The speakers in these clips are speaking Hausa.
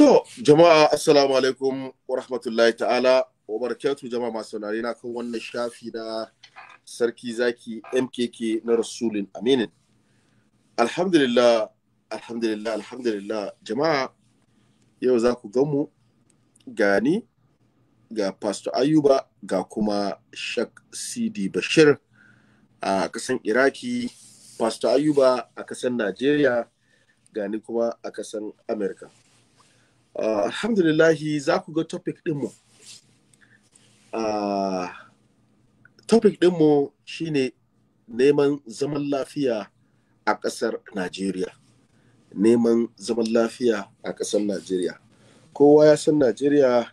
To, jama'a assalamu alaikum wa rahmatullahi ta'ala wa barakatu jama'a masu na kan wannan shafi na sarki zaki MKK na Rasulun Aminin. Alhamdulillah, alhamdulillah, alhamdulillah jama'a yau za ku gamu gani ga Pastor Ayuba ga kuma Shak Sidi Bashir a kasan Iraki, Pastor Ayuba a kasan Najeriya gani kuma a kasan Amerika. Ah, alhamdulillahi za ku ga topic ɗinmu. mu? Ah, topic ɗinmu shine neman zaman lafiya a ƙasar Najeriya. Neman zaman lafiya a ƙasar Najeriya. Kowa ya san Najeriya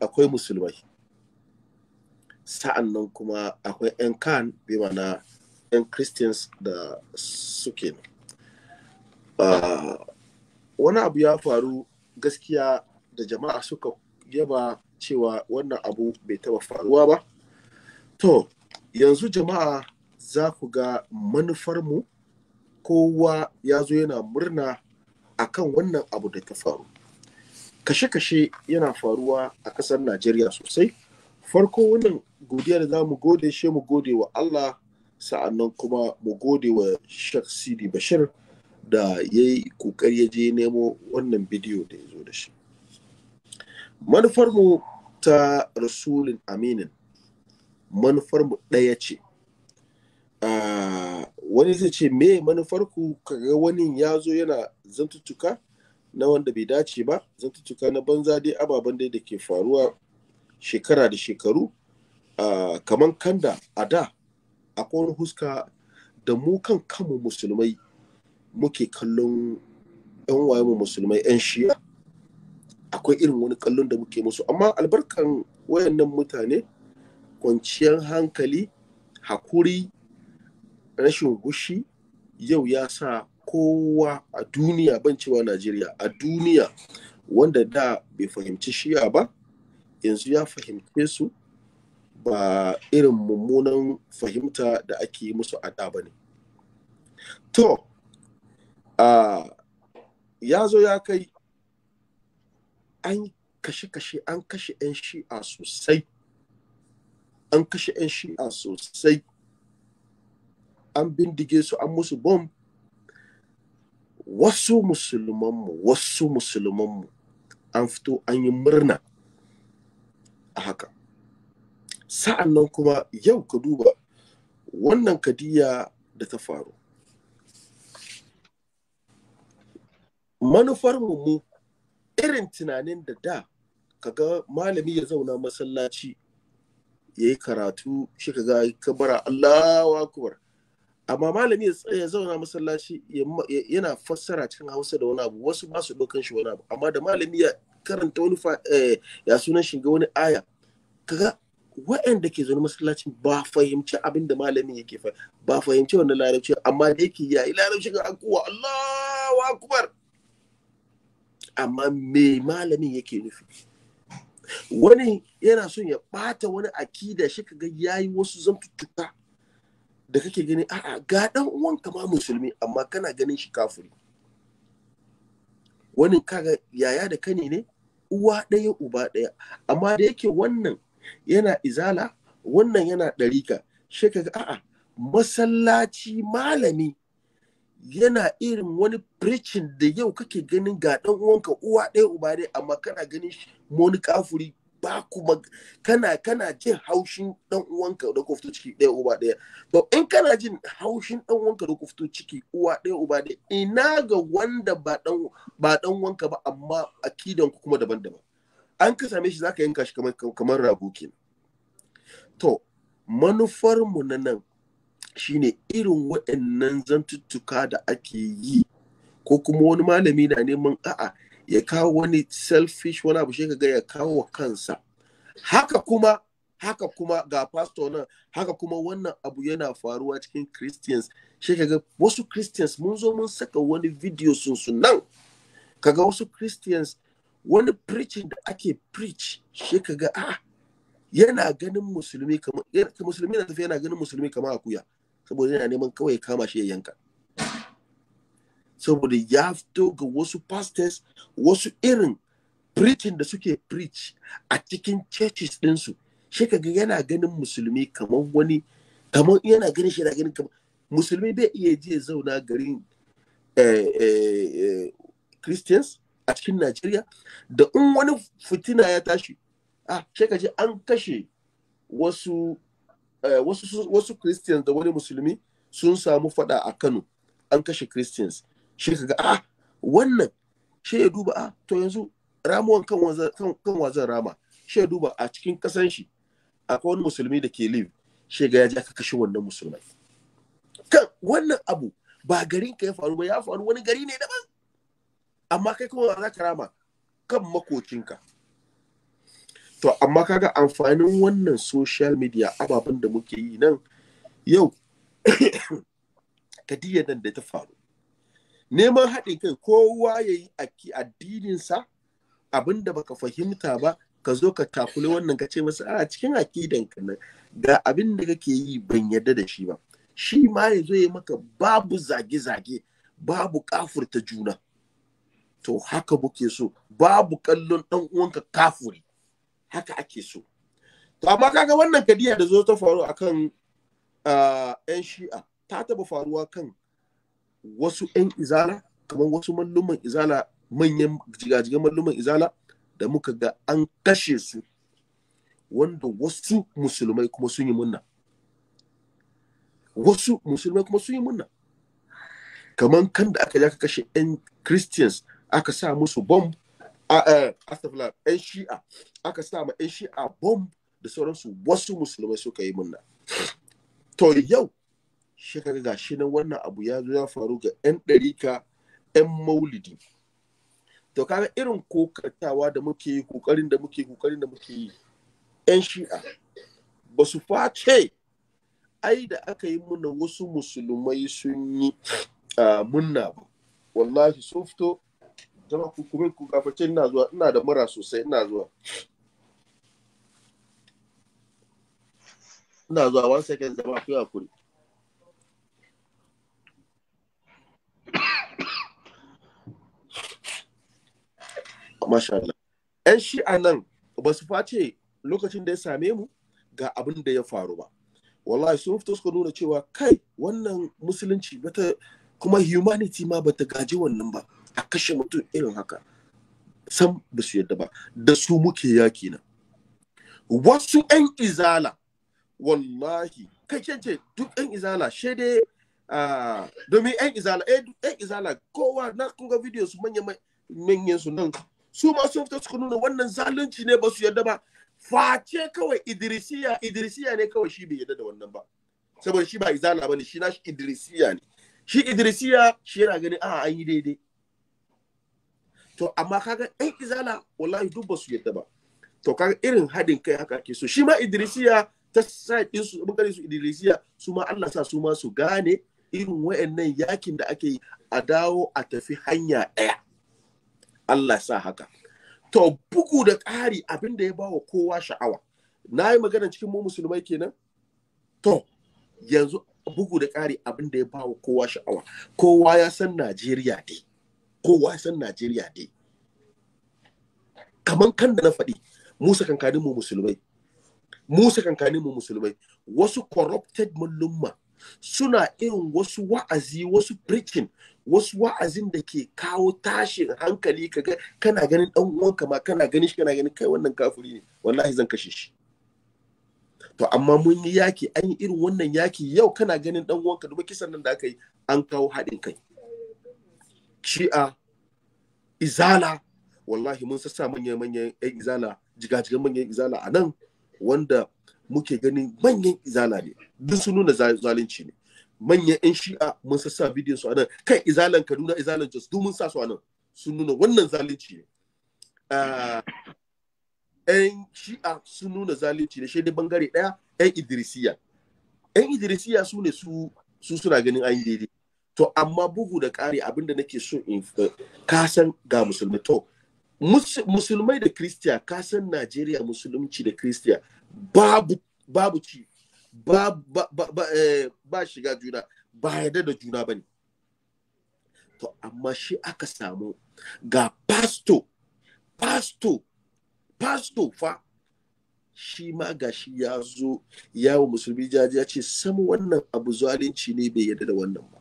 akwai musulmai. sa'annan kuma akwai 'yan kan bi mana 'yan Christians da suke. Uh, wani abu ya faru gaskiya da jama'a suka yaba cewa wannan abu bai taba faruwa ba to yanzu jama'a za ku ga manufarmu kowa ya zo yana murna akan wannan abu da ta faru kashe-kashe yana faruwa a ƙasar najeriya sosai farko wannan godiya da za mu gode shi mu gode wa allah sa'annan kuma mu gode wa Sheikh Sidi Bashir da ya yi kokari ya je nemo wannan bidiyo da ya zo da shi manufarmu ta rasulun aminin manufarmu ɗaya ce wani zai ce me manufarku kaga wani ya zo yana zantuttuka na wanda bai dace ba zantuttuka na banza dai ababen dai da ke faruwa shekara da shekaru kamar kanda a da akwai wani huska da mu kan kanmu musulmai muke kallon yan mu musulmai yan shiya akwai irin wani kallon da muke musu amma albarkan wayannan mutane kwanciyar hankali hakuri rashin gushi yau ya sa kowa a duniya ban cewa najeriya a duniya wanda da bai fahimci shiya ba yanzu ya fahimce su ba irin mummunan fahimta da ake musu a da ba ne to ya zo ya kai an kashe-kashe an kashe 'yan shi'a sosai an kashe 'yan shi'a sosai an bindige su an musu bom wasu musulmanmu wasu musulmanmu an fito an yi murna a haka sa'an nan kuma yau ka duba wannan kadiya da ta faru manufar mu irin tunanin da da kaga malami ya zauna masallaci ya yi karatu shi kaga kabara Allahu akbar amma malami ya zauna masallaci yana fassara cikin hausa da wani abu wasu ba su dokan shi wani abu amma da malami ya karanta wani eh, ya sunan shiga wani aya kaga wa'anda ke zaune masallacin ba fahimci abin da malamin yake fa ba fahimci wannan larabci amma da yake ya yi larabci ga akuwa Allahu akbar amma me malamin yake nufi wani yana son ya bata wani akida shi kaga yayi wasu zamtuttuka da kake gani a'a ga dan uwan kama musulmi amma kana ganin shi kafiri wani kaga yaya da kani ne uwa ɗaya uba ɗaya amma da yake wannan yana izala wannan yana ɗarika shi kaga a'a masallaci malami yana irin wani preaching da yau kake ganin ga dan uwanka uwa ɗaya uba ɗaya amma kana ganin wani kafuri ba kuma kana kana jin haushin dan uwanka da kofto ciki ɗaya uba ɗaya to in kana jin haushin dan uwanka da kofto ciki uwa ɗaya uba ɗaya ina ga wanda ba dan ba dan uwanka ba amma akidan ku kuma daban-daban an ka same shi zaka yanka shi kamar kamar rago kenan to manufar mu na nan shine irin waɗannan zantuttuka da ake yi ko kuma wani malami na neman a'a ya kawo wani selfish wani abu shekaga ya kawo wa kansa haka kuma haka kuma ga pastor nan haka kuma wannan abu yana faruwa cikin christians shekaga wasu christians mun zo mun saka wani video sun nan kaga wasu christians wani preaching da ake preach shekaga a ah, yana ganin musulmi kamar musulmi na tafiya yana ganin musulmi kamar akuya saboda yana neman kawai kama shi ya yanka saboda ya fito ga wasu pastors wasu irin preaching da suke preach a cikin churches ɗinsu shi kaga yana ganin musulmi kamar wani kamar yana ganin shi yana ganin kamar musulmi bai iya je zauna garin eh, eh, eh, christians a cikin Najeriya da in wani fitina ya tashi ah, a shekaji an kashe wasu Eh, wasu wasu Christians da wani musulmi sun samu fada a Kano an kashe Christians shi ga a ah, wannan shi ya duba a ah, to yanzu ramuwan kan wazan rama shi ya duba a cikin kasan shi akwai wani musulmi da ke live shi ga ya ji aka kashe wannan musulmai kan wannan abu ba garin ka ya faru ba ya faru wani gari ne daban amma kai kuma za ka rama kan makocinka to amma kaga amfanin wannan social media ababen da muke yi nan yau diya nan da ta faru neman haɗin kai kowa ya yi addininsa abin da baka fahimta ba ka zo ka takuli wannan ka ce masa a cikin akidanka nan ga abin da kake yi ban yarda da shi ba shi ma ya zo ya maka babu zage-zage babu kafurta juna to haka muke so babu kallon ɗan uwanka kafuri haka ake so to amma kaga wannan kadiya da zo ta faru akan yan shi'a ta taba faruwa kan wasu yan izala kamar wasu malluman izala manyan jigajigan malluman izala da muka ga an kashe su wanda wasu musulmai kuma sun yi munna wasu musulmai kuma sun yi munna kamar kan da aka ja ka kashe 'yan christians aka sa musu bomb Eh, astagfirullah yan shi'a aka sa ma yan shi'a bomb da sauransu wasu musulmai suka yi munna to yau shi kaga nan wannan abu ya zo ya faru ga yan ɗarika yan maulidi to kaga irin kokatawa da muke yi kokarin da muke kokarin da muke yi yan shi'a ba su face ai da aka yi munna wasu musulmai sun yi ah, munna ba wallahi sun fito jama'a ku kuma ku gafarce ina zuwa ina da mura sosai ina zuwa ina zuwa one second jama'a ku hakuri Masha Allah. 'Yan shi'a nan ba su face lokacin da ya same mu ga abin da ya faru ba. Wallahi sun fito suka nuna cewa kai wannan musulunci bata kuma humanity ma bata gaji wannan ba. a kashe mutum irin haka san ba su yadda ba da su muke yaki na wasu 'yan izala wallahi kai ce duk 'yan izala shede domin 'yan izala eh duk 'yan izala kowa na kunga video su manyan su nan su ma sun fita suka nuna wannan zalunci ne ba su yadda ba face kawai idrisiya idrisiya ne kawai shi bai yadda da wannan ba saboda shi ba izala bane shi na shi idrisiya ne shi idrisiya shi yana gani a an yi daidai to amma kaga ɗan izala wallahi duk ba su yadda ba to kaga irin haɗin kai haka ke so shi ma idrisiya ta sa ɗin bangare su idrisiya su ma Allah sa su ma su gane irin wayannan yakin da ake yi a dawo a tafi hanya ɗaya Allah sa haka to bugu da ƙari abin da ya bawa kowa sha'awa na yi magana cikin mu musulmai kenan to yanzu bugu da ƙari abin da ya bawa kowa sha'awa kowa ya san Najeriya dai kowa san Najeriya dai kaman kan da na faɗi Musa kankanin mu musulmai Musa kankanin mu musulmai wasu corrupted mulumma suna irin wasu wa'azi wasu preaching wasu wa'azin da ke kawo tashin hankali kaga kana ganin dan uwanka ma kana ganin shi kana ganin kai wannan kafiri ne wallahi zan kashe shi to amma mun yi yaki an yi irin wannan yaki yau kana ganin dan uwanka duba kisan nan da aka yi an kawo haɗin kai shi'a izala wallahi mun sassa manyan manyan yan izala jigajigan manyan izala a nan wanda muke ganin manyan izala ne duk sun nuna zalunci ne manyan yan shi'a mun sassa bidiyon su a nan kai izalan kaduna izalan jos duk mun sa su a nan sun nuna wannan zalunci ne yan ah, shi'a sun nuna zalunci ne shi ne bangare daya yan idrisiya yan idrisiya su ne su suna ganin an yi daidai to amma bugu da ƙari abinda nake so in ka san ga musulmi to musulmai da kristiya kasan najeriya musulunci da kristiya babu babu ci eh, ba, shiga juna ba yarda da juna ba ne to amma shi aka samu ga pasto pasto pasto fa shi ma ga shi ya zo yawo musulmi jaji ya ce samu wannan abu zalunci ne bai yadda da wannan ba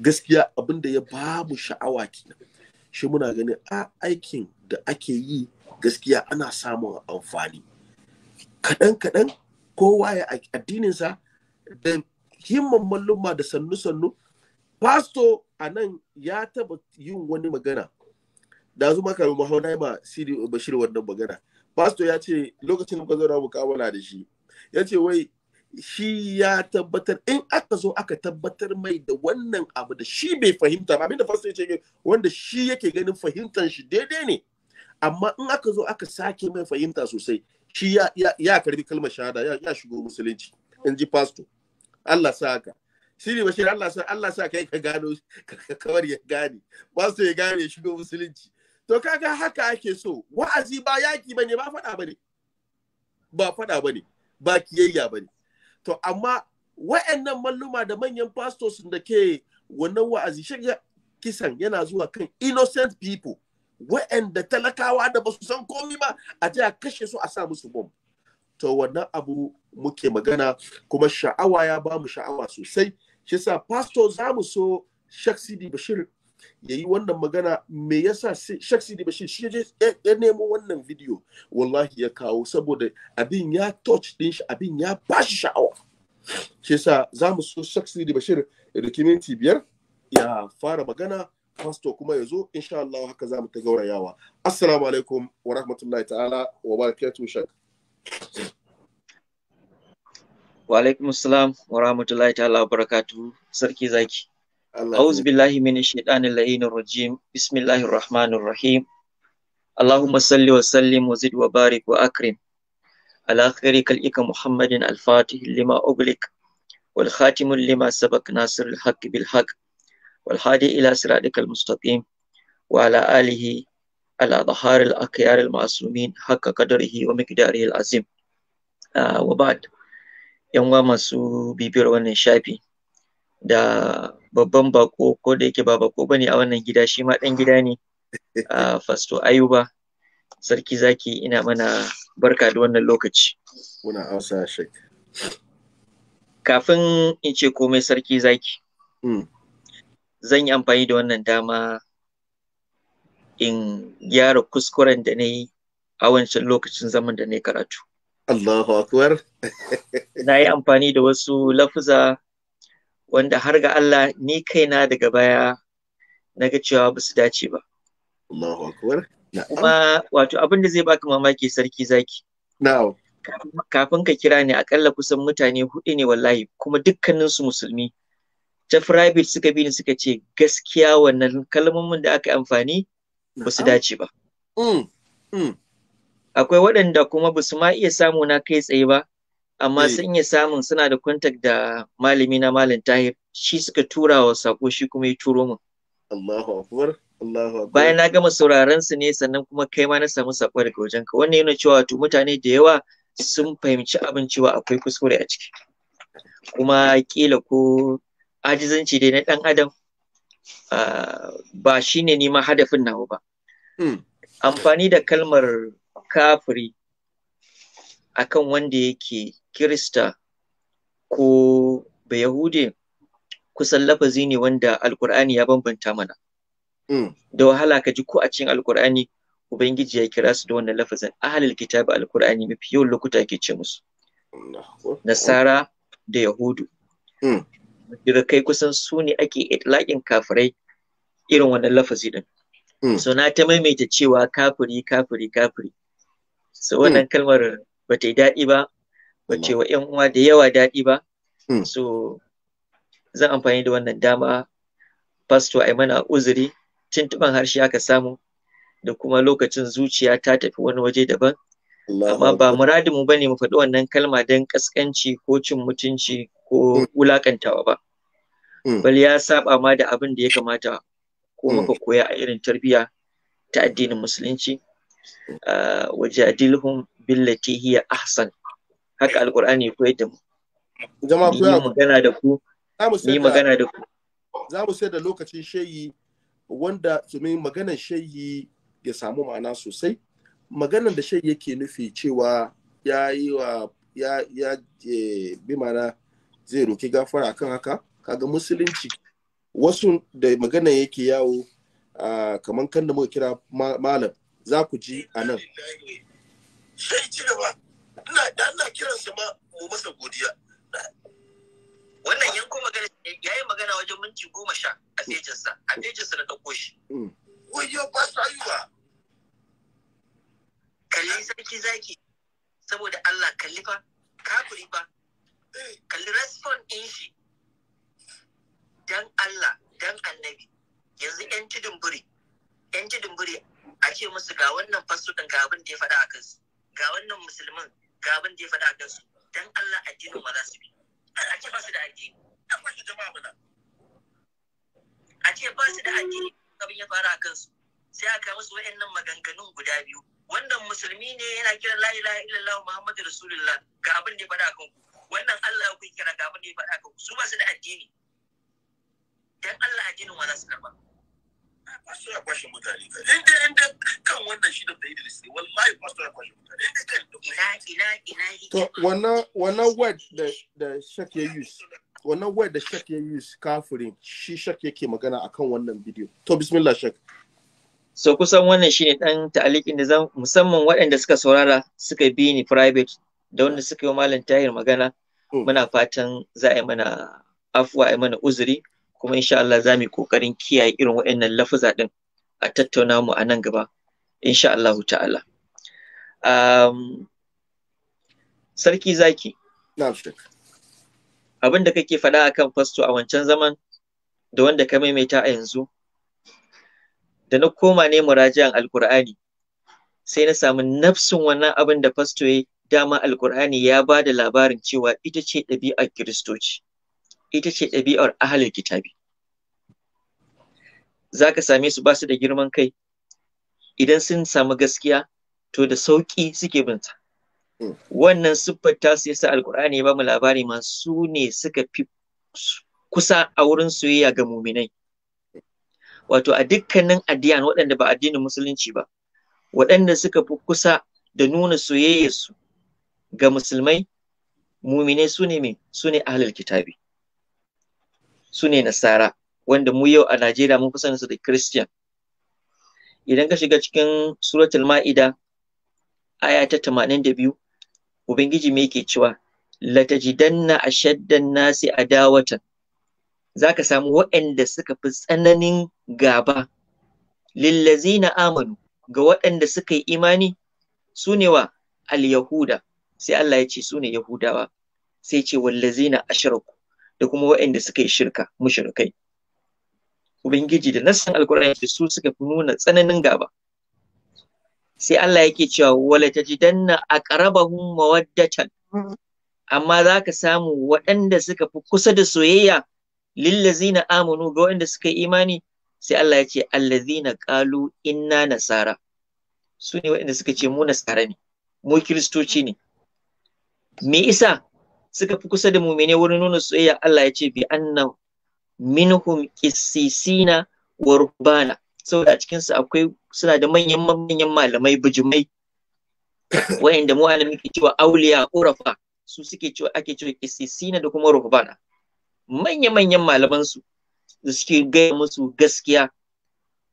gaskiya abin da ya ba mu sha'awa kenan shi muna ganin a aikin da ake yi gaskiya ana samun amfani kaɗan kaɗan kowa ya addininsa da himman malluma da sannu sannu pasto a nan ya taɓa yin wani magana da maka karu mahauna ma bashir wannan magana pasto ya ce lokacin da muka zauna da shi ya ce wai shi ya tabbatar in aka zo aka tabbatar mai da wannan abu da shi bai fahimta ba abinda fasa ce wanda shi yake ganin fahimtar shi daidai ne amma in aka zo aka sake mai fahimta sosai shi ya, ya, karbi kalmar shahada ya, shigo musulunci in ji pastor Allah sa haka shi ne bashir Allah sa Allah sa kai ka gano kawar ya gane pastor ya gane shigo musulunci to kaga haka ake so wa'azi ba yaki bane ba fada bane ba fada bane ba kiyayya bane to amma wa'annan malluma da manyan pastors da ke wannan wa'azi shiga kisan yana zuwa kan innocent people wa'anda talakawa da basu san komi ba a je a kashe su a sa musu bom to wannan abu muke magana kuma sha'awa ya ba mu sha'awa sosai shi sa pastor za mu so Sheikh Bashir ya yi wannan magana me yasa shaksi da Bashir shi ya nemo wannan video wallahi ya kawo saboda abin ya touch din shi abin ya bashi sha'awa shi yasa za mu so shaksi da Bashir rikiminti biyar ya fara magana pastor kuma ya zo insha Allah haka za mu ta gaurayawa assalamu alaikum wa rahmatullahi ta'ala wa barakatuhu shak wa alaikum assalam wa rahmatullahi ta'ala wa barakatuhu sarki zaki A'udzu billahi minasyaitonir lahinir rajim. Bismillahirrahmanirrahim. Allahumma salli wa sallim wa wa barik wa akrim. Ala khairi khalqika Muhammadin al-Fatih Oglik. ughliq wal khatim lima sabaq nasirul haqq bil haqq wal hadi ila siratikal mustaqim wa ala alihi ala dhaharil aqyaril ma'sumin haqqa wa miqdarihil azim. Uh, wa Yanwa masu bibiyar wannan shafi. da babban bako ko da yake ba bako bane a wannan gida shi ma ɗan gida ne a fasto ah, ayuba sarki zaki ina mana barka da wannan lokaci muna hausa shek kafin in ce komai sarki zaki hmm. zan yi amfani da wannan dama in gyara kuskuren da na yi a wancan lokacin zaman da na yi karatu Allahu akbar na yi amfani da wasu lafuza wanda har ga Allah ni kaina daga baya na ga cewa ba su dace ba. Kuma wato abin da zai baka mamaki sarki zaki. Kafin ka kira ni akalla kusan mutane hudu ne wallahi kuma dukkanin musulmi. Ta firabit suka bi ni suka ce gaskiya wannan kalmomin da aka amfani ba su dace ba. Mm, mm. Akwai waɗanda kuma ba su ma iya samu na kai tsaye ba amma eh. sun iya samun suna da kontak da malami na malam tahir shi suka tura wa sako shi kuma ya turo min Allahu akbar Allahu akbar bayan na gama sauraron su ne sannan kuma kai ma na samu sako daga wajen ka wannan yana cewa to mutane da yawa sun fahimci abin cewa akwai kuskure a ciki kuma ƙila ko ajizanci dai na dan adam ba shine nima hadafin nawa ba hmm. amfani da kalmar kafiri akan wanda yake kirista ko Yahude kusan lafazi ne wanda alkur'ani ya bambanta mana hmm. da wahala ka ji ko a cikin alkur'ani ubangiji ya kira su da wannan lafazin ahalil kitabi alkur'ani mafi yawan lokuta ke ce musu nasara da yahudu hmm. kai kusan su ne ake itlaƙin kafirai irin wannan lafazi din hmm. so na ta maimaita cewa kafiri kafiri kafiri so wannan kalmar ba ta yi daɗi ba ba ta wa ‘yan uwa da yawa daɗi ba hmm. so zan amfani da wannan dama fasto a mana uzuri Tuntuɓar harshe aka samu da kuma lokacin zuciya ta tafi wani waje daban amma ba muradin mu bane mu faɗi wannan kalma don kaskanci ko cin mutunci ko hmm. wulakantawa ba hmm. bal ya saba ma da abin da ya kamata ko muka koya a irin tarbiyya ta addinin musulunci ah, wajadilhum billati hiya ahsan haka alqur'ani ya koyar da mu jama'a magana da ku ni magana da ku za mu sai da lokacin shayi wanda domin maganar shayi ya samu ma'ana sosai maganar da shayi yake nufi cewa ya yi wa ya ya e, bi mana zai roki gafara akan haka kaga musulunci wasu da magana yake yawo kamar kan da muka kira malam za ku ji a nan sai ci gaba ina da ina kiransa ma mu masa godiya wannan yanko magana ya yi magana wajen minti goma sha a fejinsa a fejinsa na ɗauko shi mm. wayo ba su ayyuka. kalli sarki zaki saboda Allah kalli fa kafiri fa eh. kalli respon ɗin shi dan Allah dan annabi yanzu yan cidin buri yan tudun buri a ce musu ga wannan fasudin ga abin da ya faɗa a kansu ga wannan musulmin ga abin da ya faɗa a su dan Allah addinin ma za su bi a ce ba su da addini akwai su jama'a ba a ce ba su da addini abin ya fara kan su sai aka musu wa'annan maganganun guda biyu wannan musulmi ne yana kira la ilaha illallah muhammadu rasulullah ga abin da ya faɗa kan ku wannan Allah ya kuyi kira ga abin da ya faɗa kan ku su ba su da addini dan Allah addinin ma za su karba pastor ya wannan shi ne wallahi ina ina ina to wannan wannan word da da ya use wannan word da shek ya use kafirin shi shek yake magana akan wannan bidiyo to bismillah shek. so kusan wannan shine dan ta'alikin da zan musamman waɗanda suka saurara suka bi ni private da wanda suka yi malam tahir magana hmm. muna fatan za a yi mana afuwa a yi mana uzuri kuma insha Allah za mu yi kokarin kiyaye irin waɗannan lafuza ɗin a tattauna mu a nan gaba insha Allah ta'ala um, sarki zaki abin da kake faɗa akan fasto a wancan zaman da wanda ka maimaita a yanzu da na koma ne murajiyan alkur'ani sai na samu nafsin wannan abin da fasto ya dama alkur'ani ya ba da labarin cewa ita ce ɗabi'ar kiristoci ita ce ɗabi'ar ahalin kitabi za ka same su ba su da girman kai idan sun samu gaskiya to da sauƙi suke binta hmm. wannan siffar su yasa alkur'ani ba mu labari ma su ne suka fi kusa a wurin soyayya ga muminai wato a dukkanin addiyan waɗanda ba addinin musulunci ba waɗanda suka fi kusa da nuna soyayyarsu ga musulmai muminai su ne mai su ne ahalar kitabi su ne nasara wanda mu yau a Najeriya mun fi su da Christian. Idan ka shiga cikin suratul ma'ida aya ta 82 Ubangiji me yake cewa latajidanna ashaddan nasi adawatan zaka samu waɗanda suka fi tsananin gaba lillazina amanu ga waɗanda suka yi imani su ne wa al-yahuda sai Allah ya ce su ne yahudawa sai ce wallazina ashraku da kuma waɗanda suka yi shirka mushrikai ubangiji da nassan alkur'ani da su suka fi nuna tsananin gaba sai Allah yake cewa wala tajidanna aqrabahum mawaddatan amma zaka samu waɗanda suka fi kusa da soyayya lillazina amanu ga waɗanda suka yi imani sai Allah ya ce allazina qalu inna nasara su ne waɗanda suka ce mu nasara ne mu kiristoci ne me isa suka fi kusa da mumine wurin nuna soyayya Allah ya ce bi annam minhum qissisina wa rubbana saboda a cikin su akwai suna da manyan manyan malamai bujumai wayanda mu alimi ke cewa auliya urafa su suke cewa ake cewa qissisina da kuma rubbana manya manyan malaman su da suke gaya musu gaskiya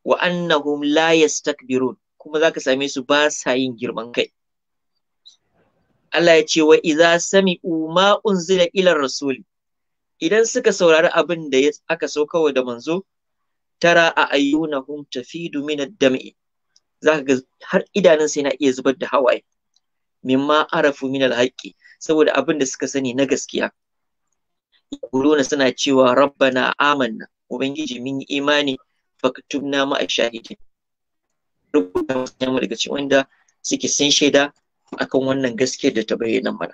wa annahum la yastakbirun kuma zaka same su ba sa yin girman kai Allah ya ce wa idza sami'u ma unzila ila rasuli idan suka saurari abin da aka so kawai da manzo tara a ayyunahum tafidu min ad-dam'i zaka ga har idanun sai na iya zubar da hawaye mimma arafu min al-haqqi saboda abin da suka sani na gaskiya kuruna suna cewa rabbana amanna ubangiji mun yi imani faktubna ma rubuta wasu daga cikin wanda suke san shaida akan wannan gaskiyar da ta bayyana mana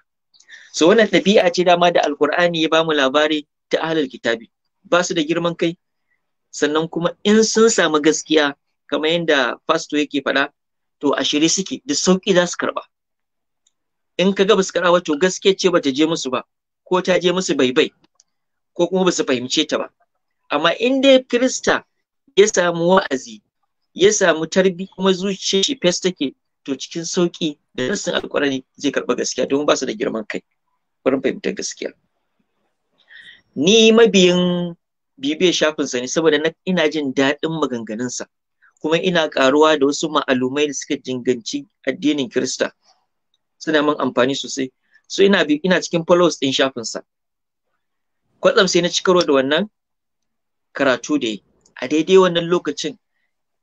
so wannan tabi'a ce dama da alkur'ani ya bamu labari ta ahlul kitabi ba su da girman kai sannan kuma in sun samu gaskiya kamar yadda fasto yake faɗa to a shirye suke da sauƙi za su karɓa in ka ga basu karɓa to gaskiya ce bata je musu ba ko ta je musu bai bai ko kuma basu fahimce ta ba amma in dai krista ya samu wa'azi ya samu tarbi kuma zuciyar shi fes take to cikin sauki da nassin alkurani zai karɓa gaskiya domin ba su da girman kai wurin fahimtar gaskiya ni mabiyin bibiya shafinsa ne saboda ina jin daɗin maganganunsa kuma ina ƙaruwa da wasu ma'alumai da suka jinganci addinin Kirista suna min amfani sosai so ina ina cikin followers ɗin shafinsa kwatsam sai na ci karo da wannan karatu da yi a daidai wannan lokacin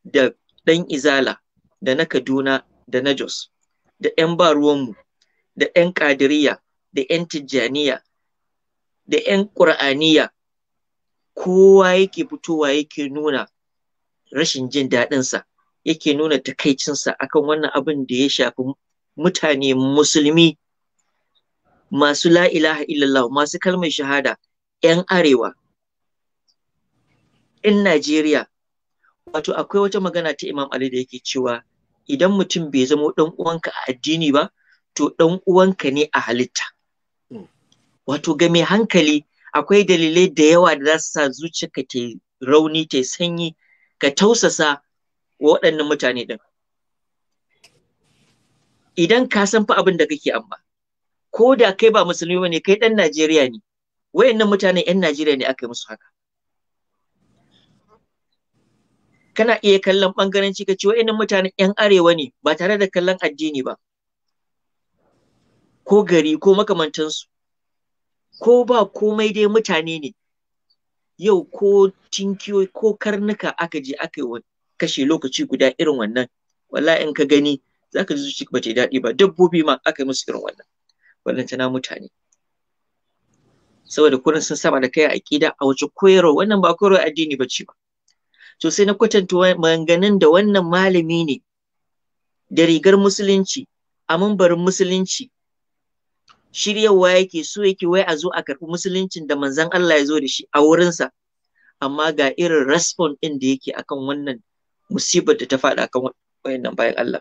da ɗan izala da na kaduna da na Jos, da 'yan ba ruwanmu, da 'yan ƙadiriya, da 'yan tijjaniya, da 'yan ƙura'aniya, kowa yake fitowa yake nuna rashin jin daɗinsa, yake nuna takaicinsa akan wannan abin da ya shafi mutane musulmi masu la'ilaha illallah masu kalmar shahada 'yan arewa 'yan Najeriya wato akwai wata magana ta Imam Ali da yake cewa idan mutum bai zamo ɗan uwanka a addini ba to ɗan uwanka ne a halitta hmm. wato ga mai hankali akwai dalilai da yawa da za su sa zuciyarka ta rauni ta sanyi ka tausasa wa waɗannan mutane ɗin idan ka san fa abin da kake amma ko da kai ba musulmi ba ne kai ɗan najeriya ne wayannan mutanen 'yan najeriya ne aka yi musu haka kana iya kallon bangaranci ka ce wa'annan mutanen yan arewa ne ba tare da kallon addini ba ko gari ko makamantansu ko ba komai dai mutane ne yau ko tinkiyoyi ko karnuka aka je aka yi kashe lokaci guda irin wannan wallahi in ka gani zaka ji zuciya ba ta daɗi ba dabbobi ma aka yi musu irin wannan wannan tana mutane saboda kurin sun saba da kai a ƙida, a wace koyarwa wannan ba koyarwa addini ba ce ba to sai na kwatanta maganganun da wannan malami ne da rigar musulunci a mambarin musulunci shiryawa yake so yake wai a zo a karɓi musuluncin da manzon Allah ya zo da shi a wurinsa amma ga irin respond ɗin da yake akan wannan musibar da ta faɗa kan wayannan bayan Allah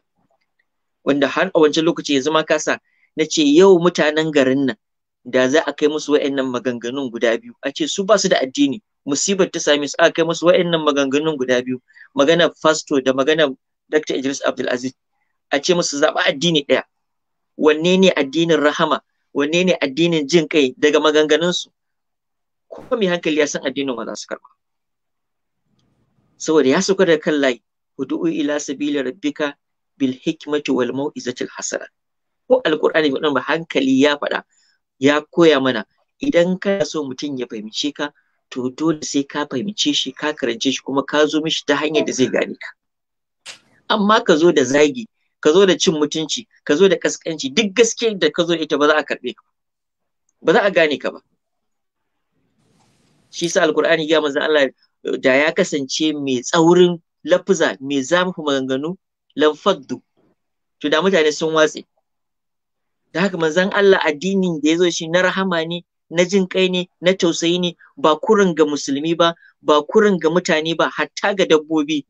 wanda har a wancan lokaci ya zama kasa na ce yau mutanen garin nan da za a kai musu wayannan maganganun guda biyu a ce su ba su da addini musibar ta same su aka kai musu wa'annan maganganun guda biyu magana fasto da magana Dr. Idris Abdulaziz a ce musu zaɓa addini ɗaya wanne ne addinin rahama wanne ne addinin jin kai daga maganganun su ko mai hankali ya san addinin ma za su karɓa saboda ya sauka da kan layi hudu'u ila sabili rabbika bil hikmati wal mau'izatil hasana ko alqur'ani mai ba hankali ya faɗa ya koya mana idan kana so mutum ya fahimce ka to dole sai ka fahimce shi ka karance shi kuma ka zo mishi ta hanyar da zai gane ka amma ka zo da zagi ka zo da cin mutunci ka zo da kaskanci duk gaske da ka zo ita ba za a karbe ka ba za a gane ka ba shi sa alkur'ani ya manzo Allah da ya kasance mai tsaurin lafuza mai zamu maganganu lanfaddu to da mutane sun watse da haka manzon Allah addinin da ya zo shi na rahama ne na jin kai ne na tausayi ne ba kurin ga musulmi ba ba kurin ga mutane ba hatta ga dabbobi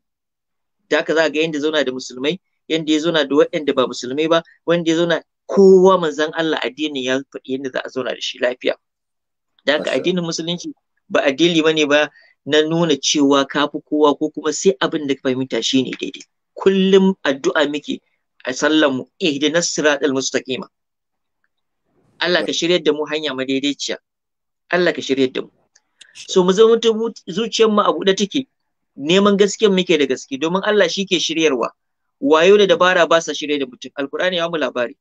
da aka za ga yanda zauna da musulmai yanda ya zauna da waɗanda ba musulmai ba wanda ya zauna kowa manzan Allah addinin ya faɗi yanda za a zauna da shi lafiya da aka addinin musulunci ba addini bane ba na nuna cewa kafi kowa ko kuma sai abin da ka fahimta shine daidai kullum addu'a muke a sallan mu ihdinas siratal mustaqima Allah ka shiryar da mu hanya madaidaiciya Allah ka shiryar da mu so mu zama zuciyar mu a buɗe take neman gaskiyar muke da gaske domin Allah shi ke shiryarwa wayo da dabara ba sa shirye da mutum alkur'ani ya mu labari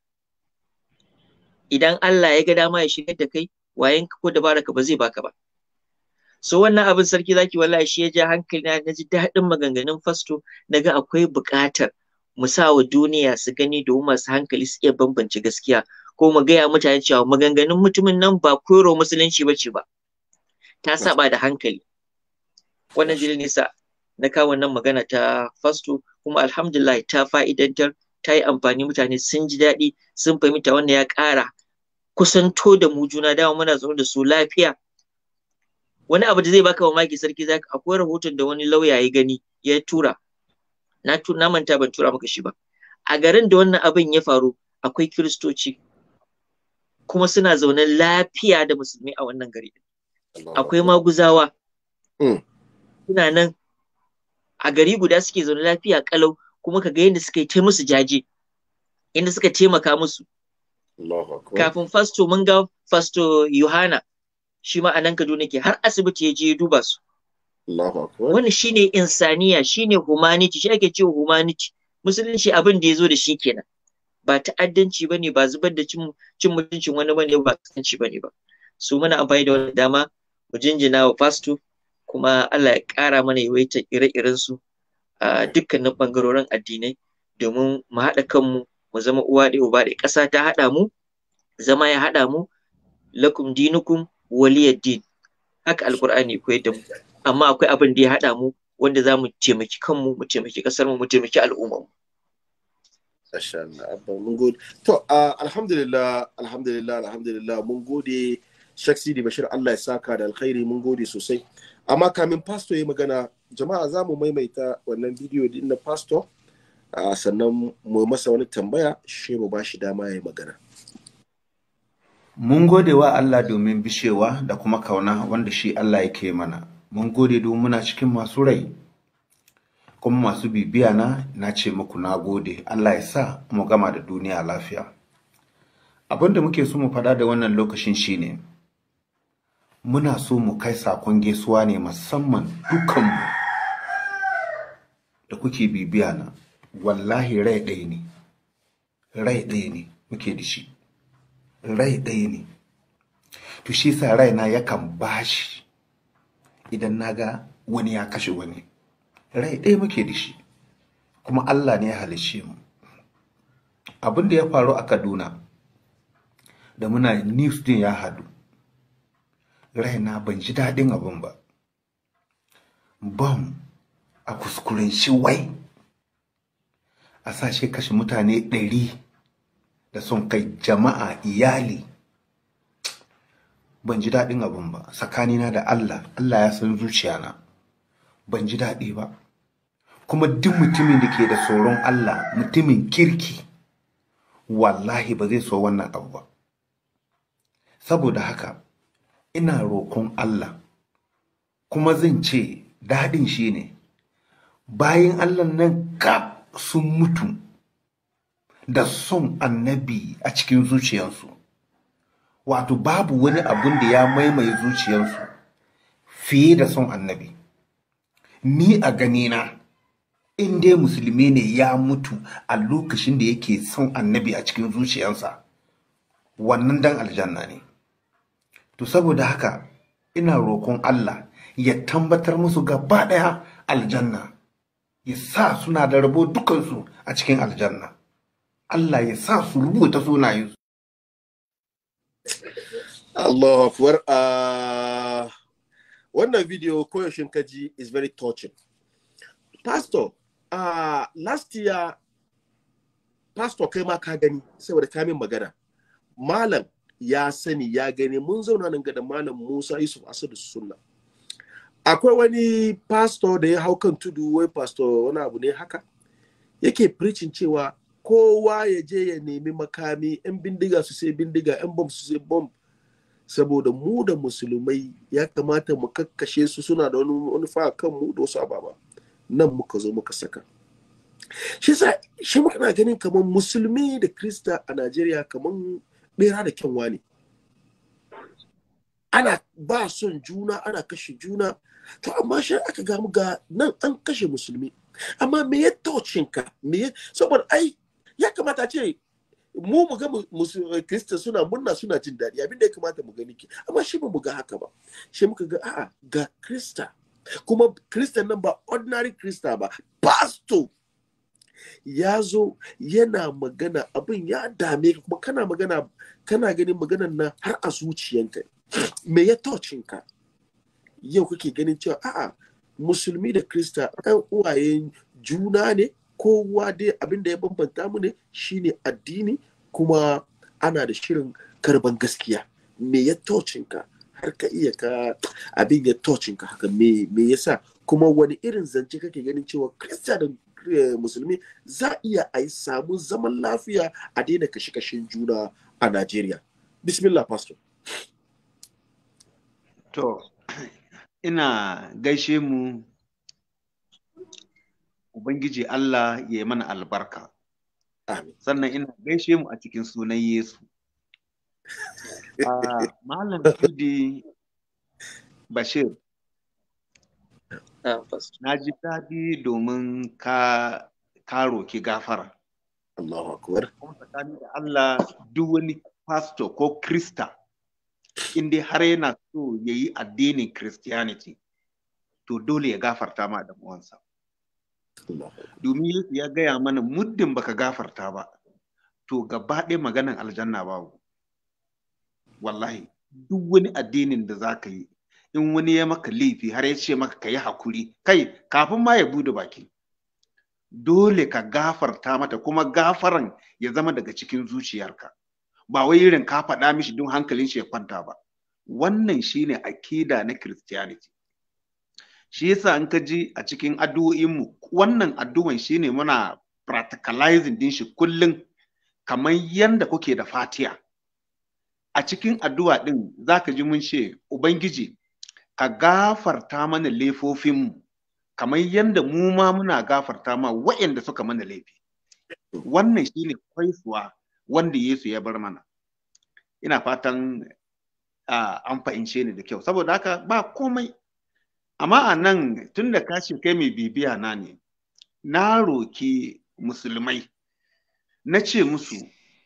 idan Allah ya ga dama ya shirye da kai wayen ko dabara ka ba zai baka ba so wannan abin sarki zaki wallahi shi ya ja hankali na naji daɗin maganganun fasto naga akwai buƙatar mu sa wa duniya su gani domin masu hankali su iya bambance gaskiya ko mu gaya mutane cewa maganganun mutumin nan ba koyarwa musulunci ba ce ba ta saba da hankali wannan jini nisa na kawo wannan magana ta fasto kuma alhamdulillah ta fa'idantar ta yi amfani mutane sun ji daɗi sun fahimta wannan ya ƙara kusanto da mu juna dama muna zaune da su lafiya wani abu da zai baka wa maki sarki za akwai rahoton da wani lauya ya gani ya tura na manta ban tura maka shi ba a garin da wannan abin ya faru akwai kiristoci kuma suna zaune lafiya da musulmi a wannan gari akwai maguzawa mm. suna nan a gari guda suke zaune lafiya kalau kuma ka ga yadda suka yi ta musu jaje inda suka taimaka musu kafin fasto mun ga fasto yohana shi ma a nan kaduna ke har asibiti ya je ya duba su Wani shine insaniya shine humanity shi ake cewa humanity musulunci abin da ya zo da shi kenan ba ta'addanci ba ne ba zubar da cin mutuncin wani ba ne ba kasance ba ne ba su muna amfani da wani dama mu jinjina wa fasto kuma Allah ya ƙara mana yawaitar ire-iren su a dukkanin ɓangarorin addinai domin mu haɗa kanmu mu zama uwa ɗaya uba ɗaya ƙasa ta haɗa mu zama ya haɗa mu lakum dinukum waliyad din haka alƙur'ani ko yadda mu amma akwai abin da ya haɗa mu wanda za mu taimaki kanmu mu taimaki ƙasarmu mu taimaki al'ummarmu sashen abba mun gode. To, alhamdulillah, alhamdulillah, alhamdulillah, mun gode Shaksi da Bashir Allah ya saka da alkhairi mun gode sosai. Amma kamin pastor ya magana, jama'a za mu maimaita wannan bidiyo din na pastor sannan mu masa wani tambaya, shi mu ba shi dama ya magana. Mun gode wa Allah domin bishewa da kuma kauna wanda shi Allah yake mana. Mun gode domin muna cikin masu rai. kuma masu bibiya na na ce muku na gode Allah ya sa mu gama da duniya lafiya abin da muke so mu faɗa da wannan lokacin shine muna so mu kai sakon gaisuwa ne musamman dukkanmu da kuke bibiya na wallahi rai ɗaya ne rai ɗaya ne muke da shi rai ɗaya ne to shi sa na yakan bashi idan naga wani ya kashe wani rai ɗaya muke da shi kuma Allah ne ya halicce mu abin da ya faru a Kaduna da muna news din ya hadu raina ban ji daɗin abin ba bam a kuskuren shi wai a sashe kashe mutane ɗari da sun kai jama'a iyali ban ji daɗin abin ba tsakanina da Allah Allah ya san zuciyana ban ji daɗi ba kuma duk mutumin da ke da tsoron Allah mutumin kirki wallahi ba zai so wannan abu ba saboda haka ina roƙon Allah kuma zan ce daɗin shi ne bayan Allah nan ka sun mutu da son annabi a cikin zuciyarsu wato babu wani abun da ya maimai zuciyarsu fiye da son annabi ni a ganina in dai musulmi ne ya mutu a lokacin da yake son annabi a cikin zuciyarsa wannan dan aljanna ne to saboda haka ina roƙon Allah ya tambatar musu gaba ɗaya aljanna ya sa suna da rabo dukansu a cikin aljanna Allah ya sa su rubuta sunayensu Allahu akbar ah, wannan video koyaushin ji is very touching pastor uh, last year pastor kai ma ka gani saboda kamin magana malam ya sani ya gani mun zauna nan ga da malam Musa Yusuf Asadu Sunna akwai wani pastor da ya hau kan tudu wai pastor wani abu ne haka yake preaching cewa kowa ya je ya nemi makami yan bindiga su sai bindiga yan bomb su sai bomb saboda mu da musulmai ya kamata mu kakkashe su suna da wani manufa kan mu da wasu ababa nan muka zo muka saka shi sa shi muka na ganin kamar musulmi da krista a najeriya kamar bera da kyanwa ne ana ba son juna ana kashe juna to amma shi aka ga ga nan an kashe musulmi amma me ya taucinka me ya saboda ai ya kamata ce mu mu ga eh, kirista suna murna suna jin daɗi abinda ya kamata mu gani ke amma shi ba mu ga haka ba shi muka ga a'a ga kirista kuma kirista nan ba ordinary kirista ba pastor ya zo yana magana abin ya dame ka kuma kana magana kana ganin maganan na har a zuciyanka me ya tocin ka yau kake ganin cewa a'a musulmi da krista ɗan uwayen juna ne kowa dai abin da ya bambanta mu ne shine addini kuma ana da shirin karban gaskiya me ya ka? har ka iya ka abin ya ka haka me yasa kuma wani irin zance kake ganin cewa kirista da eh, musulmi za iya a samu zaman lafiya a daina kashe-kashen juna a najeriya bismillah pastor to ina gaishe mu Ubangiji Allah ya yi mana albarka. Sannan ina gaishe mu a cikin sunan Yesu. Ah, Malam Tudi Bashir, na ji daɗi domin ka roki gafara. Allahu akbar. Kuma da Allah duk wani pasto ko Krista in dai har yana so ya yi addinin Christianity to dole ya gafarta ma da uwansa. domin ya gaya mana muddin baka gafarta ba to gaba ɗaya maganan aljanna babu wallahi duk wani addinin da za ka yi in wani ya maka laifi har ya ce maka ka yi hakuri kai kafin ma ya buɗe baki dole ka gafarta mata kuma gafaran ya zama daga cikin zuciyarka ba wai irin ka faɗa mishi don hankalin shi ya kwanta ba wannan shine akida na christianity shi yasa in ka ji a cikin addu'o'inmu wannan addu'an shi ne muna practicalizing din shi kullum kamar yanda kuke da fatiya a cikin addu'a din za ka ji mun ce ubangiji ka gafarta mana laifofinmu kamar yanda mu ma muna gafarta ma wa'inda suka mana laifi wannan shi ne kwaisuwa wanda Yesu ya bar mana ina fatan ah, an fahimce ni da kyau saboda haka ba komai amma a nan tun da kashi kai mai bibiya na ne na roki musulmai na ce musu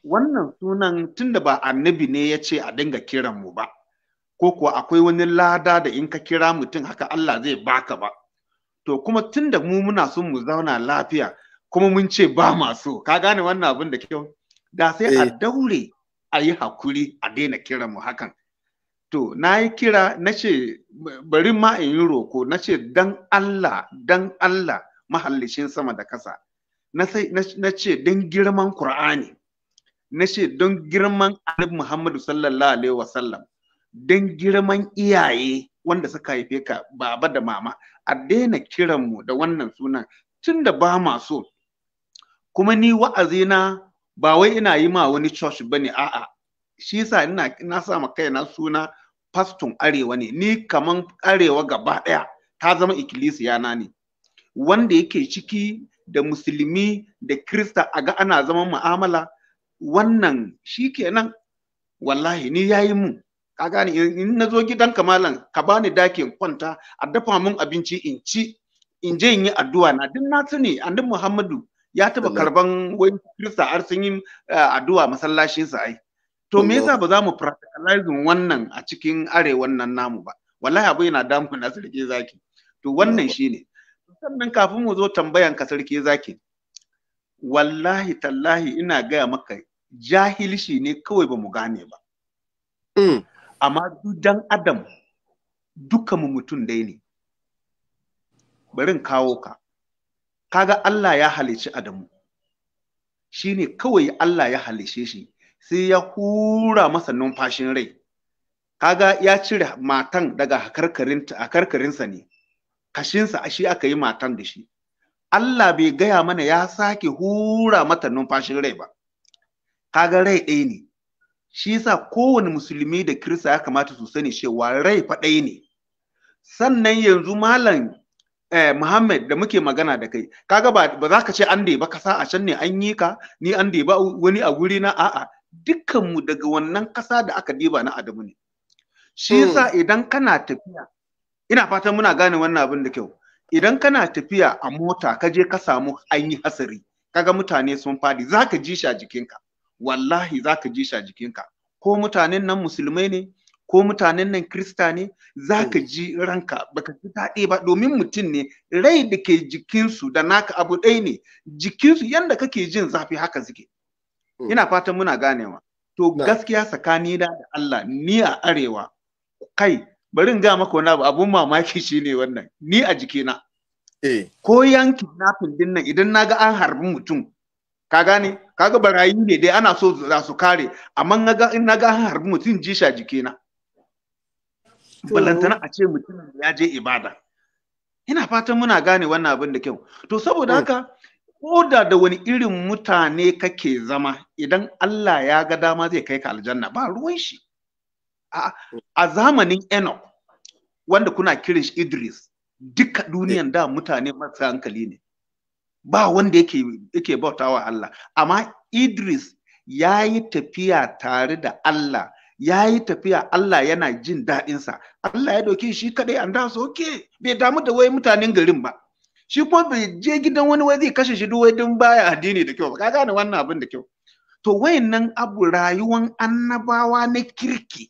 wannan sunan tun da ba annabi ne ya ce a dinga kiran mu ba ko kuwa akwai wani lada da in ka kira mutum haka Allah zai baka ba to kuma tun da mu muna son mu zauna lafiya kuma mun ce ba masu, ka gane wannan abin da kyau da sai a eh. daure a yi hakuri a daina kiran mu hakan to na yi kira na ce bari ma in yi roko na ce dan Allah dan Allah mahallicin sama da kasa na ce don girman Kur'ani na ce don girman Alib Muhammadu sallallahu alaihi wasallam don girman iyaye wanda suka haife ka baba da mama a daina kiranmu da wannan sunan tun da ba ma so kuma ni wa'azina ba wai ina yi ma wani church bane a'a shi yasa ina na sa ma kaina suna faston arewa ne ni kaman arewa gaba ɗaya ta zama ikkilisiya na ne wanda yake ciki da musulmi da krista a ga ana zaman ma'amala, wannan shi kenan wallahi ni yayi mu ka gane in na zo gidan kamalan ka bani dakin kwanta a dafa mun abinci in ci in je in yi addu'a na duk na tuni annabi muhammadu ya taba karban wani krista har sun yi eh, addu'a masallacin ai to me yasa ba za mu practicalizing wannan a cikin arewan nan namu ba wallahi abu yana damu na sarki zaki to wannan shine sannan kafin mu zo tambayan ka sarki zaki wallahi tallahi ina gaya maka jahilci ne kawai ba mu gane ba mm. amma duk dan adam duka mu mutum dai ne barin kawo ka kaga Allah ya halici Adamu shine kawai Allah ya halice shi sai ya hura masa numfashin rai kaga ya cire matan daga a karkarinsa ne kashinsa shi aka yi matan da shi Allah bai gaya mana ya sake hura mata numfashin rai ba kaga rai ɗaya ne shi yasa kowane musulmi da kirista ya kamata su sani cewa rai fa ɗaya ne sannan yanzu malam eh, Muhammad da muke magana da kai kaga ba ba za ka ce an ba ka sa a can ne an yi ka ni an ba wani a guri na a'a dukkanmu daga wannan ƙasa da aka diba na Adamu ne. Shi hmm. yasa idan kana tafiya, ina fatan muna gane wannan abin da kyau. Idan kana tafiya a mota ka je ka samu an yi hasari, kaga mutane sun fadi, za ka ji shi a jikinka. Wallahi za ka ji shi a jikinka. Ko mutanen nan musulmai ne, ko mutanen nan Krista ne, za ka hmm. ji ranka baka ji daɗi ba domin mutum ne rai da ke jikinsu da naka abu ɗaya ne, jikinsu yadda kake jin zafi haka suke. Mm. ina fatan muna ganewa to gaskiya tsakani da Allah ni a arewa kai bari in ga maka wani abu abun mamaki shine wannan ni a jikina eh ko yankin nafin din nan idan naga an harbi mutum ka gane kaga barayi ne dai ana so za su kare amma naga in naga an harbi mutum ji a jikina Balantana a ce mutumin ya je ibada ina fatan muna gane wannan abin da kyau to saboda mm. haka Koda da wani irin mutane kake zama idan Allah ya ga dama zai kai ka aljanna ba ruwan shi a zamanin Enoch wanda kuna kirin shi Idris duka duniyan da mutane masu hankali ne ba wanda yake yake bautawa Allah amma Idris ya yi tafiya tare da Allah ya yi tafiya Allah yana jin daɗinsa Allah ya doke shi kaɗai an da soke bai damu da wai mutanen garin ba shi kuma bai je gidan wani wai zai kashe shi duk don baya addini da kyau ka gane wannan abin da kyau to wayannan abu rayuwan annabawa na kirki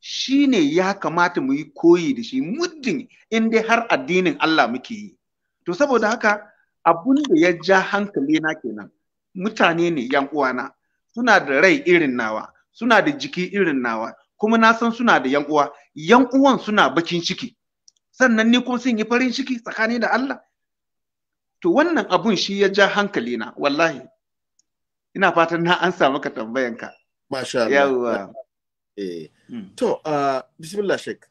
shine ya kamata mu yi koyi da shi muddin in dai har addinin Allah muke yi to saboda haka abun da ya ja hankali na kenan mutane ne yan uwana suna da rai irin nawa suna da jiki irin nawa kuma na san suna da yan uwa yan uwan suna bakin ciki sannan ni kuma sun yi farin ciki tsakani da Allah to wannan abun shi ya ja hankali na wallahi ina fatan na an samu ka tambayan ka masha Allah yawa eh hmm. to ah, bismillah shek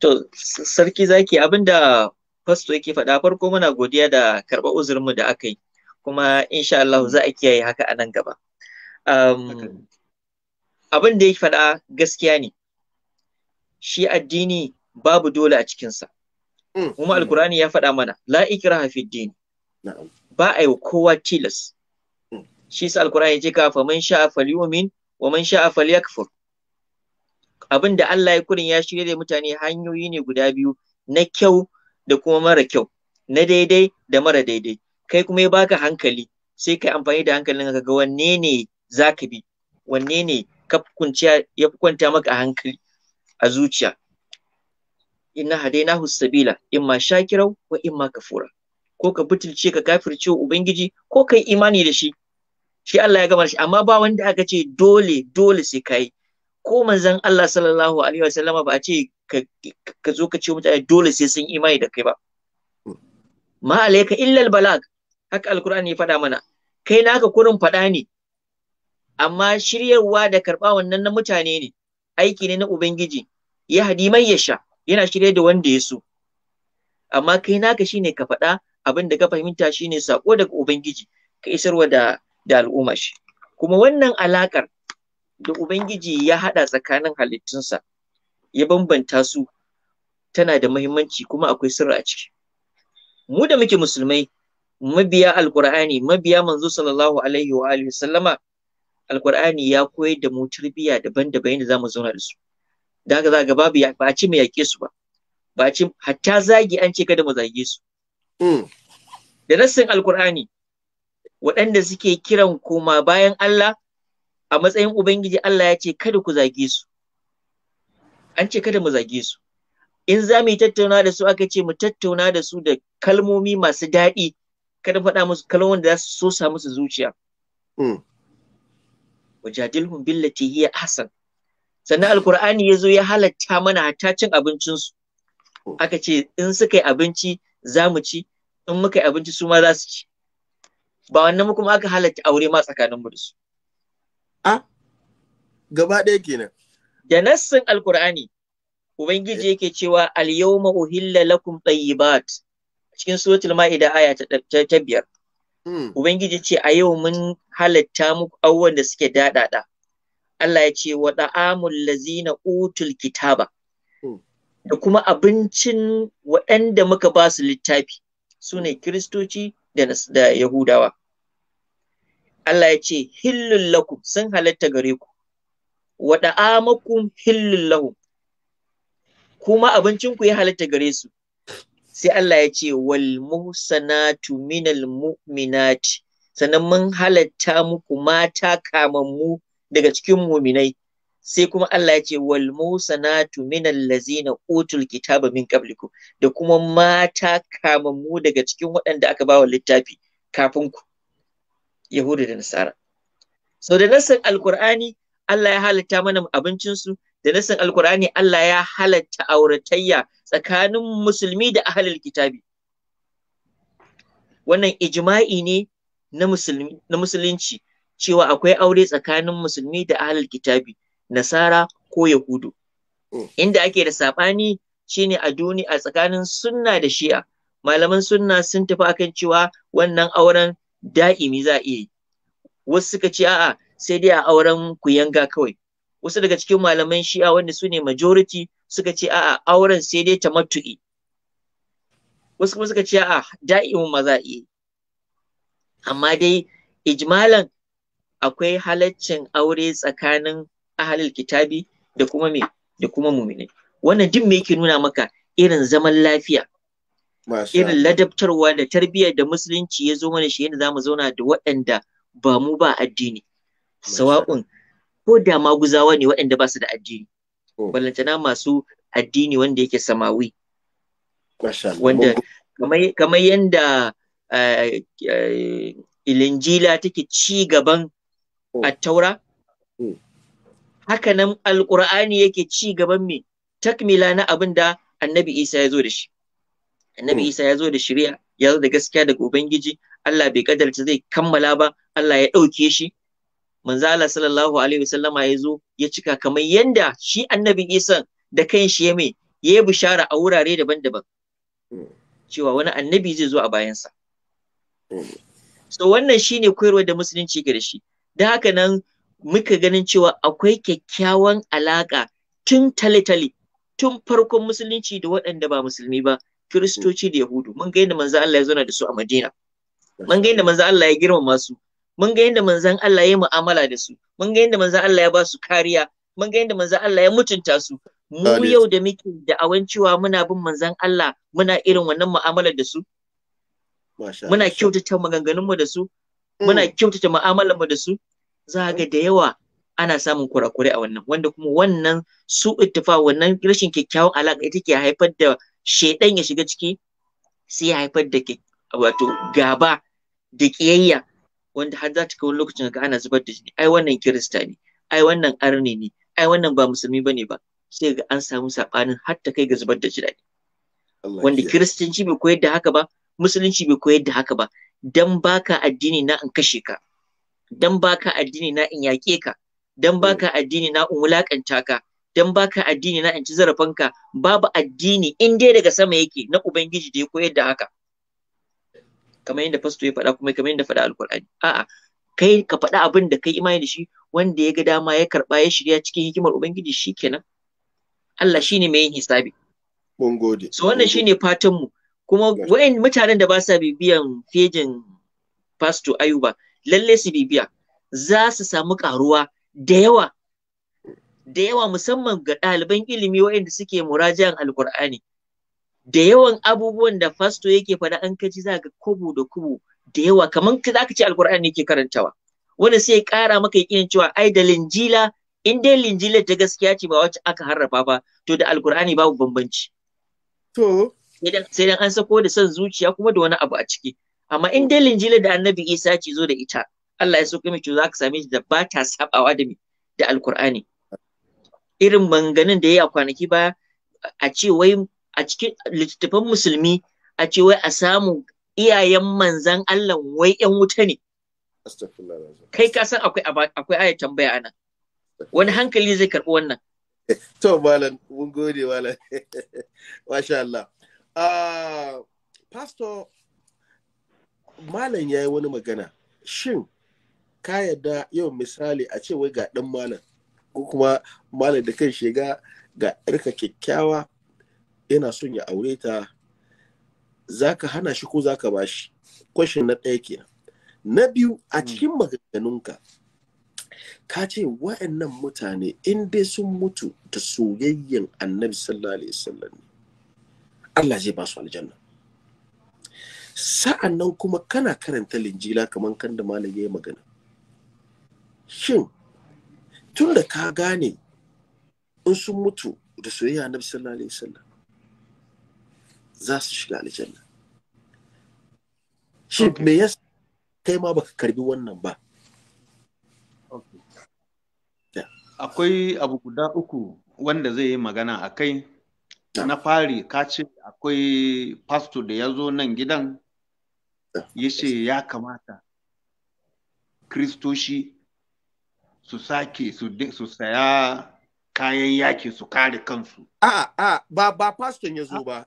to sarki zaki abinda fasto yake faɗa farko muna godiya da karɓar uzurinmu da aka yi kuma insha Allah za a kiyaye haka a nan gaba abin da ya faɗa gaskiya ne shi addini babu dole a cikinsa. Kuma mm. Alkur'ani ya faɗa mana, la ikraha fi din. Ba a yi kowa tilas. Mm. Shi sa Alkur'ani ce ka faman sha'a falyumin wa man sha'a falyakfur. Abin da Allah ya kurin ya shirya da mutane hanyoyi ne guda biyu na kyau da kuma mara kyau, na daidai da mara daidai. Kai kuma ya baka hankali, sai kai amfani da hankalin ka ga wanne ne za ka bi, wanne ne ka ya kwanta maka hankali a zuciya. inna hadainahu sabila imma shakirau wa imma kafura ko ka butulce ka kafirce ubangiji ko kai imani da shi shi Allah ya gama shi amma ba wanda aka ce dole dole sai kai ko manzon Allah sallallahu alaihi wasallama ba a ce ka zo ka ce mutane dole sai sun imani da kai ba ma alayka illal balag haka alkur'ani ya faɗa mana kai naka kurin faɗa ne amma shiryarwa da karba wannan na mutane ne aiki ne na ubangiji ya hadi mai ya sha yana shirye da wanda ya so amma kai naka shine ka faɗa abin da ka fahimta shine sako daga ubangiji ka isarwa da da al'umma shi kuma wannan alakar da ubangiji ya haɗa tsakanin halittunsa ya bambanta su tana da muhimmanci kuma akwai sirri a ciki mu da muke musulmai mabiya alqur'ani mabiya manzo sallallahu alaihi wa alihi sallama alqur'ani ya koyar da mu tarbiyya daban-daban yadda zamu zauna da su da haka za ga babu ba a ci mai yaƙe su ba ba ci hatta zagi an ce kada mu zage su hmm. da nassin alkur'ani waɗanda suke kiran koma bayan Allah a matsayin ubangiji Allah ya ce kada ku zage su an ce kada mu zage su in za mu tattauna da su aka ce mu tattauna da su da kalmomi masu daɗi kada faɗa musu kalmomin da za su so sa musu zuciya hmm. wajadilhum billati hiya ahsan sannan alkur'ani ya zo ya halatta mana hatta cin abincinsu aka ce in suka yi abinci za mu ci in muka yi abinci su ma za su ci ba wannan kuma aka halatta aure ma tsakanin mu da su a gaba ɗaya kenan da nassin alkur'ani ubangiji yake cewa al yawma uhilla lakum tayyibat cikin suratul ma'ida aya ta biyar hmm. ubangiji ce a yau mun halatta muku abubuwan da suke daɗaɗa Allah ya ce wa da'amul lazina utul kitaba hmm. da kuma abincin waɗanda muka ba su littafi su ne kiristoci da yahudawa Allah ya ce hillul lakum sun halatta gare ku wa da'amakum hillul lahum kuma abincinku ya halatta gare su sai Allah ya ce wal muhsanatu minal mu'minati sannan mun halatta muku mata kamammu daga cikin muminai sai kuma Allah ya ce wal musanatu min allazina utul kitaba min qablikum da kuma mata kamammu daga cikin waɗanda aka bawa littafi kafin ku Yahudu da Nasara so da nasan alkur'ani Allah ya halatta mana abincinsu da nasan alkur'ani Allah ya halatta auratayya tsakanin musulmi da ahlul kitabi wannan ijma'i ne na musulmi na musulunci cewa akwai aure tsakanin musulmi da ahlul kitabi nasara ko yahudu mm. inda ake da sabani shine a duni a tsakanin sunna da shi'a malaman sunna sun tafi akan cewa wannan auren da'imi za a iya yi wasu suka ce a'a sai dai a auren ku yanga kawai wasu daga cikin malaman shi'a wanda su ne majority suka ce a'a auren sai dai tamattu'i wasu kuma suka ce a'a da'imin ma za a iya amma dai ijmalan akwai halaccin aure tsakanin ahalil kitabi da kuma me da kuma mumini wannan duk me yake nuna maka irin zaman lafiya irin ladabtarwa da tarbiyyar da musulunci ya zo mana shi yadda zamu zauna da waɗanda ba mu ba addini sawa'un ko da maguzawa ne waɗanda ba su da addini oh. ballantana masu addini wanda yake samawi wanda kamar yadda eh, eh, ilinjila take ci gaban Hmm. A taura? Hakanan hmm. alqur'ani yake ci gaban me takmila na abin da annabi isa ya zo da shi annabi hmm. isa ya zo da shari'a ya zo da gaskiya daga ubangiji Allah bai kadarta zai kammala ba Allah ya ɗauke shi manzo Allah sallallahu alaihi wasallama ya zo ya cika kamar yanda shi annabi Isa da kanshi ya mai ya bishara a wurare daban-daban cewa wani annabi zai zo a bayansa so wannan shine koyarwa da musulunci ke da shi da haka nan muka ganin cewa akwai kyakkyawan alaƙa tun tale-tale tun farkon musulunci da waɗanda ba musulmi ba kiristoci da yahudu mun ga yadda manzan Allah ya zauna da su a Madina mun ga yadda manzan Allah ya girmama su mun ga yadda manzan Allah ya mu'amala da su mun ga yadda manzan Allah ya ba su kariya mun ga yadda manzan Allah ya mutunta su mu yau da muke da awan cewa muna bin manzan Allah muna irin wannan mu'amalar da su muna kyautata maganganunmu da su muna mm. kyautata mu'amalar mu da su za ga da yawa ana samun kurakurai a wannan wanda kuma wannan su ittifa wannan rashin kyakkyawan alaka ita ke haifar da shedan ya shiga ciki sai ya haifar da wato gaba da kiyayya wanda har za ta kawo lokacin ga ana zubar da jini ai wannan kirista ne ai wannan arne ne ai wannan ba musulmi bane ba sai ga an samu sabanin har ta kai ga zubar da jini wanda kiristanci bai koyar da haka ba musulunci bai koyar da haka ba dan baka addini na in kashe ka dan baka addini na in yake ka dan baka addini na in wulakanta ka dan baka addini na in ci zarafanka babu addini in dai daga sama yake na ubangiji da ya koyar da haka kamar yadda pastor ya faɗa kuma kamar yadda faɗa alkur'ani a'a kai ka faɗa abin da kai imani da shi wanda ya ga dama ya karɓa ya shirya cikin hikimar ubangiji shikenan Allah shine mai yin hisabi mun gode so wannan shine fatan mu kuma wa'in mutanen da ba sa bibiyan fejin fasto ayuba lalle su bibiya za su samu karuwa da yawa da yawa musamman ga ɗaliban ilimi wa'inda suke murajiyar alkur'ani da yawan abubuwan da fasto yake faɗa an kaji za ga kubu da kubu da yawa kamar za ka ce alkur'ani yake karantawa wanda sai ƙara maka yakin cewa ai da linjila in dai linjila ta gaskiya ce ba wacce aka harrafa ba to da alkur'ani babu bambanci to sai dan an sako da son zuciya kuma da wani abu a ciki amma in dai linjila da annabi isa ci zo da ita Allah ya sauke miki za ka same shi da ba ta sabawa da da alkur'ani irin manganin da ya yi a kwanaki ba a ce wai a cikin littattafan musulmi a ce wai a samu iyayen manzan Allah wai yan wuta ne kai ka san akwai akwai ayat tambaya ana wani hankali zai karbi wannan to malam mun gode malam masha Allah Uh, pastor malam ya yi wani magana shin ka yadda yau misali a ce wai ga ɗan malam ko kuma malam da kan shiga ga yarka kyakkyawa yana son ya aure ta za ka hana shi ko za ka ba shi kwashin na ɗaya kenan na biyu a hmm. cikin maganganunka ka ce wa'annan mutane in dai sun mutu da soyayyen annabi sallallahu alaihi Allah zai ba su aljanna sa'an nan kuma kana karanta linjila kamar kan da malam ya magana shin tun da ka gane in sun mutu da soyayya na sallallahu alaihi wasallam za su shiga aljanna shi me yasa kai ma baka karbi wannan ba akwai abu guda uku wanda zai yi magana a kai na fari ka ce akwai pasto da ya zo nan gidan ya ce ya kamata kristoshi su sake su saya kayan yaki su kare kansu. A a ba ba paston ya zo ba.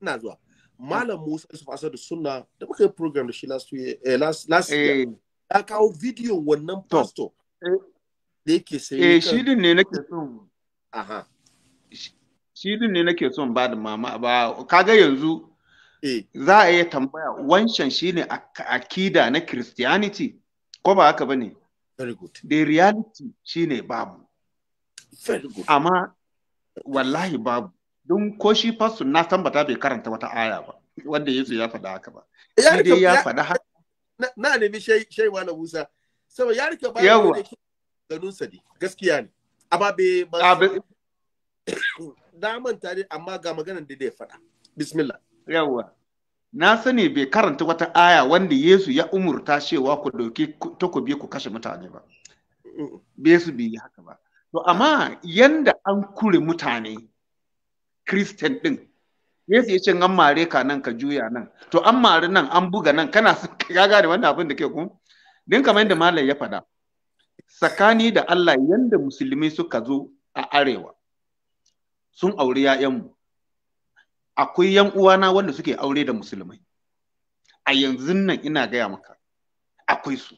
na zuwa. Malam Musa fasa da suna da muka yi program da shi last year eh, last year. Eh. Ya kawo video wannan pastor. Da yake sai. Eh shi din ne nake so. Aha. shi din ne nake son ba da mama ba kaga yanzu eh. za a iya tambaya wancan shine akida na christianity ko ba haka bane very the reality shine babu amma wallahi babu don ko shi fasu na tambata bai karanta wata aya ba wanda Yesu ya faɗa haka ba shi eh, dai ya faɗa haka na nemi shaiwa na Musa saboda ya rika ba da ganunsa ne gaskiya ne amma bai na manta dai amma ga maganar da dai faɗa bismillah yawa na sani bai karanta wata aya wanda Yesu ya umurta cewa ku dauki takobi ku kashe mutane ba bai bai yi haka ba to amma yanda an kure mutane Christian din Yesu ya ce an mare ka nan ka juya nan to an mare nan an buga nan kana ya gane wannan abin da ke ku din kamar yadda malam ya faɗa tsakani da Allah yanda musulmi suka zo a arewa sun auri 'ya'yanmu akwai 'yan uwana wanda suke aure da musulmai a yanzu nan ina gaya maka akwai su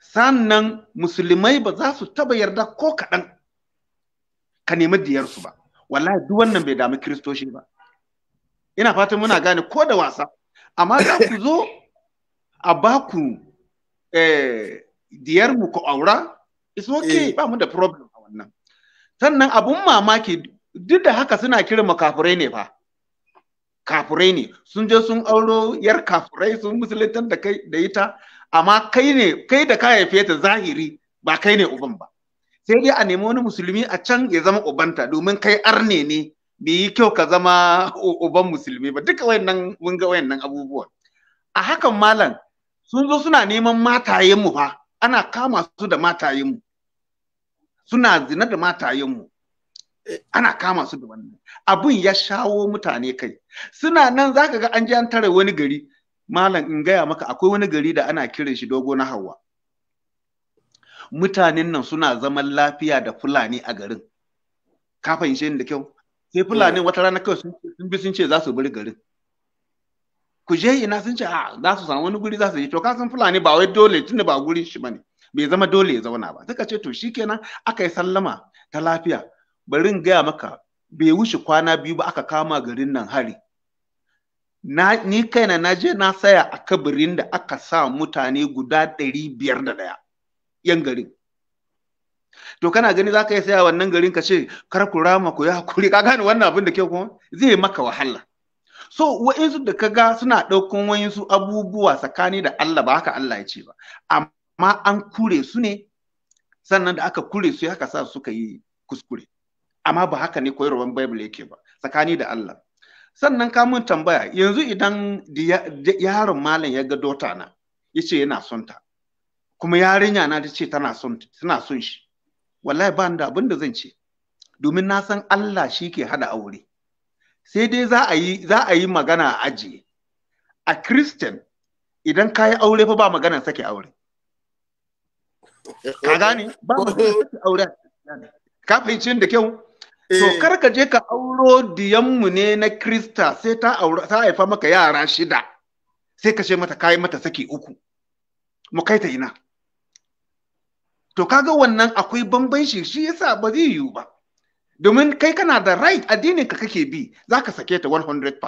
sannan musulmai ba za su taba yarda ko kaɗan ka nemi diyarsu ba wallahi duk wannan bai dami kiristoshi ba ina fatan muna gane ko da wasa amma za ku zo a baku eh, diyarmu ku aura it's okay eh. ba mu da problem a wannan sannan abun mamaki duk da haka suna kiran makafurai ne fa kafurai ne sun je sun auro yar kafurai sun musulantar da kai da ita amma kai ne kai da kaya ta zahiri ba kai ne uban ba sai dai a nemi wani musulmi a can ya zama ubanta domin kai arne ne bai yi kyau ka zama uban musulmi ba duka wayannan mun ga wayannan abubuwan a hakan malam sun zo suna neman matayenmu fa ana kama su da matayenmu suna zina da matayenmu ana kama su da wannan abun ya shawo mutane kai suna nan ka ga an ji an tare wani gari malam in gaya maka akwai wani gari da ana kiran shi dogo na hawa mutanen nan suna zaman lafiya da fulani a garin ka fahimce da kyau sai fulani eh. wata rana kawai sun bi sun ce za su bari garin ku je ina sun ce a ah, za su samu wani guri za su je to ka san fulani ba wai dole tunda ba gurin shi bane bai zama dole ya zauna ba suka ce to shikenan aka yi sallama ta lafiya barin gaya maka bai wuce kwana biyu ba aka kama garin nan hari na ni kaina na je na saya a kabarin da aka sa mutane guda ɗari biyar da ɗaya yan garin to kana gani za ka yi saya wannan garin ka ce kar ku rama ku ya kuri ka gane wannan abin da ke kuma zai maka wahala so wa'insu da ka ga suna ɗaukan wa'insu abubuwa tsakani da Allah ba haka Allah ya ce ba amma ma an kure su ne sannan da aka kure su haka sa suka yi kuskure amma ba haka ne koyarwar bible yake ba tsakani da Allah sannan ka mun tambaya yanzu idan yaron malam ya ga dota na yace yana son ta kuma yarinya na tace tana son tana son shi wallahi ba da abin da zan ce domin na san Allah shi ke hada aure sai dai za a yi za a yi magana a ajiye a Christian idan ka yi aure fa ba magana sake aure ka gane ba mu ka fahimci da kyau so eh. kar ka je ka auro diyanmu ne na krista sai ta aura ta haifa maka yara shida sai ka ce mata kayi mata saki uku mu kai ta ina to kaga wannan akwai bambanci shi yasa ba zai yiwu ba domin kai kana da right addinin ka kake bi zaka sake ta 100%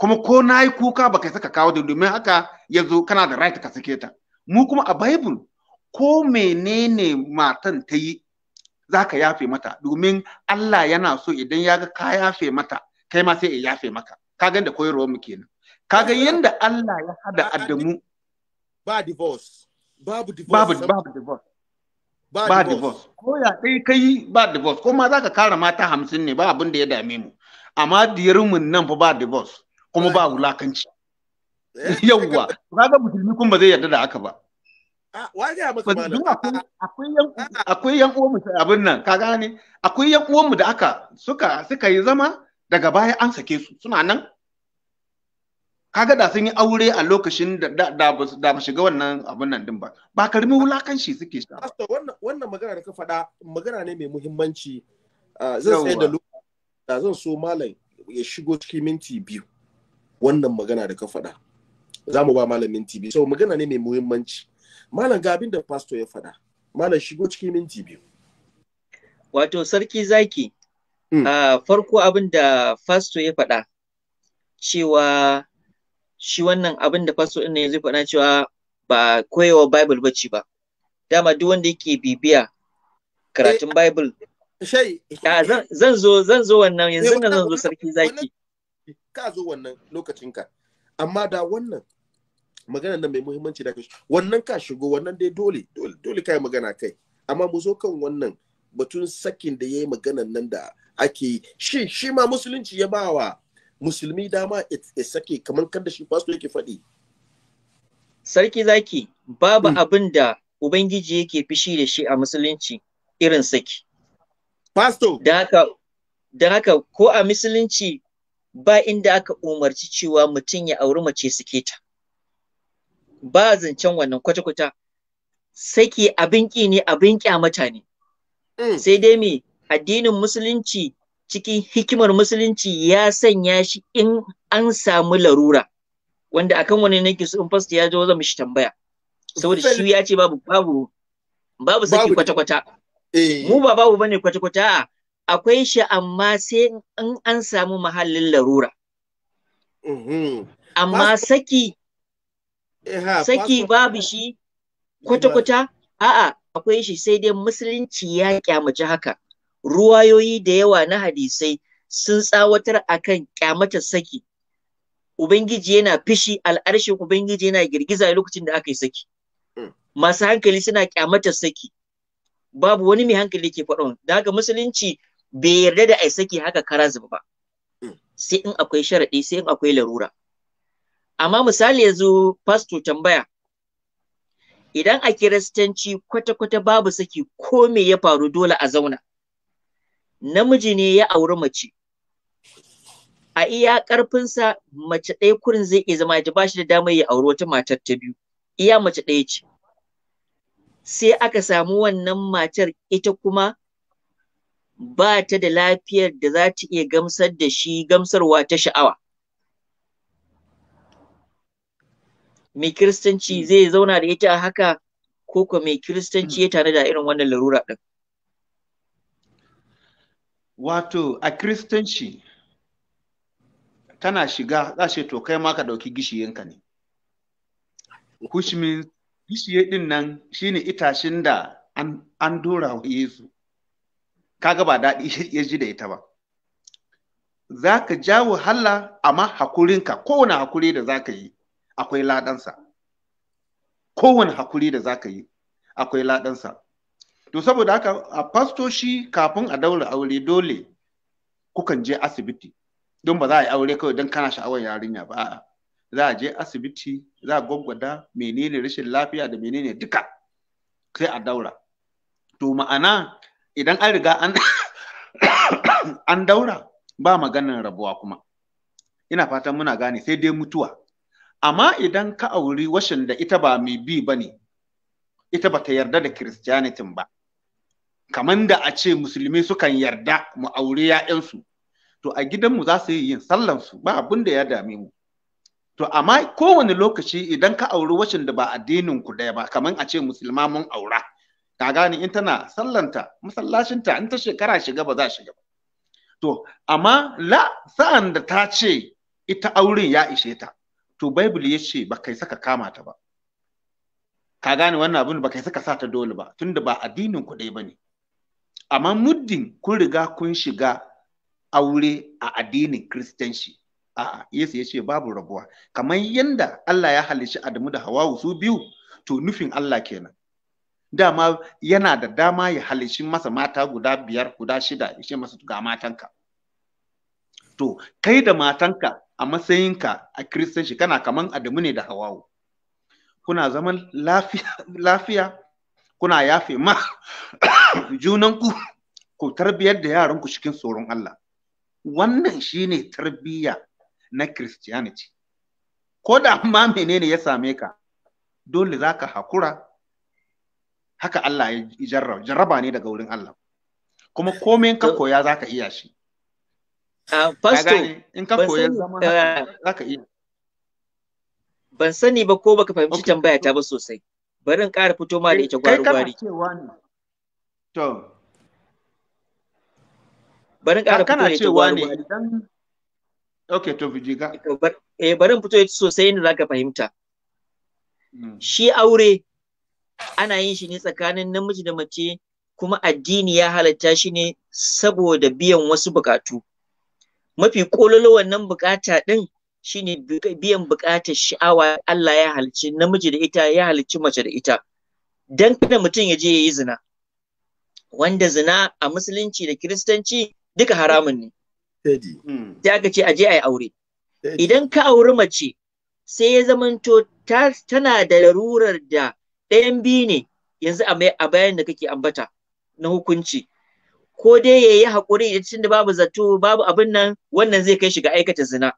kuma ko nayi kuka baka saka kawo domin haka yanzu kana da right ka sake ta mu kuma a bible ko menene matan ta yi za ka yafe mata domin Allah yana so idan ya ga ka yafe mata kai ma sai ya yafe maka ka ga da koyarwa mu kenan ka ga yanda Allah ya hada addamu ba divorce babu divorce babu divorce ba divorce ko ya kai kai ba divorce ko ma za ka kara mata hamsin ne ba abin da ya dame mu amma diyarmu nan fa ba divorce kuma ba wulakanci eh. yawwa ga musulmi kun ba zai yarda da haka ba Ah, ah, ah. akwai yan uwanmu abin nan ka gane akwai yan uwanmu da aka suka suka yi zama daga baya an sake su suna nan kaga da sun yi aure a lokacin da da da ba shiga wannan abin nan din ba ba karmi wulakanci suke sha wannan wannan magana da ka faɗa magana ne mai muhimmanci zan sai da da zan so malam ya shigo cikin minti biyu wannan magana da ka faɗa za mu ba malam minti biyu so magana ne mai muhimmanci malam ga abin da pastor ya faɗa malam shigo cikin minti biyu wato sarki zaki mm. uh, farko abin da pastor ya faɗa cewa shi wannan abin da pastor ɗin ne zai faɗa cewa ba koyewa bible bace ba dama duk wanda yake bibiya karatun eh, bible zan zo zan zo wannan yanzu eh, zan zo sarki zaki ka zo wannan ka amma da wannan magana nan mai muhimmanci da kashi wannan ka shigo wannan dai dole dole kai magana kai amma mu zo kan wannan batun sakin da yayi magana nan da ake yi shi shi ma musulunci ya ba wa musulmi dama ya sake kamar kan da shi pastor yake faɗi sarki zaki babu hmm. abin da ubangiji yake fishi da shi a musulunci irin saki pastor da haka da haka ko a musulunci ba inda aka umarci cewa mutum ya auri mace suke ta ba zancen wannan kwata-kwata saki abin ƙi ne abin a mutane. Eh. sai dai me addinin musulunci cikin hikimar musulunci ya sanya shi in an samu larura wanda akan wani nake su in fast ya zo zama shi tambaya saboda shi ya ce babu babu babu saki kwata-kwata eh. mu ba babu bane kwata-kwata akwai shi amma sai in an samu mahallin larura mhm. amma saki saki babu shi kwata-kwata a'a akwai shi sai dai musulunci ya kyamaci haka ruwayoyi da yawa na hadisai sun tsawatar akan kyamata saki ubangiji yana fishi al'arshin ubangiji yana girgiza lokacin da aka yi saki hmm. masu hankali suna kyamata saki babu wani mai hankali ke faɗon da haka musulunci bai yarda da ai saki haka kara ba hmm. sai in akwai sharaɗi sai in akwai larura amma misali yanzu fasto tambaya idan a kiristanci kwata-kwata babu saki ko me ya faru dole a zauna namiji ne ya auri mace a iya ƙarfinsa mace ɗaya kurin zai iya zama ya ba shi da damar ya auri wata matar ta biyu iya mace ɗaya ce sai aka samu wannan matar ita kuma ba ta da lafiyar da za ta iya gamsar da shi gamsarwa ta sha'awa mai kiristanci hmm. zai zauna da ita a haka ko kuma mai kiristanci hmm. ya tare da irin wannan larura ɗin? Wato, a kiristanci tana shiga za ce to kai ma ka ɗauki gishiyenka ne. Which means gishiye ɗin nan shi ne itashin da an dora wa Yesu. Kaga ba daɗi ya ji da ita ba. Za ka jawo halla amma hakurinka kowane hakuri da za ka yi. akwai ladansa kowane hakuri da za ka yi akwai ladansa to saboda haka a fastoshi kafin a daura aure dole kukan je asibiti don ba za a yi aure kawai don kana sha'awar yarinya ba a'a za a je asibiti za a gwaggwada menene rashin lafiya da menene duka sai a daura to ma'ana idan an riga an an daura ba maganar rabuwa kuma ina fatan muna gane sai dai mutuwa amma idan ka auri washin da ita ba mai bi ba ne ita ba ta yarda da kiristiyanitin ba kamar da a ce musulmi sukan yarda mu aure 'ya'yansu to a gidanmu za su yi yin sallansu ba abin da ya dame mu to amma kowane lokaci idan ka auri washin da ba addinin ku daya ba kamar a ce musulma mun aura ka gane in tana sallanta masallacinta in ta shekara shiga ba za shiga ba to amma la sa'an da ta ce ita auren ya ishe ta to bible ya ce ba kai saka kama ta ba ka gane wannan abin ba kai saka sa ta dole ba tunda ba addinin ku ba ne. amma muddin kun riga kun shiga aure a addinin kiristanci. a'a Yesu ya ce babu rabuwa kamar yadda Allah ya halishi Adamu da Hawwa su biyu to nufin Allah kenan dama yana da dama ya halishi masa mata guda biyar guda shida ya ce masa ga matanka to kai da matanka a matsayinka a kiristanci kana kaman adamu ne da hawawu kuna zaman lafiya kuna yafe ma junanku ku tarbiyyar da yaranku cikin tsoron Allah wannan shine tarbiyya na Christianity ko da amma menene ya same ka dole za ka hakura haka Allah ya jarraba ne daga wurin Allah kuma komai ka koya za ka iya shi Fasto, eh, Ban sani ba ko baka fahimci tambaya ta ba sosai. Bari in ƙara fito ma da ita gwari-gwari. To. Bari in ƙara fito da ita gwari-gwari. Ok, to bijiga. Eh, bari in fito da ita sosai inda za ka fahimta. Hmm. Shi aure ana yin shi ne tsakanin namiji da mace kuma addini ya halatta shi ne saboda biyan wasu buƙatu. mafi kololo wannan bukata din shine biyan bukatar sha'awa Allah ya halicci namiji da ita ya halicci mace da ita dan kada mutum ya je ya yi zina wanda zina a musulunci da kiristanci duka haramun ne hmm. sai aka ce a je a yi aure idan ka auri mace sai ya zamanto tana da larurar da ɗayan biyu ne yanzu a bayan da kake ambata na hukunci ko dai ya yi haƙuri da tunda babu zato babu abin nan wannan zai kai shi ga aikata zina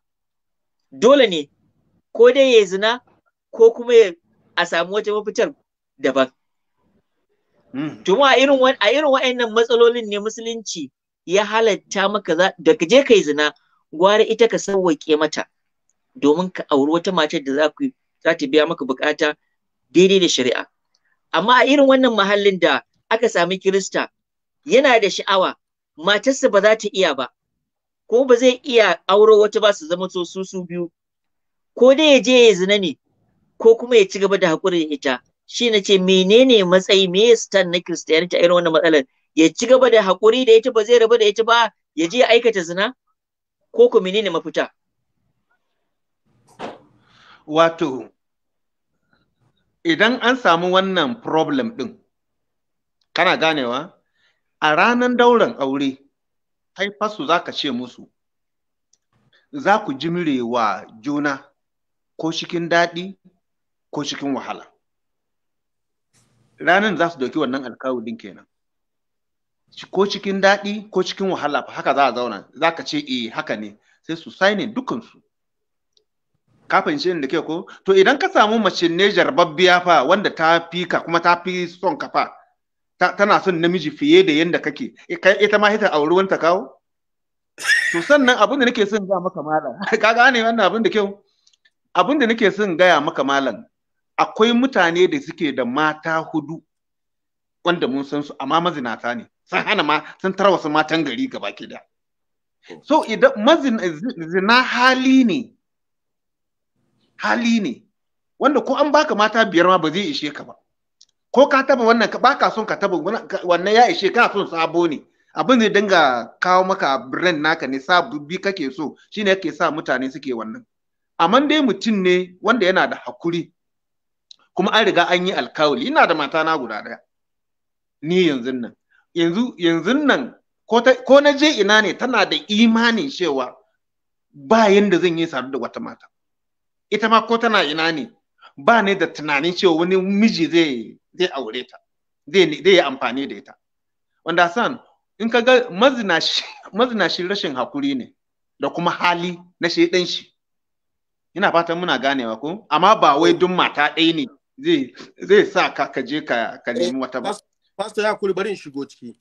dole ne ko dai ya yi zina ko kuma a samu wata mafitar daban hmm. Tuma a irin wa'annan matsalolin ne musulunci ya halatta maka da ka je ka yi zina gwara ita ka sauwaƙe mata domin ka auri wata matar da za ku za ta biya maka bukata daidai da shari'a amma a irin wannan mahallin da aka sami kirista yana da sha'awa matarsa ba za ta iya ba ko ba zai iya auro wata ba su zama su su biyu ko dai ya je ya zina ne ko kuma ya ci gaba da haƙuri da ita shi na ce menene matsayi me ya stan na kiristiyanci a irin wannan matsalar ya ci gaba da haƙuri da ita ba zai rabu da ita ba ya je ya aikata zina ko ku menene mafita wato idan an samu wannan problem ɗin kana ganewa a ranar dauran aure haifarsu za ka ce musu za ku wa juna ko cikin daɗi ko cikin wahala ranar za su doki wannan alkawudin kenan ko cikin daɗi ko cikin wahala fa haka za a zauna za ka ce eh haka ne sai su sainin dukansu kafin shi da ke ko to idan ka samu mace ne jarbabbiya fa wanda ta fi ka kuma ta fi son ka fa tana son namiji fiye da yanda kake eh, ita ma hita auri wanta kawo to sannan abin da nake son ga maka malam ka gane wannan abin da kyau abin da nake son gaya maka malam akwai mutane da suke da mata hudu wanda mun san su amma mazinata ne San hana ma sun su matan gari gaba ke da so idan mazina hali ne hali ne wanda ko an baka mata biyar ma ba zai ishe ka ba ko ka taba wannan ba ka son ka taba wannan ya ishe ka son sabo ne abin zai dinga kawo maka brand naka ne sababbi kake so shine yake sa mutane suke wannan amma dai mutum ne wanda yana da hakuri kuma an riga an yi alkawali ina da mata na guda daya ni yanzu nan yanzu yanzu nan ko na je ina ne tana da imanin cewa ba yanda zan yi sadu da wata mata ita ma ko tana ina ne ba ne da tunanin cewa wani miji zai zai aure ta zai yi amfani da ita wanda san in ka ga shi rashin hakuri ne da kuma hali na ɗan shi ina fatan muna ganewa ko amma ba wai duk mata ɗaya ne zai sa ka ka je ka eh, nemi wata ba pastor ya kuri barin shigo ciki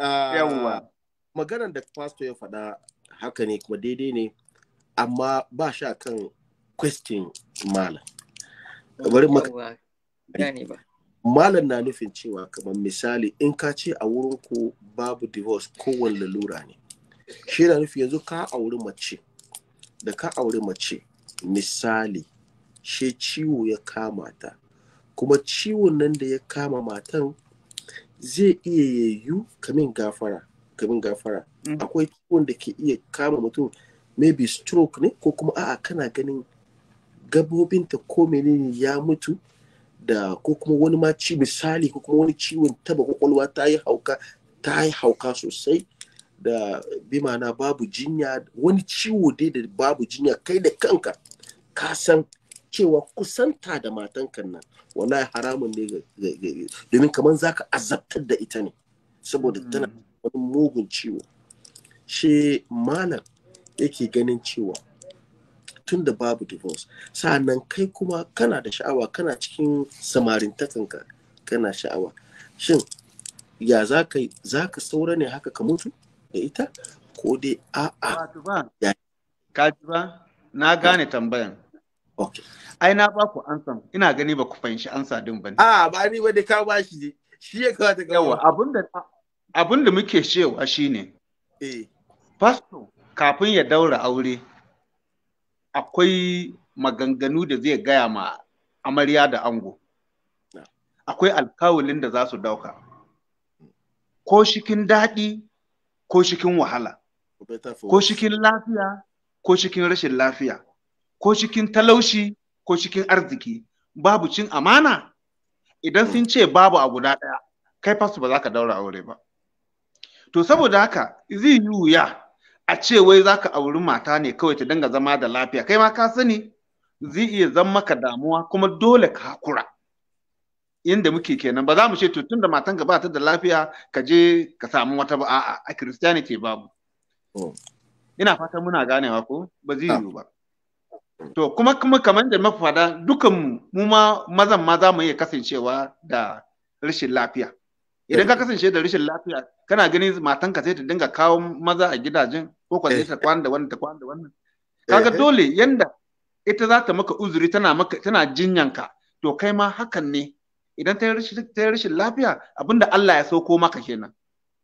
ah, yawwa maganar da pastor ya faɗa haka ne kuma daidai ne amma ba sha kan question malam bari ba malam na nufin cewa kamar misali in ka ce a wurin ku babu divorce kowane lalura ne shi na nufi yanzu ka auri mace da ka auri mace misali shi ciwo ya kama ta kuma ciwon nan da ya kama matan zai iya yayyu kamin gafara kamin gafara mm. akwai ciwon da ke iya kama mutum maybe stroke ne ko kuma a'a kana ganin gabobinta ko menene ya mutu da ko kuma wani ma misali ko kuma wani ciwon taba kwakwalwa ta yi hauka ta yi hauka sosai da bi ma'ana babu jinya wani ciwo dai da babu jinya kai da kanka ka san cewa kusanta da matanka nan wallahi haramun ne domin kamar zaka azabtar da ita ne saboda mm. tana wani mugun ciwo she malam yake ganin cewa tun da babu divorce sa'annan kai kuma kana da sha'awa kana cikin samarintakanka kana sha'awa shin ya za ka za ka saura ne haka ka mutu da ita ko dai a'a ka ji ba na gane tambayan okay ai na ba ku ansa ina gani ba ku fahimci ansa din ba a ba ni ba da ka ba shi ne. shi ya kawo ta yawa abinda abinda muke cewa shine eh pastor kafin ya daura aure akwai maganganu da zai gaya ma amarya da ango akwai alkawalin da za su dauka ko shikin daɗi ko shikin wahala ko shikin lafiya ko shikin rashin lafiya ko shikin talaushi ko shikin arziki babu cin amana idan sun ce babu a guda ɗaya kai fasu ba za ka daura aure ba to saboda haka zai yi wuya a ce wai ka auri mata ne kawai ta dinga zama da lafiya kai ma ka sani zai iya zan maka damuwa kuma dole ka hakura inda muke kenan ba za mu ce to tunda matan ka ba ta da lafiya ka je ka samu wata ba a'a a christianity babu oh. ina fata muna ganewa ko ba zai ah. yiwu ba to kuma kuma kamar da mafada dukan mu ma mazan ma za mu iya kasancewa da rashin lafiya idan ka kasance da rashin lafiya kana ganin matanka sai ta dinga kawo maza a gidajen ko kwa ta eh. kwana da wannan ta kwana da wannan kaga eh. dole yanda ita za ta maka uzuri tana maka tana jinyanka to kai ma hakan ne idan ta yi rashin lafiya abinda Allah ya sauko maka kenan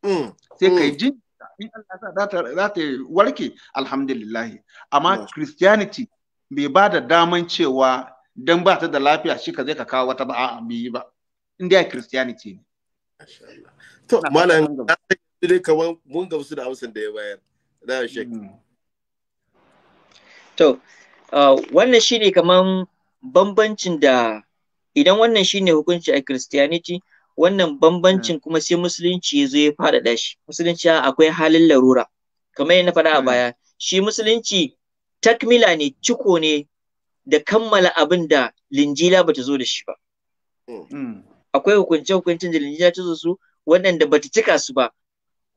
mm, sai kai mm. jin in Allah sa za ta warke alhamdulillahi amma christianity bai ba da daman cewa dan ba ta da lafiya shi ka zai ka kawo wata ba a bai ba inda christianity ne To, malam, dai wannan shi ne kamar bambancin da idan wannan shi ne hukunci a Christianity, wannan bambancin hmm. kuma sai musulunci ya zo ya faɗaɗa shi. Musulunci akwai halin larura. Kamar yadda na faɗa a hmm. baya, shi musulunci takmila ne, ciko ne da kammala abin da linjila bata zo da shi ba. Hmm. akwai hukunce-hukuncen da Najeriya ta zo su waɗanda bata cika su ba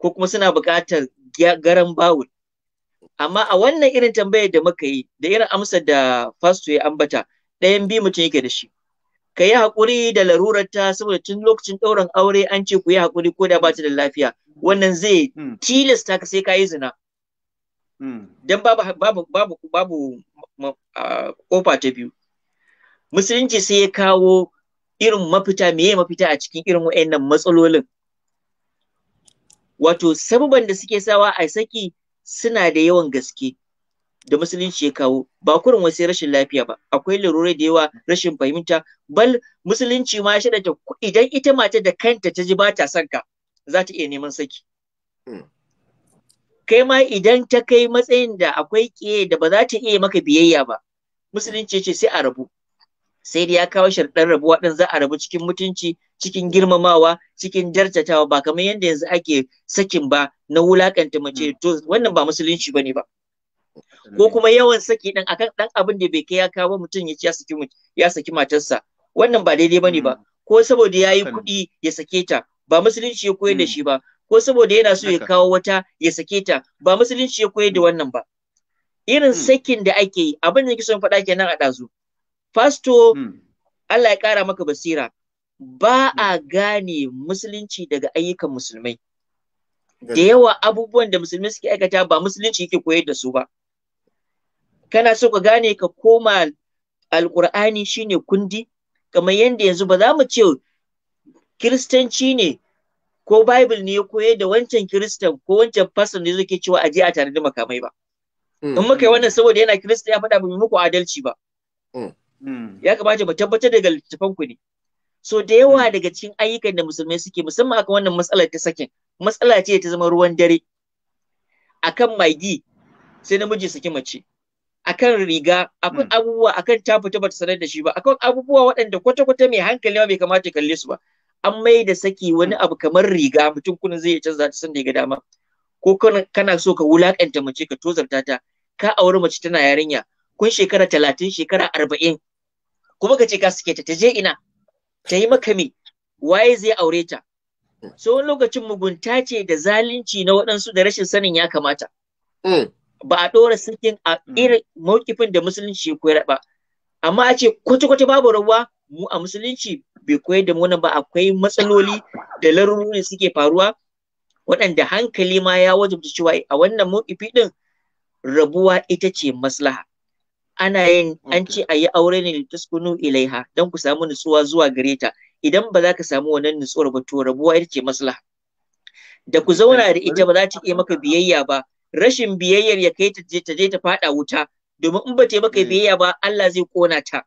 ko kuma suna buƙatar garan bawul. Amma a wannan irin tambayar da muka yi da irin amsa da fasto ya ambata ɗayan biyu mutum yake da shi. Ka yi haƙuri da larurar ta saboda tun lokacin ɗaurin aure an ce ku yi haƙuri ko da ba ta da lafiya. Wannan zai hmm. tilasta ka sai ka yi zina. Hmm. Don babu kofa ta biyu. Musulunci sai ya kawo irin mafita meye mafita a cikin irin wa'annan matsalolin wato sababan da suke sawa a saki suna da yawan gaske da musulunci ya kawo ba kurin wasu rashin lafiya ba akwai larurai da yawa rashin fahimta bal musulunci ma shi ta idan ita mata da kanta ta ji ba ta son ka za ta iya neman saki hmm. kai ma idan ta kai matsayin da akwai kiye da ba za ta iya maka biyayya ba musulunci ce sai a rabu sai da ya kawo sharɗan rabuwa ɗin za a rabu cikin mutunci cikin girmamawa cikin jarjatawa ba kamar yadda yanzu ake sakin ba na wulakanta mace hmm. to wannan ba musulunci bane ba ko kuma yawan saki ɗin akan ɗan abin da bai kai ya kawo mutum ya saki ya saki matarsa wannan ba daidai bane ba hmm. ko saboda ya yi kuɗi ya sake ta ba musulunci ya koyar da hmm. shi ba ko saboda yana so ya kawo wata ya sake ta ba musulunci ya koyar da wannan ba irin sakin da ake yi abin da ke son faɗa kenan a ɗazu Fasto, hmm. Allah ya ƙara maka basira, ba hmm. a gane musulunci daga ayyukan musulmai. Da yawa abubuwan da musulmai suke aikata ba musulunci yake koyar da su ba. Kana so ka gane ka koma alkur'ani shine kundi, kamar yadda yanzu ba za mu ce Kiristanci ne ko Bible ne ya koyar da wancan Kiristan ko wancan pastor ne zai ke cewa aje a tare da makamai ba. Hmm. In muka yi wannan saboda yana Kirista ya faɗa ba muku adalci ba. Mm. ya kamata mu tabbatar daga littafan ku ne so da yawa mm. daga cikin ayyukan da musulmai suke musamman akan wannan matsalar ta sakin matsala ce ta zama ruwan dare akan magi sai namiji saki mace akan riga akan mm. abubuwa akan ta fita bata sanar da shi ba akan abubuwa waɗanda kwata-kwata mai hankali ba bai kamata ya kalle su ba an mai da saki wani abu kamar riga mutum kunin zai canza ta sanda ya ga dama ko kana so ka wulakanta mace ka tozarta ta ka auri mace tana yarinya kun shekara talatin shekara arba'in kuma ka ce ka suke ta ta je ina ta yi maka me waye zai aure ta so wani lokacin mugunta ce da zalunci na waɗansu da rashin sanin ya kamata mm. ba a ɗora sakin a mm. irin mawkifin da musulunci ya koyar ba amma a ce kwata-kwata babu rawa mu a musulunci bai koyar da mu ba akwai matsaloli da larurori suke faruwa waɗanda hankali ma ya wajabta cewa a wannan mawkifi ɗin rabuwa ita ce maslaha ana yin an ce a yi aure ne da taskunu ilaiha don ku samu nutsuwa zuwa gare ta idan ba za ka samu wannan nutsuwar ba to rabuwa ita ce maslaha da ku zauna da ita ba za ta iya maka biyayya ba rashin biyayyar ya kai ta je ta je ta fada wuta domin in ba ta maka hmm. biyayya ba Allah zai kona ta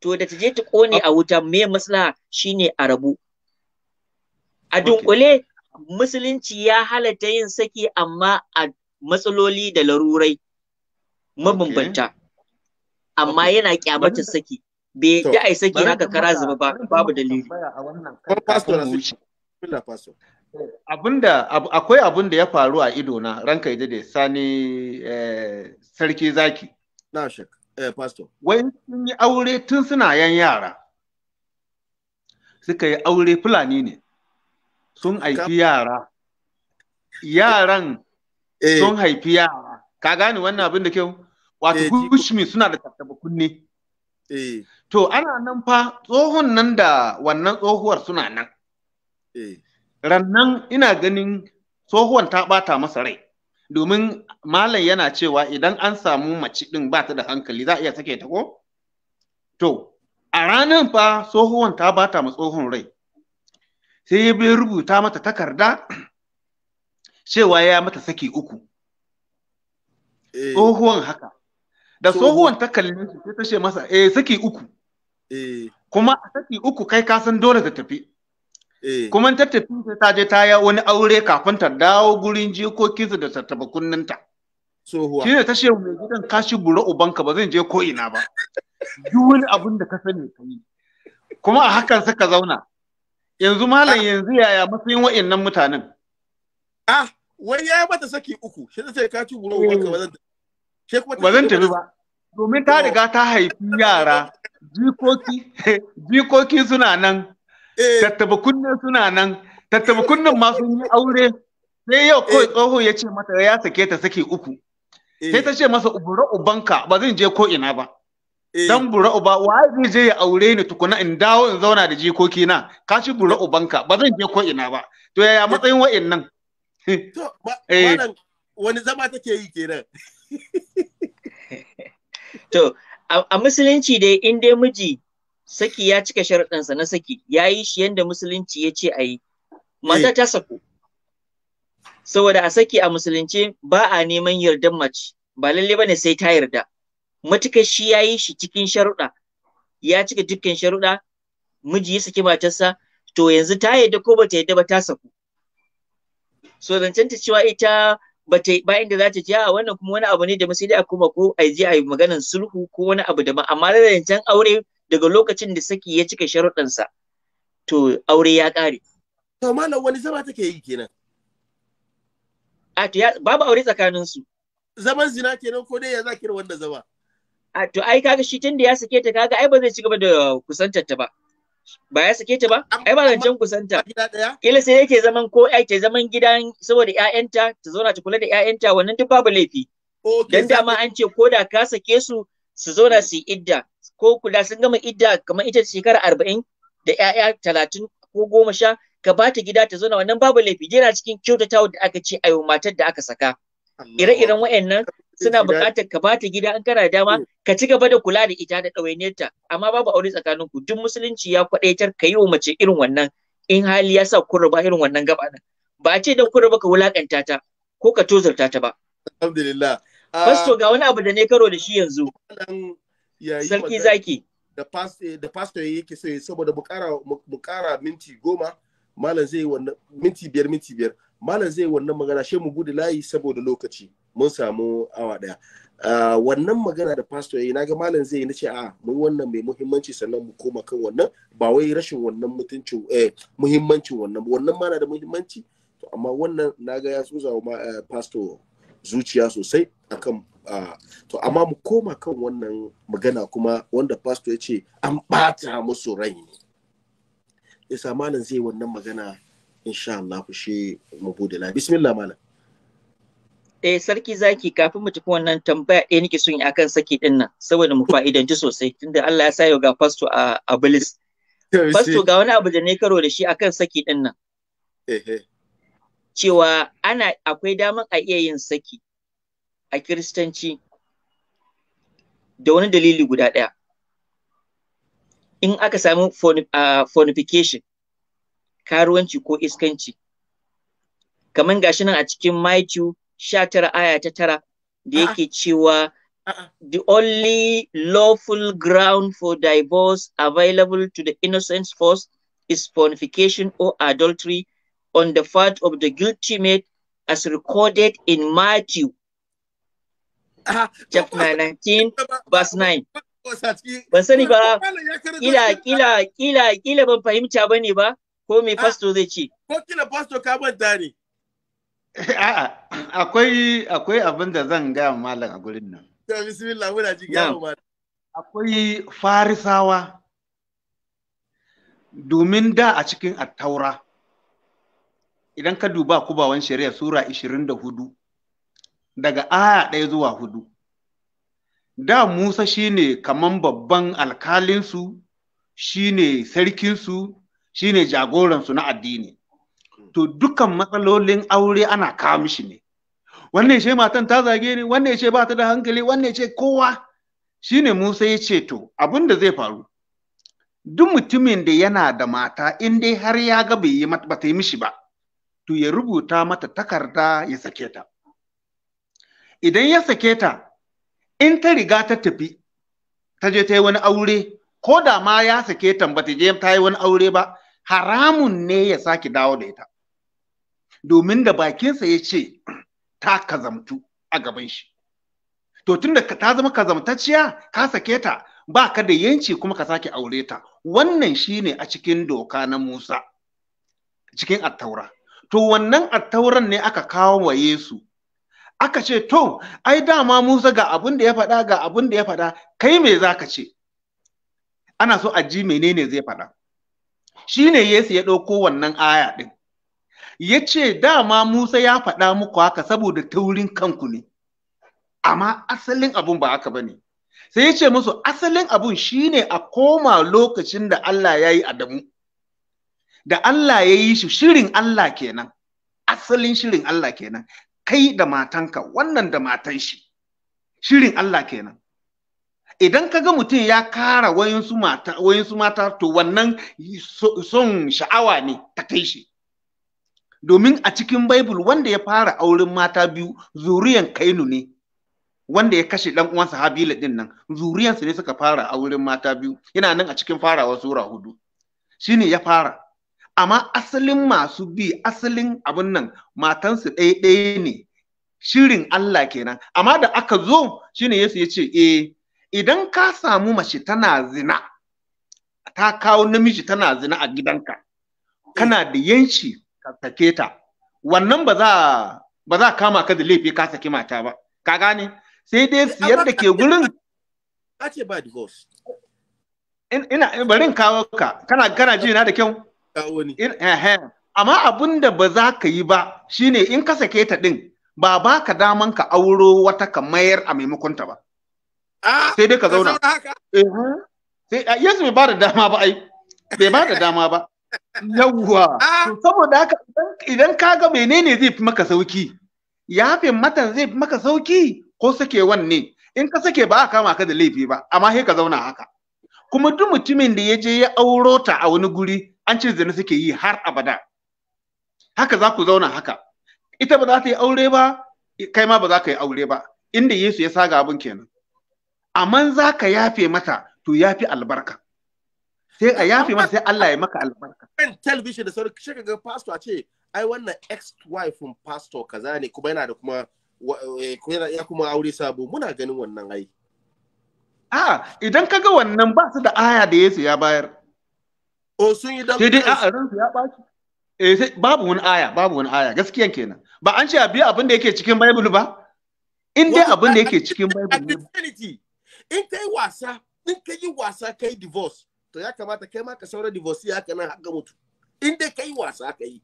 to da ta je ta kone a wuta me maslaha shine a rabu a dunkule musulunci ya halatta yin saki amma a matsaloli da larurai mabambanta okay. amma yana kyamatar saki bai yi ai saki haka kara zuba ba babu dalili abinda akwai abin da ya faru a ido na ranka ida da sani eh, sarki zaki na eh pastor wai sun yi aure tun suna yan yara suka yi aure fulani ne sun haifi yara yaran eh. sun haifi yara ka gane wannan abin da kyau wato gushmi eh, suna da tattaba kunne eh. to ana nan fa tsohon nan da wannan tsohuwar suna nan eh. rannan ina ganin tsohuwan ta bata masa rai domin malam yana cewa idan an samu mace ɗin ba ta da hankali za a iya sake ta ko to a ranar fa tsohuwan ta bata ma tsohon rai sai ya bai rubuta mata takarda cewa ya mata saki uku tsohuwan haka da tsohuwan ta kalle shi sai ta ce masa eh saki uku eh kuma saki uku kai ka san dole ta tafi eh kuma ta tafi sai ta je ta ya wani aure kafin ta dawo gurin jikokinsa da tattaba kunninta tsohuwa shine ta ce mai gidan kashi bura ubanka ba zan je ko ina ba duk wani abin da ka sani ka yi kuma a hakan suka zauna yanzu malam yanzu yaya matsayin wa'annan mutanen ah wai ya mata saki uku shi ta ce kashi ci bura ubanka ba zan ba zan tafi ba domin ta riga ta haifi yara jikoki jikoki suna nan eh. tattaba kunne suna nan tattaba kunnen ma sun yi aure sai yau kawai eh. tsoho ya ce mata ya sake ta sake uku eh. sai ta ce masa bura ubanka ba zan je ko ina ba dan bura uba wa zai je ya aure ni tukuna in dawo in zauna da jikoki na ka ci bura ubanka ba zan je ko ina ba to yaya matsayin wa'annan wani zama take yi kenan To, a musulunci dai in dai miji saki ya cika sharuɗansa na saki, ya yi shi yadda musulunci ya ce a yi, mata eh. ta saku. Saboda a saki a musulunci ba a neman yardan mace, ba lalle ba ne sai ta yarda. Matuka shi ya yi shi cikin sharuɗa, ya cika dukkan sharuɗa, miji ya saki matarsa, to yanzu ta yarda ko ba ta yarda ba ta saku. So zancen cewa ita bata ba inda za ta ce a wannan kuma wani abu ne da sai dai a kuma ko a je a yi maganar sulhu ko wani abu daban amma da zancen aure daga lokacin da saki ya cika sharuɗansa to aure ya ƙare. To malam wani zama take yi kenan. A to babu aure tsakanin su. Zaman zina kenan ko dai ya za kira wanda zama. A to ai kaga shi tun da ya sake ta kaga ai ba zai ci gaba da kusantar ta ba. ba ya sake ta ba ai ba zancen kusanta kila sai yake zaman ko ai ta zaman gidan saboda ƴaƴanta ta zauna ta kula da ƴaƴanta wannan duk babu laifi dan dama an ce ko da ka sake su su zauna su yi idda ko kula sun gama idda kamar ita shekara arba'in da ƴaƴa talatin ko goma sha ka ba ta gida ta zauna wannan babu laifi jira cikin kyautatawa da aka ce ayo matar da aka saka ire-iren waɗannan suna buƙatar ka bata gida an kana dama mm. ka ci gaba da kula da ita da ɗawainiyarta amma babu aure tsakaninku. duk musulunci ya kwaɗaitar ka yi wa mace irin wannan in hali ya sa kun ba irin wannan gaba nan ba a ce dan kun raba ka wulakanta ta ko ka tozarta ta ba alhamdulillah ah, fasto ga wani abu da ne karo da shi yanzu sarki zaki da eh, pastor yake so saboda mu kara minti goma malam zai wannan minti biyar minti biyar malam zai wannan magana shi mu gudu layi saboda lokaci mun samu awa daya ah, wannan magana da pastor yayi naga malam zai nace a mu wannan mai muhimmanci sannan mu koma kan wannan ba wai rashin wannan mutuncin eh muhimmancin wannan wannan ma na da muhimmanci to amma wannan naga ya tsuza wa eh, pastor zuciya sosai akan ah, to amma mu koma kan wannan magana kuma wanda pastor ya ce an bata musu rai ne yasa malam zai wannan magana insha Allah ku shi mu bude la bismillah malam eh sarki zaki kafin mu tafi wannan tambaya ɗaya nake son yi akan saki din nan saboda mu fa'idanci sosai tunda Allah ya sa yau ga fasto a a bilis fasto ga wani abu da ne karo da shi akan saki din nan cewa ana akwai damar a iya yin saki a kiristanci da wani dalili guda ɗaya in aka samu fornification karuwanci ko iskanci kamar gashi nan a cikin Matthew sha tara aya ta tara da yake cewa the only lawful ground for divorce available to the innocent spouse is fornication or adultery on the part of the guilty mate as recorded in Matthew chapter 19 verse 9 ban sani ba kila kila kila kila ban fahimta bane ba ko me pastor zai ce ko kila pastor ka manta ne akwai abin da zan gaya malam a gurin nan. Ta bismillah muna ji Akwai farisawa domin da a cikin attaura idan ka duba kubawan shari'a sura 24 daga aya ɗaya zuwa hudu. Da Musa shine kaman babban alkalinsu shine sarkinsu shine jagoransu na addini. to dukan matsalolin aure ana kawo mishi ne wannan ce matan ta zage ni wannan ce ba ta da hankali wannan ce kowa shine Musa ya ce to abin da zai faru duk mutumin da yana da mata in dai har ya ga bai yi yi mishi ba to ya rubuta mata takarda ya sake ta idan ya sake ta in ta riga ta tafi ta je ta yi wani aure ko da ma ya sake ta ba ta je ta yi wani aure ba haramun ne ya sake dawo da ita domin da bakinsa ya ce ta kazamtu a gaban shi to tun da ta zama kazamtacciya ka sake ta ba ka da yanci kuma ka sake aure ta wannan shi ne a cikin doka na Musa cikin attaura to wannan attauran ne aka kawo wa Yesu aka ce to ai dama Musa ga abin da ya faɗa ga abin da ya faɗa kai me ka ce ana so a ji menene zai faɗa Shi ne Yesu ya ɗauko wannan aya ɗin ya ce dama Musa ya faɗa muku haka saboda taurin kanku ne amma asalin abun ba haka ba ne sai ya ce musu asalin abun shine a koma lokacin da Allah ya yi Adamu da Allah ya yi shi shirin Allah kenan asalin shirin Allah kenan kai da matanka wannan da matan shi shirin Allah kenan idan ka ga mutum ya kara wayansu mata wayansu mata to wannan son sha'awa ne ta kai shi domin a cikin Bible wanda ya fara auren mata biyu zuriyan Kainu ne wanda ya kashe dan uwansa Habila din nan zuriyansu ne suka fara auren mata biyu yana nan a cikin farawa sura hudu shine ya fara amma asalin masu bi asalin abin nan matansu ɗaya ɗaya ne shirin Allah kenan amma da aka zo shine Yesu ya ce eh idan ka samu mace tana zina ta kawo namiji tana zina a gidanka kana da yanci sake ta wannan ba za ba za kama ka da laifi ka sake mata ba ka gane sai dai siyar da ke gurin ka ce ba divorce ina barin kawo ka kana kana ji na da kyau kawo ni amma abin da ba za ka yi ba shine in ka sake ta din ba ba ka daman ka auro wata ka mayar a maimakon ta ba sai dai ka zauna sai yanzu bai ba da dama ba ai bai ba da dama ba yawwa ah! saboda haka idan ga menene zai fi maka sauki yafin mata zai fi maka sauki ko sake wanne in ka sake ba a kama ka da laifi ba amma sai ka zauna haka kuma duk mutumin da ya je ya auro ta a wani guri an ce zina suke yi har abada haka za ku zauna haka ita ba za ta yi aure ba kai ma ba za ka yi aure ba inda Yesu ya saga abin kenan amma za ka yafe mata to yafi albarka sai a yafe masa sai Allah ya maka albarka kan television da sauri shi ga pastor a ce ai wannan ex wife pastor kaza ne kuma yana da kuma eh, ya kuma aure sabo muna ganin wannan ai a idan kaga wannan ba su da aya da Yesu ya bayar o sun yi dan sai dai a ransu ya baci eh sai babu wani aya babu wani aya gaskiyan kenan ba an ce a biya abin da yake cikin bible ba in dai abin da yake cikin bible in kai wasa in kai wasa kai divorce to ya kamata kai ma ka saura divorce haka nan haka mutu in dai kai wasa ka yi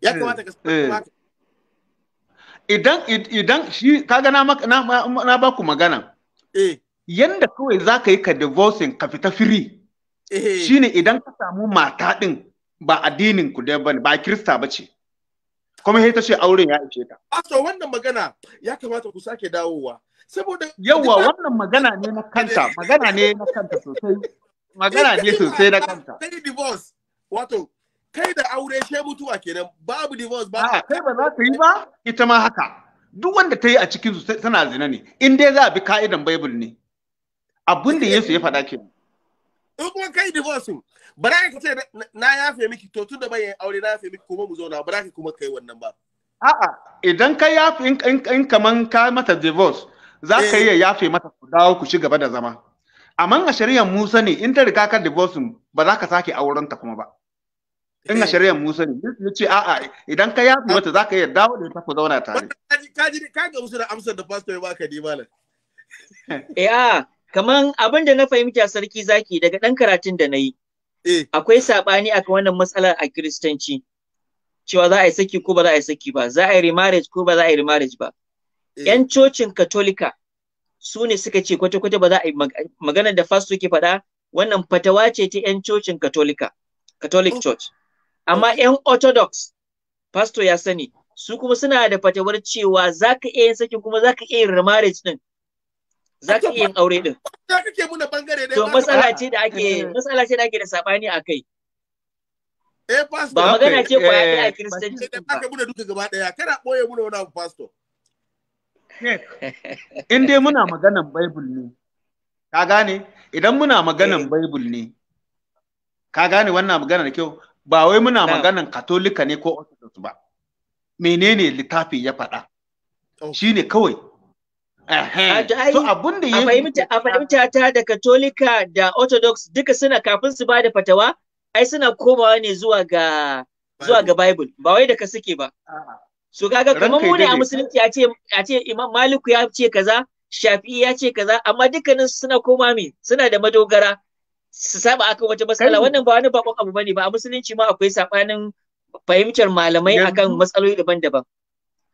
ya eh, kamata ka eh. idan idan shi kaga na na, na ba ku magana eh yanda kawai za ka yi ka divorcing ka fita firi eh. shine idan ka samu mata din ba addinin ku da bane ba kirista bace kuma sai ta ce auren ya ishe ta a ah, to wannan magana ya kamata ku sake dawowa saboda yawa wannan magana ne na kanta magana ne na kanta sosai magana ne sosai na kanta kai divorce wato kai da aure she mutuwa kenan babu divorce ba kai ba za ka yi ba ita ma haka duk wanda ta yi a cikin su tana zina ne in dai za a bi ka'idan bible ne abin da Yesu ya faɗa ke. in kuma kai divorce bara ka ce na yafe miki to tun da yin aure na yafe miki kuma mu zauna bara ka kuma kai wannan ba a'a idan ka yafe in kaman ka mata divorce za ka eh. iya yafe mata ku dawo ku ci gaba da zama amma a shari'ar Musa ne in ta riga ka divorcing ba za ka sake auren ta kuma ba in a eh. shari'ar Musa ne ya ce a'a idan ka yafi mata za ka iya dawo da ta ku zauna tare ka ji ka ga musu da amsar da pastor ya baka ni malam eh a kaman abin da na a sarki zaki daga dan karatun da nayi eh. akwai sabani kan wannan matsalar a kiristanci cewa za a yi saki ko ba za a yi saki ba za a yi remarriage ko ba za a yi remarriage ba yan eh. cocin katolika su ne suka ce kwata-kwata ba za a yi magana da fasto ke faɗa wannan fatawa ce ta 'yan cocin katolika catholic oh. church amma 'yan oh. orthodox fasto ya sani su kuma suna da fatawar cewa za ka iya yin sakin kuma za ka iya yin marriage din za ka iya yin aure din to matsala ce da ake eh. matsala ce da ake da sabani a kai eh, ba magana ce kwaya ɗaya a eh. kiristanci ba. ka muna duka gaba ɗaya, kana ɓoye muna wani abu pastor. in dai muna maganan Bible ne, ka gane? Idan muna maganan eh. Bible ne, ka gane wannan magana da kyau, ba wai muna maganan Katolika ne ko Orthodox ba. Menene littafi ya faɗa? Oh. Shi ne kawai. So abun da ya A fahimta ta da Katolika da Orthodox duka suna kafin su ba da fatawa, ai suna komawa ne zuwa ga zuwa ga Bible, ba wai da ka suke ba. So kaga kamar mu ne a musulunci a ce a ce Imam Maliku ya ce kaza, Shafi'i ya ce kaza, amma dukkanin suna koma me suna da madogara su saba akan wata matsala wannan ba wani bakon abu bane ba a musulunci ma akwai sabanin fahimtar malamai akan matsaloli daban-daban.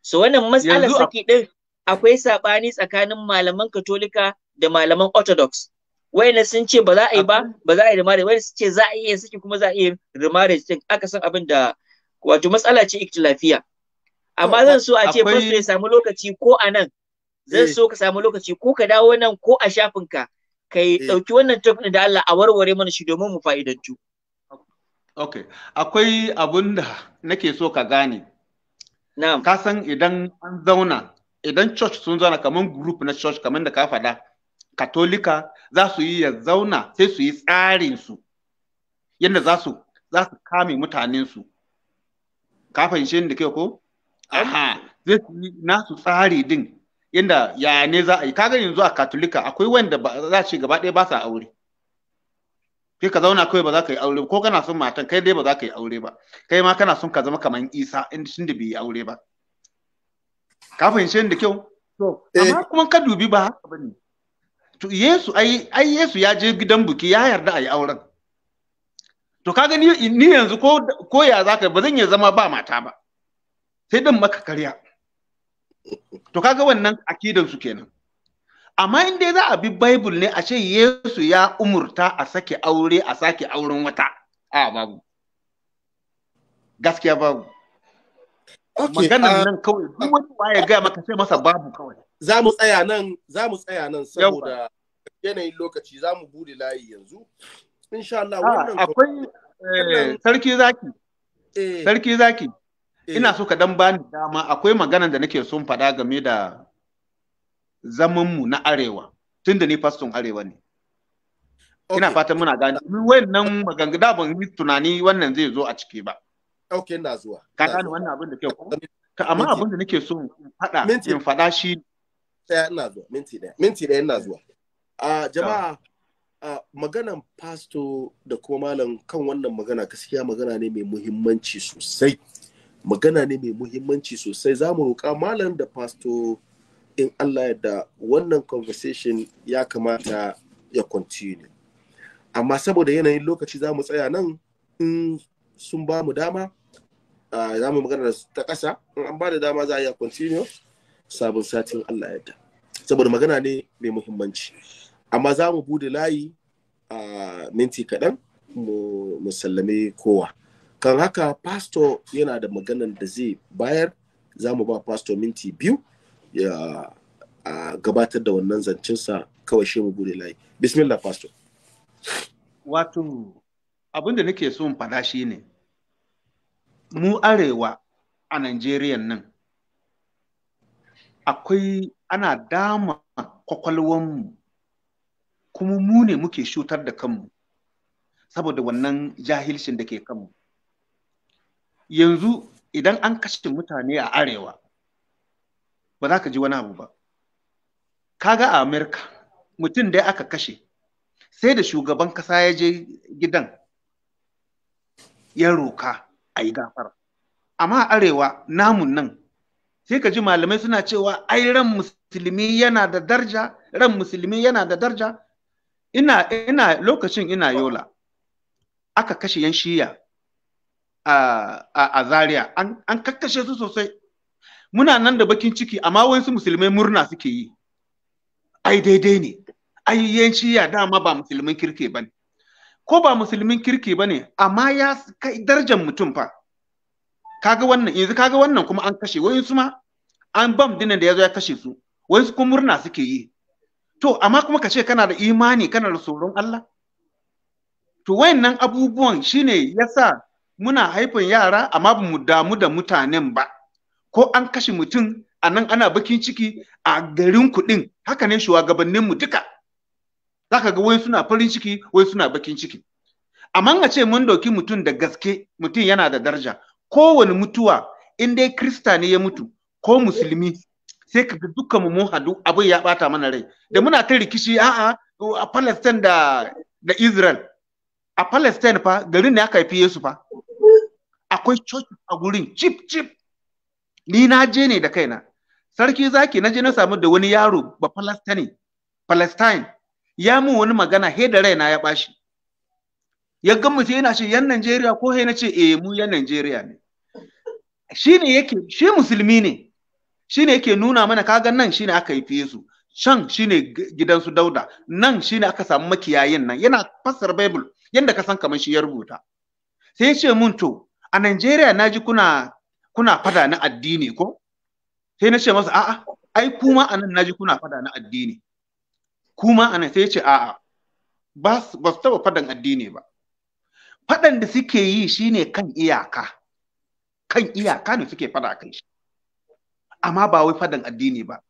So wannan matsalar saki din akwai sabani tsakanin malaman Katolika da malaman Orthodox. Wayannan sun ce ba za a yi ba, ba za a yi mare. wayannan sun ce za a iya saki kuma za a iya da mare. aka san abin da wato matsala ce ikhtilafiya. amma zan so a ce su ya samu lokaci ko a nan zan eh. so ka samu lokaci ko ka dawo nan ko a shafinka ka eh. ɗauki wannan tafi da Allah a warware mana shi domin mu fa'idantu. Ok, akwai abun da nake so ka gane. Na'am. Ka san idan an zauna, idan church sun zauna kamar group na church kamar da ka faɗa, Katolika za su yi ya zauna sai su yi tsarin su. Yadda za su kame mutanen su. Ka fahimce ni da ke ko? Aha. Zai su tsari din yadda ya ne za a yi kaga yanzu a katolika akwai wanda ba za ce gaba ɗaya ba sa aure sai ka zauna kawai ba za ka yi aure ko kana son matan kai dai ba za ka yi aure ba kai ma kana son ka zama kamar isa inda shi da bai yi aure ba ka fahimce da kyau eh. amma kuma ka dubi ba haka ne to yesu ai ai yesu ya je gidan buki ya yarda a yi auren to kaga ni yanzu ko ko ya yi? ba zan iya zama ba mata ba sai dan maka karya to kaga wannan akidan su kenan amma in dai za a bi bible ne a ce yesu ya umurta a sake aure a sake auren wata a babu gaskiya babu okay, maganar nan kawai duk wani waye gaya maka sai masa babu kawai za mu tsaya nan za mu tsaya nan saboda yanayin lokaci za mu bude layi yanzu insha Allah wannan akwai eh, sarki zaki eh. sarki zaki Eh. ina so ka dan bani dama akwai magana da nake son faɗa game da zamanmu na arewa tunda ni faston arewa ne ina fatan muna gani wayannan maganganu da ban yi tunani wannan zai zo a ciki ba okay ina zuwa ka gane wannan abin da ke ko ka amma abin da nake so faɗa in faɗa shi ɗaya ina zuwa minti ɗaya minti ɗaya ina zuwa a jama'a a maganan pasto da kuma malam kan wannan magana gaskiya magana ne mai muhimmanci sosai magana ne mai muhimmanci sosai za mu roƙa malam da pasto in Allah da wannan conversation ya kamata ya continue amma saboda yanayin lokaci za mu tsaya nan in sun ba mu dama za mu magana ta ƙasa in an ba da dama za a iya continue sabon satin Allah yadda saboda magana ne mai muhimmanci amma za mu bude layi a minti kaɗan mu sallame kowa kan haka pastor yana da maganan da zai bayar za mu ba pastor minti biyu ya a gabatar da wannan zancensa kawai shi mu bude layi bismillah pastor wato abin nake so in faɗa shi ne mu arewa a Najeriya nan akwai ana dama kwakwalwanmu kuma mu ne muke shutar da kanmu saboda wannan jahilcin da ke kanmu yanzu idan an kashe mutane a arewa ba za ka ji wani abu ba kaga a amerika mutum da aka kashe sai da shugaban kasa ya je gidan ya roka a yi gafara amma a arewa namun nan sai ka ji malamai suna cewa ai ran musulmi yana da darja ran musulmi yana da darja ina ina lokacin ina yola aka kashe yan shiya a Zaria an kakkashe su sosai muna nan da bakin ciki amma wasu musulmai murna suke yi ai daidai ne ai yanci ya dama ba musulmin kirki ba ne ko ba musulmin kirki ba ne amma ya kai darajar mutum fa kaga wannan yanzu kaga wannan kuma an kashe wayansu ma an bam dinan da ya zo ya kashe su wayansu kuma murna suke yi to amma kuma kace kana da imani kana da tsoron Allah to wayannan abubuwan shine yasa muna haifan yara amma ba mu damu da mutanen ba ko an kashe mutum a nan ana bakin ciki a garin kuɗin haka ne shugabannin mu duka zaka ga wai suna farin ciki wai suna bakin ciki amma a ce mun dauki mutum da gaske mutum yana da daraja kowane mutuwa in dai krista ne ya mutu ko musulmi sai ka ga dukkan mu hadu abin ya bata mana rai da muna ta rikici a'a a Palestine da da Israel a Palestine fa garin ne aka haifi Yesu fa akwai coci a gurin cip cip ni na je ne da kaina sarki zaki na je na samu da wani yaro ba palestine palestine ya mun wani magana he da raina ya bashi ya ga mutum yana ce yan Najeriya ko he na ce eh mu yan Najeriya ne shine yake shi musulmi ne shine yake nuna mana kaga nan shine aka yi fiye su can shine gidansu dauda nan shine aka samu makiyayin nan yana fassara bible yadda ka san kamar shi ya rubuta sai ya ce mun to a Najeriya na ji kuna kuna fada na addini ko sai na ce masa a'a ai kuma a nan na ji kuna fada na addini kuma a nan sai ce a'a ba su taɓa fadan addini ba fadan da suke yi shine kan iyaka kan iyaka ne suke fada kai shi amma ba wai fadan addini ba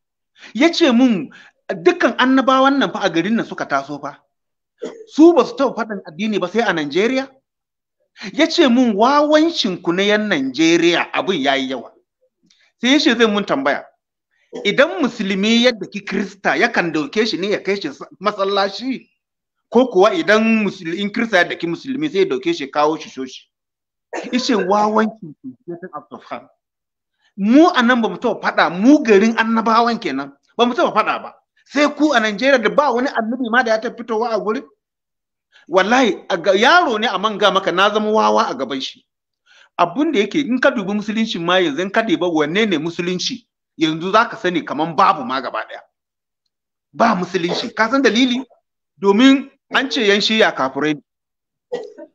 yace mun dukkan annabawan nan fa a garin nan suka taso fa su ba su taɓa fadan addini ba sai a Najeriya ya ce mun wawancin ku na yan Najeriya abin ya yi yawa sai yace zai mun tambaya idan musulmi yadda ki krista yakan dauke shi ne ya kai shi masallaci ko kuwa idan in krista yadda ki musulmi sai ya dauke shi kawo shi shoshi yace wawancin ku getting mu a ba mu taɓa faɗa mu garin annabawan kenan ba mu taɓa faɗa ba sai ku a Najeriya da ba wani annabi ma da ya tafi fitowa a gurin wallahi yaro ne a manga maka na zama wawa a gaban shi abun da yake in ka dubi musulunci ma yanzu in ka dubi wanne ne musulunci yanzu za ka sani kaman babu ma gaba daya ba musulunci ka san dalili domin an ce yan shiya kafurai ne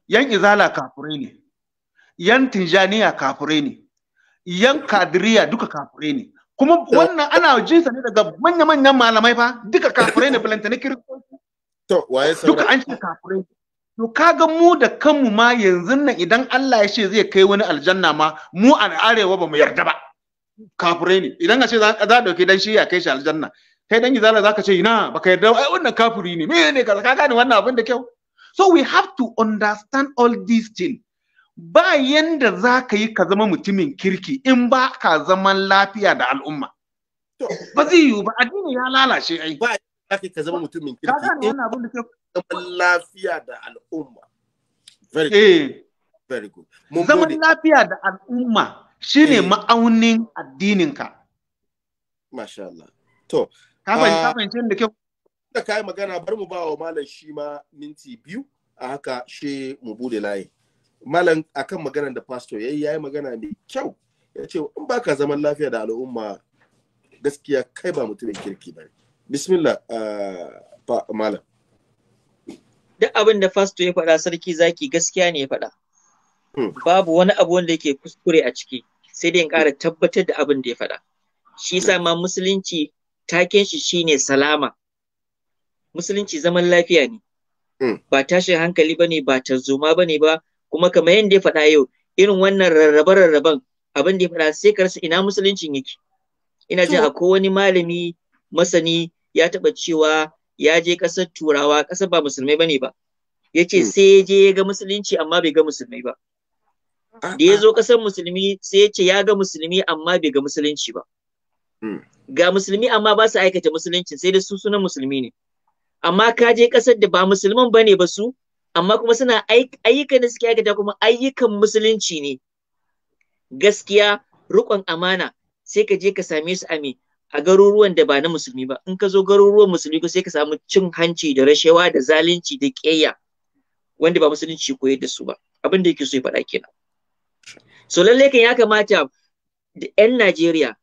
yan izala kafurai ne yan tinjaniya kafurai ne yan kadiriya duka kafurai ne kuma wannan ana jinsa ne daga manya-manyan malamai fa duka kafurai ne bilanta na kiristoci To waye Duka an ce kafirai. To kaga mu da kanmu ma yanzu nan idan Allah ya ce zai kai wani aljanna ma mu a arewa ba mu yarda ba. Kafirai ne. Idan a ce za a dauke dan shi ya kai shi aljanna. Kai dan izala zaka ce ina baka yarda ai wannan kafiri ne. Me ne kaza ka gane wannan abin da kyau. So we have to understand all these things. Ba yanda za ka yi ka zama mutumin kirki in ba ka zaman lafiya da al'umma. Ba zai yiwu ba addini ya lalace ai. kake ka zama mutumin kirki in zaman lafiya da al'umma very good eh. very good zaman lafiya da al'umma shine eh. ma'aunin addinin ka masha Allah to ka fahimci ah, da kyau da kai magana bar mu ba wa malam shi ma minti biyu a haka she mu bude layi malam akan maganar da pastor yayi yayi magana mai kyau yace ce in baka zaman lafiya da al'umma gaskiya kai ba mutumin kirki bane bismillah uh, malam duk abin da fasto ya faɗa sarki zaki gaskiya ne ya faɗa hmm. babu wani abu wanda yake kuskure a ciki sai dai in ƙara tabbatar da abin da ya faɗa shi yasa ma musulunci taken shi shine salama musulunci zaman lafiya ne hmm. ba tashin hankali bane ba tarzoma bane ba kuma kamar yadda ya faɗa yau irin wannan rarrabe-rarraben abin da ya faɗa sai ka rasa ina musuluncin yake ina jin akwai wani malami masani ya taɓa cewa ya je ƙasar turawa ƙasar ba musulmai bane ba yace hmm. sai ya je ya ga musulunci amma bai ga musulmai ba ah, da ya ah. zo ƙasar musulmi sai ya ce ya ga musulmi amma bai ga musulunci ba hmm. ga musulmi amma ba su aikata musulunci sai da su sunan musulmi ne amma ka je ƙasar da ba musulman bane ba su amma kuma suna ayyukan da suke aikata kuma ayyukan musulunci ne gaskiya rukon amana sai ka je ka same su a me a garuruwan da ba na musulmi ba in ka zo garuruwan musulmi ko sai ka samu cin hanci da rashewa da zalunci da ƙeya wanda ba musulunci koyar da su ba abin da yake so ya faɗa kenan so lallai kan ya kamata da 'yan Najeriya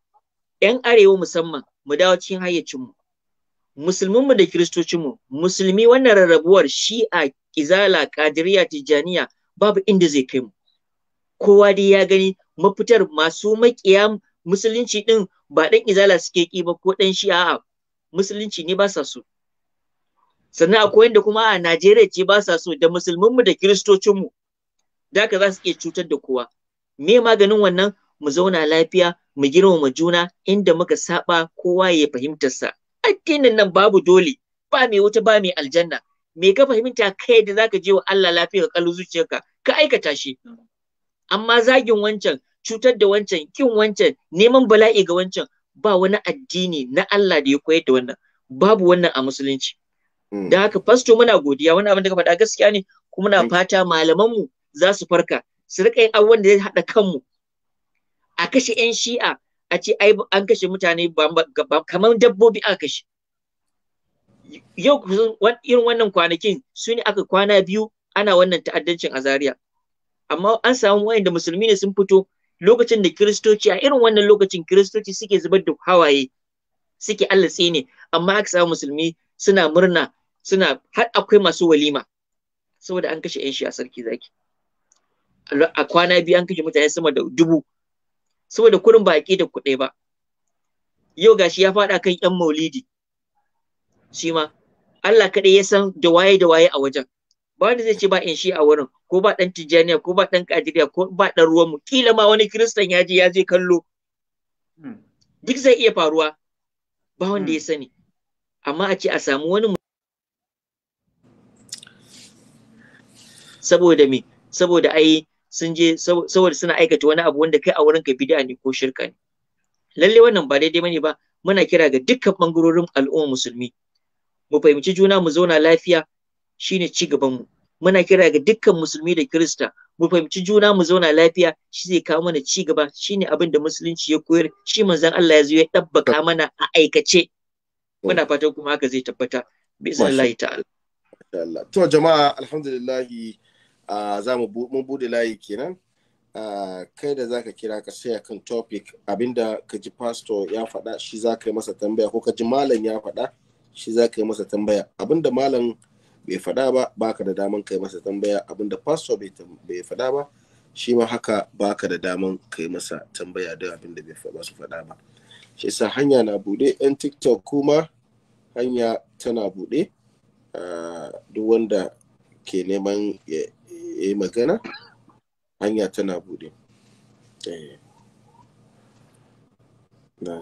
'yan arewa musamman mu dawo cikin hayyacinmu musulminmu da kiristocinmu musulmi wannan rarrabuwar shi'a izala kadiriya tijjaniya babu inda zai kai mu kowa dai ya gani mafitar masu makiya musulunci din ba ɗan izala suke ki ba ko dan shi'a musulunci ne ba sa so sannan akwai wanda kuma a Najeriya ce ba sa so da musulmanmu da kiristocinmu da ka za su iya cutar da kowa me maganin wannan mu zauna lafiya mu girmama juna inda muka saba kowa ya fahimtarsa addinin nan babu dole ba mai wuta ba mai aljanna me ka fahimta kai da zaka je wa Allah lafiya ka zuciyarka ka aikata shi amma zagin wancan cutar da wancan kin wancan neman bala'i ga wancan ba wani addini na Allah da ya koyar da wannan babu wannan a musulunci hmm. da haka fasto muna godiya wani abin da ka faɗa gaskiya ne kuma muna hmm. fata malamanmu za su farka su rika yin abubuwan da zai haɗa kanmu a kashe 'yan shi'a a ce ai an kashe mutane kamar dabbobi aka kashe yau irin wannan kwanakin su ne aka kwana biyu ana wannan ta'addancin a Zariya. amma an samu wayanda musulmi ne sun fito lokacin da kiristoci a irin wannan lokacin kiristoci suke zubar da hawaye suke Allah ne amma aka samu musulmi suna murna suna har akwai masu walima saboda an kashe yan shi a sarki zaki a kwana biyu an kashe mutane sama da dubu saboda kurin ba da kuɗai ba yau gashi ya faɗa kan yan maulidi shi ma Allah kaɗai ya san da waye da waye a wajen ba wanda zai ce ba in shi a wurin ko ba dan tijaniya ko ba dan kadiriya ko ba dan ruwan mu kila ma wani kristan ya je ya je kallo hmm. duk zai iya faruwa ba wanda hmm. ya sani amma a ce a samu wani saboda me saboda ai sun je saboda suna aikata wani abu wanda kai a wurin ka bid'a ne ko shirka ne lalle wannan ba daidai bane ba muna kira ga dukkan bangarorin al'umma musulmi mu fahimci juna mu zauna lafiya shine ci gaban mu muna kira ga dukkan musulmi da kirista mu fahimci juna mu zauna lafiya shi zai kawo mana ci gaba shine abin da musulunci ya koyar shi manzon Allah ya zo ya tabbaka mana a aikace muna fatan kuma haka zai tabbata bismillah ta'ala to jama'a alhamdulillah za mu mun bude layi kenan kai da zaka kira ka saya kan topic abinda ka ji pastor ya faɗa shi zaka yi masa tambaya ko ka ji malam ya faɗa shi zaka yi masa tambaya abinda malam bai faɗa ba baka da daman kai masa tambaya abinda pastor bai faɗa ba shi ma haka baka da daman kai masa tambaya da abinda bai faɗa su faɗa ba shi yasa hanya na bude yan tiktok kuma hanya tana bude ah, duk wanda ke neman ya yi magana hanya tana bude. Eh. na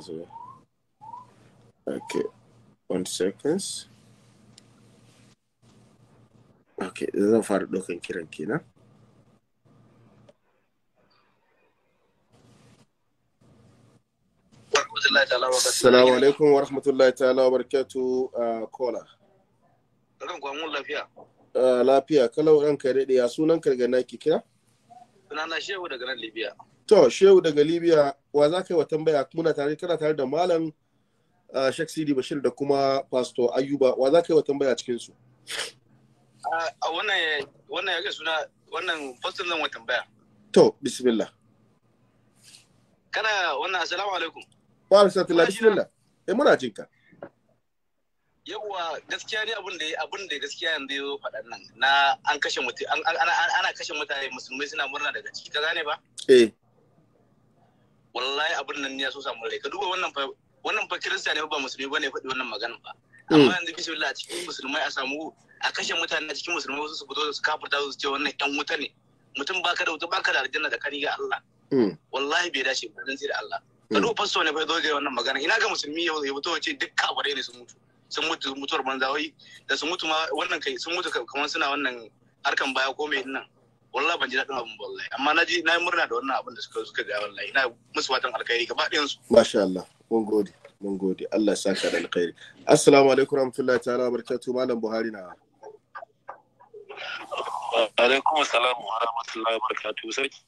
okay one seconds ok zan fara ɗaukan kiran kenan Salamu alaikum wa rahmatullahi ta'ala wa barakatu a kola. Rangon lafiya. Uh, lafiya, kalau ranka daɗe ya sunan karga na ki kira? Sunana Shehu daga nan Libya. To, Shehu daga Libya, wa za ka yi wa tambaya muna tare kana tare da Malam uh, Shek Sidi Bashir da kuma Pastor Ayuba, wa za ka yi wa tambaya cikinsu? a wannan wannan ya ga suna wannan fasal nan wata tambaya to bismillah kana wannan assalamu alaikum wa rahmatullahi bismillah eh muna jin ka yawwa gaskiya ne abin da abin da gaskiya yanzu ya faɗan nan na an kashe mutum ana kashe mutane musulmai suna murna daga ciki ka gane ba eh wallahi abin nan ne ya so samu rai ka duba wannan fa wannan fa kirista ne ba musulmi bane faɗi wannan magana ba Mm. amma yanzu bismillah cikin musulmai a samu a kashe mutane a cikin musulmai wasu su fito su kafurta su ce wannan yan wuta ne mutum baka da wuta baka da aljanna da kani ga Allah mm. wallahi bai dace ba dan sai da Allah mm. ka duba fasto ne fa zo je wannan magana ina ga musulmi yau ya fito ce duk kafirai ne sun mutu sun mutu mutuwar banza da sun mutu ma wannan kai sun mutu kamar suna wannan harkan baya ko mai nan wallahi ban ji daɗin abin wallahi amma na ji na yi murna da wannan abin da suka suka ga wallahi na musu watan alkhairi gaba ɗayan su masha Allah mun gode mun gode Allah ya saka da alkhairi assalamu alaikum warahmatullahi ta'ala barakatuh malam buhari na alaikum assalamu wa rahmatullahi wa barakatuh sarki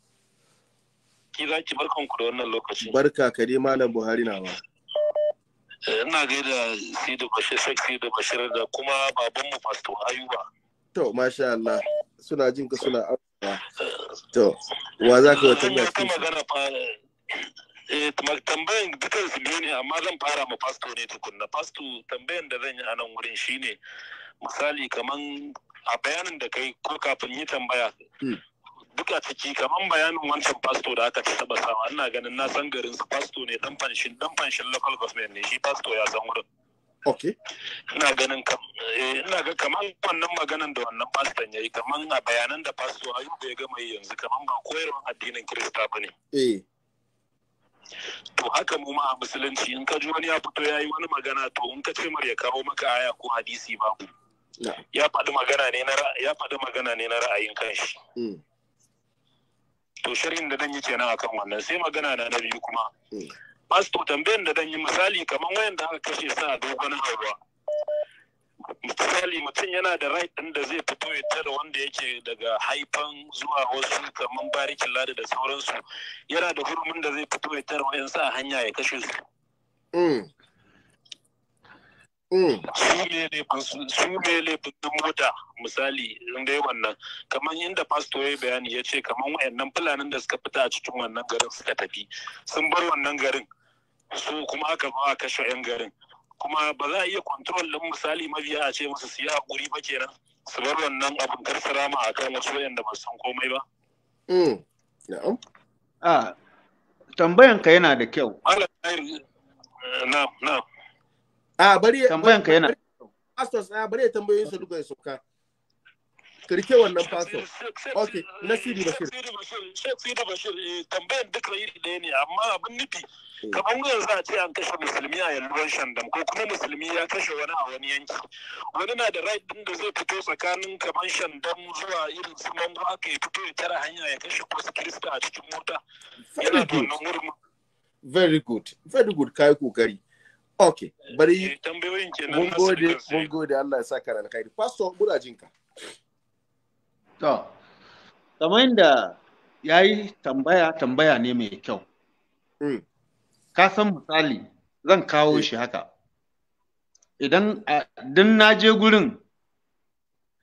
ki zaki barkan ku da wannan lokaci barka ka dai malam buhari na ba eh, ina gaida da bashir shek da bashir da kuma babanmu pastor ayuba to masha Allah suna jin ka suna eh, to wa za ka wata magana Eh, tambayan dukkan su biyu ne amma zan fara ma fasto ne tukunna. Fasto tambayan da zan yi a nan wurin ne misali kaman a bayanin da kai ko kafin yi tambaya. Hmm. duka ciki kaman bayanin wancan fasto da aka taba sawa ina ganin na san garin su fasto ne dan fanshin dan fanshin local government ne shi fasto ya san wurin. Okay. Ina ganin kam eh, ina ga kaman wannan maganan da wannan pastor yayi kaman a bayanan da pastor Ayuba ya gama yanzu kaman ba koyarwar addinin Kirista bane. Eh. to haka mu ma a musulunci in ka ji wani ya fito ya yi wani magana to in ka ce mar ya kawo maka aya ko hadisi babu ya faɗi magana ne na ya faɗi magana ne na ra'ayin kanshi hmm. to shirin da dan yi kenan akan wannan sai magana na na biyu kuma Masto hmm. tambayan da dan yi misali kamar wayan da aka kashe sa dogon hawa misali mutum yana da right ɗin da zai fito ya tara wanda yake daga haifan zuwa wasu kamar barikin lada da sauransu yana da hurumin da zai fito ya tara wayan sa hanya ya kashe mm. Mm. su su ne laifin na mota misali in dai wannan kamar inda pasto ya bayani ya ce kamar wayannan fulanin da suka fita a cikin wannan garin suka tafi sun bar wannan garin su kuma aka ba a kashe 'yan garin kuma ba za a iya kontrol din misali mafiya a ce musu su yi hakuri ba kenan su bar wannan abin karsara ma a akan wasu da ba san komai ba hmm, a tambayan ka yana da kyau na eh, na a bari tambayan ka yana Astos, a bari tambayoyin su duka ya sauka. rike wannan faso ok na eh, sidi bashir sidi bashir eh, tambayar duk iri ɗaya ne amma abin nufi eh. kamar yanzu a ce an kashe musulmi a yalwan shandam ko kuma musulmi ya kashe wani a wani yanki wani na da right din da zai fito tsakanin kamar shandam zuwa irin su mango aka yi fito ya tara hanya ya kashe ko kirista a cikin mota yana da wannan wurin very good very good kai kokari ok bari mun gode mun gode Allah ya saka alkhairi pastor muna jinka to kamar yadda ya yi tambaya tambaya ne mai kyau hmm. ka san misali zan kawo eh. shi haka idan din na je gurin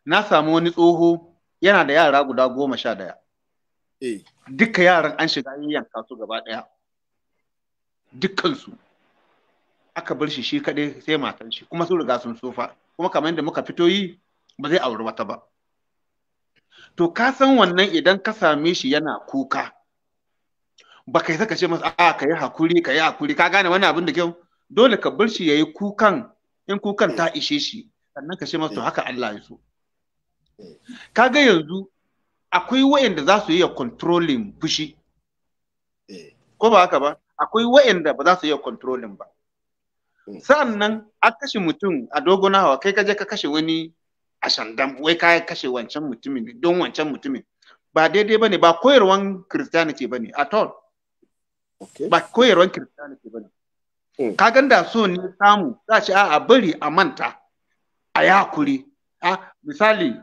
na samu wani tsoho yana da yara guda goma sha daya eh. duka yaran an shiga yanka su gaba daya dukkansu aka bar shi shi kaɗai sai matan shi kuma sun riga sun sofa kuma kamar yadda muka fito yi ba zai auri wata ba to ka san wannan idan ka same shi yana kuka ba kai saka ce masa a ka yi hakuri ka yi hakuri ka gane wani abin da kyau dole ka bar shi yayi kukan in kukan ta ishe shi sannan ka ce masa to haka Allah ya so ka yanzu akwai wa'anda za su yi controlling fushi ko ba haka ba akwai wa'anda ba za su yi controlling ba sa'annan a kashe mutum a dogon hawa kai ka je ka kashe wani a sandan wai ka kashe wancan mutumin don wancan mutumin ba daidai bane ba koyarwan christianity bane at all ba koyarwan christianity bane hmm. ka ganda so ne samu za shi a bari a manta a yakuri a misali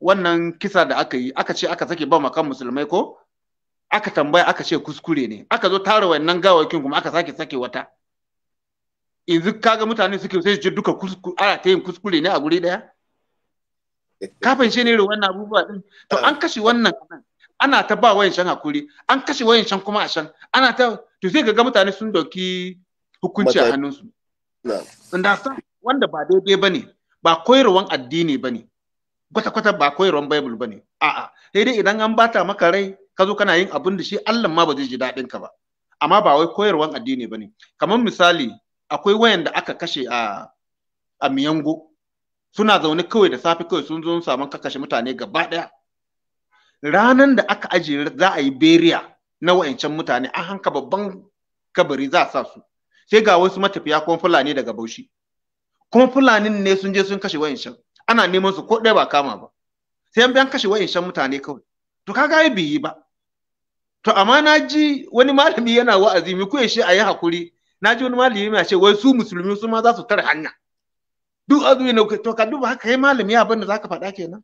wannan kisa da aka yi aka ce aka sake ba makan musulmai ko aka tambaya aka ce kuskure ne aka zo tara wannan gawakin kuma aka sake sake wata yanzu kaga mutane suke sai ji duka ana ta yin kuskure ne a guri daya kafin fahimce ne wannan abubuwa din to an kashe wannan ana ta ba wayan shan hakuri an kashe wayan shan kuma a shan ana ta to zai ga mutane sun dauki hukunci a hannunsu understand wanda ba daidai bane ba koyarwan addini bane kwata-kwata ba koyarwan bible bane a'a sai dai idan an bata maka rai ka zo kana yin abin da shi Allah ma ba zai ji daɗin ka ba amma ba wai koyarwan addini bane kamar misali akwai wayan da aka kashe a a Miyango suna zaune kawai da safe kawai sun zo sun samu kakashe mutane gaba daya ranan da aka ajiye za a yi beriya na wayancan mutane an hanka babban kabari za sa su sai ga wasu matafiya kuma fulani daga Bauchi kuma fulani ne sun je sun kashe wayancan ana neman su ko ɗaya ba kama ba sai an bayan kashe wayancan mutane kawai to kaga ai biyi ba to amma na ji wani malami yana wa'azi mi kuye shi a yi hakuri na ji wani malami yana ce wai su musulmi su ma za su tare hanya duk azumi ne to ka duba haka kai malami abin da zaka faɗa kenan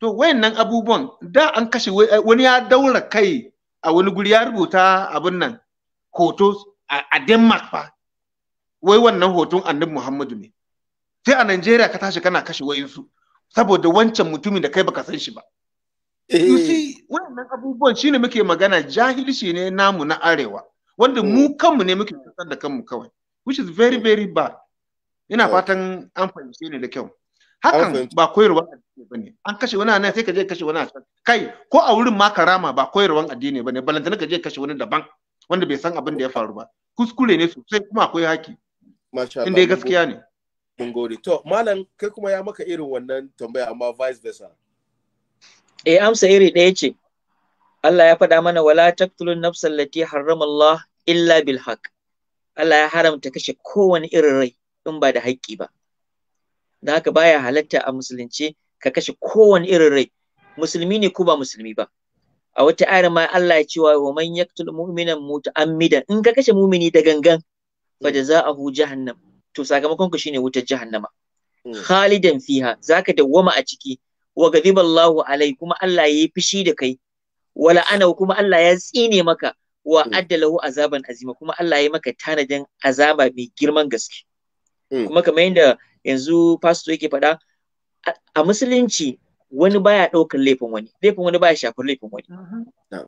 to wayannan abubuwan da an kashe eh, wani ya daura kai a wani guri ya rubuta abin nan hoto a Denmark fa wai wannan hoton annabi Muhammadu ne sai a Najeriya ka tashi kana kashe wayansu saboda wancan mutumin da kai baka san shi ba eh. you see wannan abubuwan shine muke magana jahilci ne namu na arewa wanda mu hmm. kanmu ne muke kasar da kanmu kawai which is very very bad ina fatan an fahimce ni da kyau hakan ba koyarwar addini bane an kashe wani nan sai ka je kashe wani a can kai ko a wurin ma karama ba koyarwar addini bane balantana ka je kashe wani daban wanda bai san abin da ya faru ba kuskure ne sosai kuma akwai haki inda gaskiya ne mun gode to malam kai kuma ya maka irin wannan tambaya amma vice versa eh amsa iri ɗaya ce Allah ya faɗa mana wala taqtulun nafsal lati harrama Allah illa bil haqq Allah ya haramta kashe kowane irin rai in ba da haƙƙi ba da haka baya halatta a musulunce ka kashe kowane irin rai musulmi ne ko ba musulmi ba a wata ayar ma Allah ya cewa wa man yaktul mu'minan muta'ammidan in ka kashe mumini da gangan fa jaza'ahu jahannam to sakamakon ku shine wutar jahannama hmm. khalidan fiha zaka dawwama a ciki wa ghadiballahu alai kuma Allah yayi fishi da kai wala ana kuma Allah ya tsine maka wa hmm. addalahu azaban azima kuma Allah ya maka tanadin azaba mai girman gaske Mm. kuma kamar yadda yanzu pastor yake faɗa a musulunci wani baya ɗaukar laifin wani laifin wani baya shafar laifin wani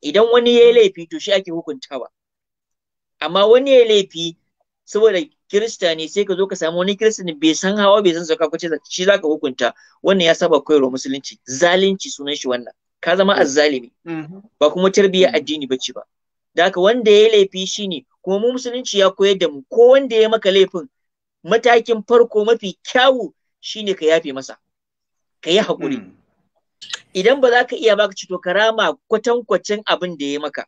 idan wani ya laifi to shi ake hukuntawa amma wani ya yi laifi saboda kirista ne sai ka zo ka samu wani kirista ne bai san hawa bai san sauka kwace shi za ka hukunta wannan ya saba koyarwa musulunci zalunci sunan shi wannan ka zama mm. azzalimi mhm. ba kuma tarbiyyar mm. addini bace ba da haka wanda ya yi laifi ne, kuma mu musulunci ya koyar da mu ko wanda ya maka laifin matakin farko mafi kyawu shine ka yafe masa ka yi haƙuri hmm. idan ba za ka iya baka ka ci to karama kwatankwacin abin da ya maka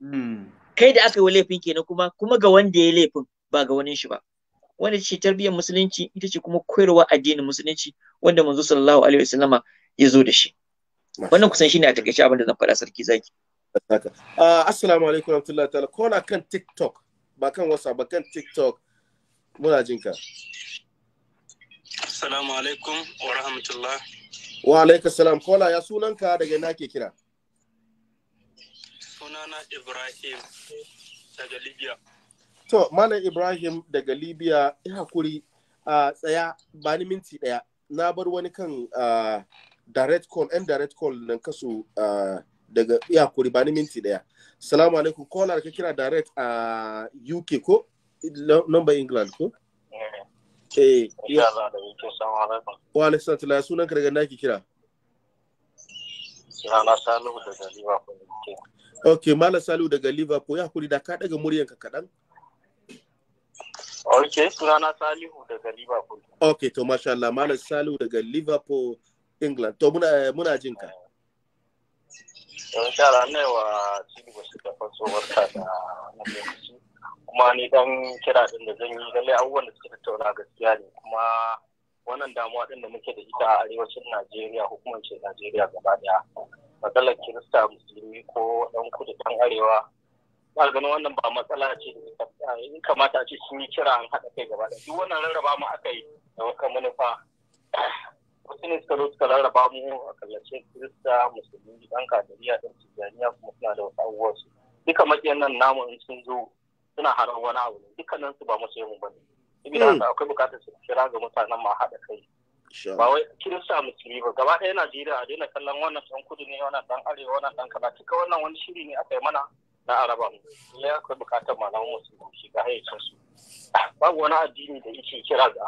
hmm. kai da aka yi wa laifin kenan kuma kuma ga wanda ya laifin ba ga wani shi ba wanda ce tarbiyyar musulunci ita ce kuma koyarwa addinin musulunci wanda manzo sallallahu alaihi wasallama ya zo da shi wannan kusan shine a takaice abin da zan faɗa sarki zaki ah, assalamu alaikum warahmatullahi ta'ala Kona kan tiktok ba kan wasa ba kan tiktok muna jin ka assalamu alaikum wa rahmatullah wa alaikum salam kola ya sunan ka daga ina ke kira sunana ibrahim daga libya to mana ibrahim daga libya ya hakuri a tsaya ba ni minti daya na bar wani kan direct call ɗan direct call nan kasu daga hakuri ba ni minti daya salamu alaikum kola da ka kira direct a uk ko number England ko? Eh, ya eh, Allah da wuce samu alaikum. Wa alaikum salam sunan ka daga naki kira. na Salihu daga Liverpool. Okay, Mala Salihu daga Liverpool ya kuri da ka daga ka kadan. Okay, na Salihu daga Liverpool. Okay, to masha Allah, Mala Salihu daga Liverpool, England. To muna muna jin ka. Eh, insha Allah ne wa Sidi Bashir da fasowarka da wannan lokaci. kuma ni dan kira din da zan yi lallai abubuwan da suka tattauna gaskiya ne kuma wannan damuwa din da muke da ita a arewacin Najeriya hukumar ce Najeriya gaba daya matsalar Kirista musulmi ko dan kudu dan arewa ba ganin wannan ba matsala ce da kamata a ce sun yi kira an haɗa kai gaba duk wannan rarraba mu aka yi da wata manufa wasu ne suka suka rarraba mu a kallace Kirista musulmi dan kadariya dan tijjaniya kuma suna da wasu abubuwa su duka maƙiyan nan namu in sun zo suna harar wani abu ne dukkanin su ba sai ba ne saboda hmm. haka akwai bukatar su kira ga mutanen ma haɗa kai ba wai kirista musulmi ba gaba ɗaya najeriya a daina kallon wannan ɗan kudu ne wannan ɗan arewa wannan ɗan kaza cika wannan wani shiri ne aka yi mana na araba mu ne akwai bukatar malaman musulmi shi ga hayyacin su babu wani addini da yake kira ga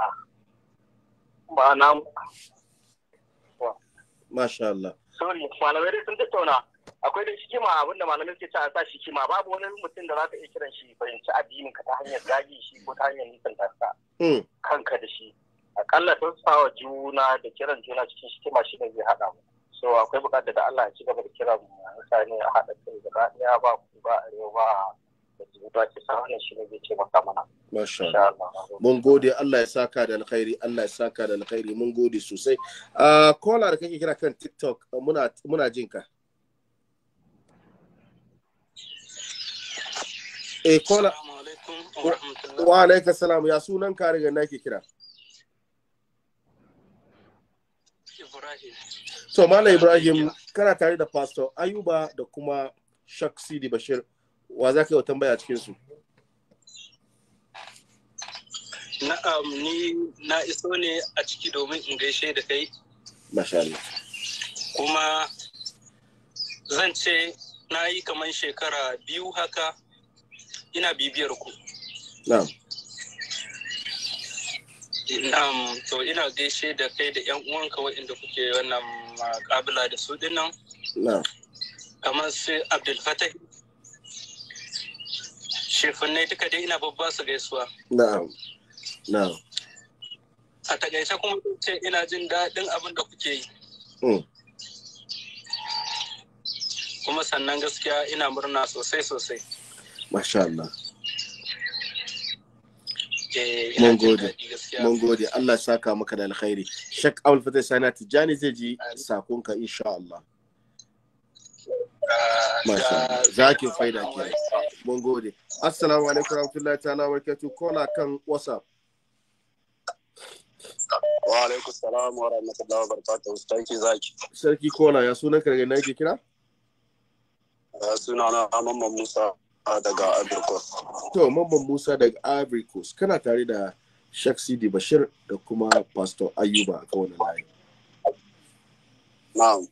ma'ana Masha Allah. Sorry, malamai sun tattauna. akwai da shikima abin da malamai suke cewa sa shikima babu wani mutum da za ka iya kiran shi fahimci addinin ka ta hanyar gaji shi ko ta hanyar nisan kansa hmm. kanka da shi akalla sun sawa juna da kiran juna cikin shikima shi ne zai haɗa mu so akwai buƙatar da Allah ya ci gaba da kiran mutane a haɗa kai gaba ɗaya ba ku ba yau ba Masha Mun gode Allah ya saka da alkhairi, Allah ya saka da alkhairi, mun gode sosai. Kola ah, da kake kira kan TikTok muna jinka. eh kola wa alaika salam ya sunan ka daga na ke kira so mala ibrahim kana tare da pastor ayuba da kuma shak sidi bashir wa za ka yi tambaya cikin su na'am ni na iso ne a ciki domin in gaishe da kai mashallah kuma zan ce na yi kamar shekara biyu haka ina bibiyar ku na'am na'am to ina gaishe da kai da yan uwanka waɗanda kuke wannan kabila da su dinnan na'am kamar su abdul fatah shefunai duka dai ina babba su gaisuwa na'am na'am a takaice kuma ce ina jin daɗin abin da kuke yi mm. kuma sannan gaskiya ina murna sosai sosai Masha Allah. Eh, mun gode, mun gode, Allah saka maka da alkhairi. Shek Abul Fatah Sani Tijjani zai ji sakonka insha Allah. Ah, Masha zakin faida ke. Mun gode. Assalamu alaikum warahmatullahi ta'ala barkatu kola kan WhatsApp. Wa alaikum salam wa rahmatullahi wa barakatuhu. Sarki zaki. Sarki kola ya sunan ka daga nake kira? Eh, sunana Mamman Musa Ah, daga Ivory Coast. To, Mamman Musa daga Ivory Coast, kana tare da Sheikh Sidi Bashir da kuma Pastor Ayuba a wannan layi. Na'am.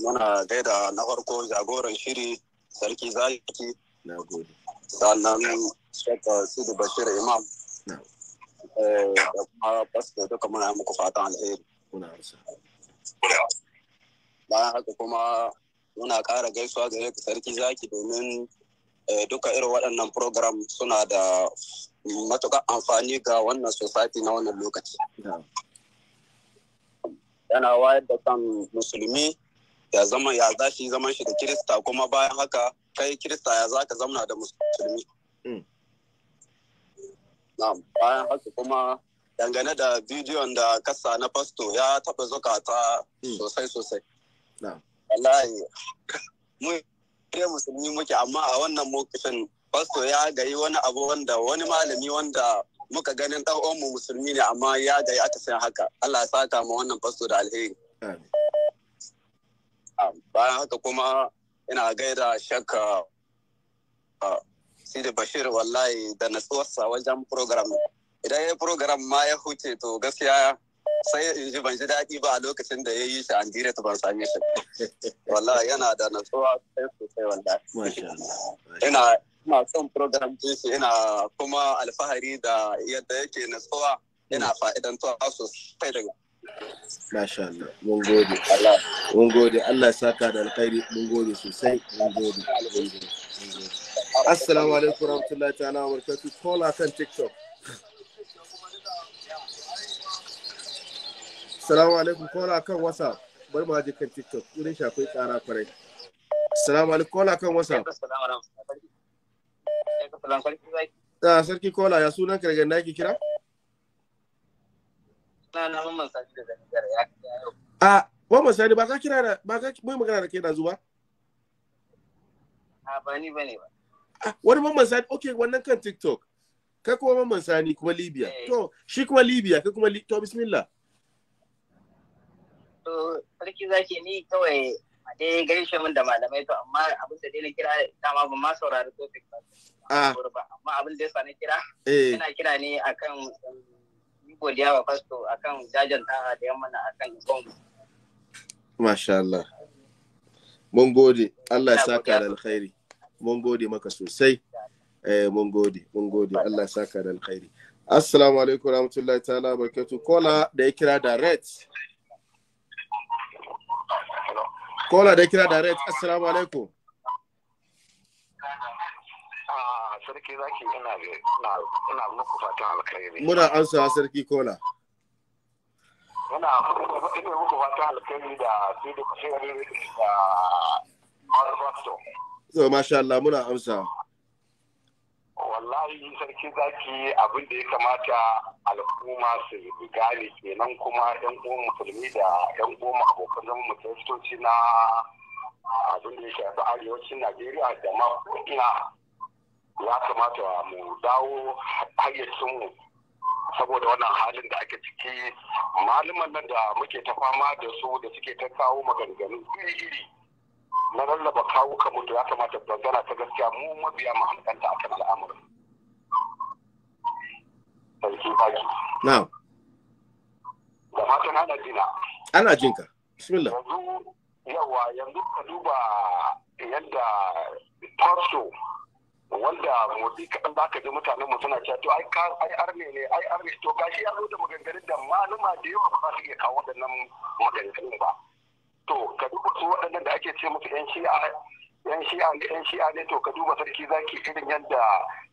Muna gaida na farko jagoran shiri Sarki Zaki. Na gode. Sannan Sheikh Sidi Bashir Imam. Eh, da kuma Pastor duka muna muku fatan alheri. Muna harsa. Bayan haka kuma muna ƙara gaisuwa ga ka Sarki Zaki domin Eh, duka irin waɗannan program suna da matuƙar amfani ga wannan society na wannan lokaci. Yana wayar da kan musulmi ya zama ya zashi zaman shi da kirista kuma bayan haka kai kirista ya zaka zamna da musulmi. Hmm. Bayan haka kuma dangane da bidiyon da kasa na fasto ya taɓa zukata hmm. sosai sosai. Wallahi, ke musulmi muke amma a wannan lokacin fasto ya gayi wani abu wanda wani malami wanda muka ganin dan mu musulmi ne amma ya gayi aka san haka Allah ya saka mu wannan fasto da alheri bayan haka kuma ina gaida shakka Sidi Bashir wallahi da natsuwarsa wajen program idan ya program ma ya huce to gaskiya sai in ji ban ji daɗi ba a lokacin da ya yi shi an ta ban same shi wallahi yana da natsuwa sai sosai wallahi ina ina son program din shi ina kuma alfahari da yadda yake natsuwa ina hmm. fa'idantuwa sosai daga Masha Allah, mun gode. Mun gode, Allah saka da alkhairi, mun gode sosai, mun gode. Assalamu alaikum warahmatullahi ta'ala wa barakatuh. Kola kan TikTok. Salamu alaikum kola kan wasa Bari ma haje kan TikTok. Wurin shi tsara kwarai. Salamu alaikum kola kan wasa. Ah, sarki kola ya sunan ka daga naki kira? Na na mamman sani da zangar ya. Ah, mamman sani ba ka kira da ba ka mai magana da kai da zuwa? Ah, ba ni bane ba. Ah, wani mamman sani, ok, wannan kan TikTok. Ka kuma mamman sani kuma Libya. Eh. To, shi kuma Libya, ka kuma to bismillah. to sarki zaki ni kawai a dai gaishe min da malamai to amma abin da dai na kira dama ban ma saurari topic ba. Ah. Amma abin da ya sani kira, eh. ina kira ne akan yi um, godiya wa fasto akan jajanta da yamma na akan ikon. Masha Allah. Mun gode, Allah ya saka da alkhairi. Mun gode maka sosai. Eh, mun gode, mun gode, Allah ya saka da alkhairi. Assalamu alaikum warahmatullahi ta'ala barkatu. Kola da ya kira direct. Kola da kira direct. Assalamu alaikum. Ah, sarki zaki ina ina muku fatan alkhairi. Muna ansa sarki Kola. Muna ina muku fatan alkhairi da da So, masha Allah, muna wallahi sarki zaki abin da ya kamata al'umma su yi gane kenan kuma yan uwan musulmi da yan uwan abokan zama mu na abin da ya shafi arewacin najeriya da ma ko'ina ya kamata mu dawo hayyacinmu saboda wannan halin da ake ciki malaman nan da muke ta fama da su da suke ta kawo maganganu iri-iri na lallaba kawo kamu da ya kamata dangana ta gaskiya mu mabiya mu hankalta a kan al'amuran. Sarki baki. Na. Da fatan ana jina. Ana jinka. Bismillah. Yanzu yawa yanzu ka duba yadda torso wanda motsi kaɗan ba ka ji mutanen mu suna cewa to ai ai arne ne ai arne to gashi ya zo da maganganun da maluma da yawa ba za su iya kawo waɗannan maganganun ba. to ka duba su waɗannan da ake ce musu yan shi'a yan shi'a ne yan shi'a ne to ka duba sarki zaki irin yadda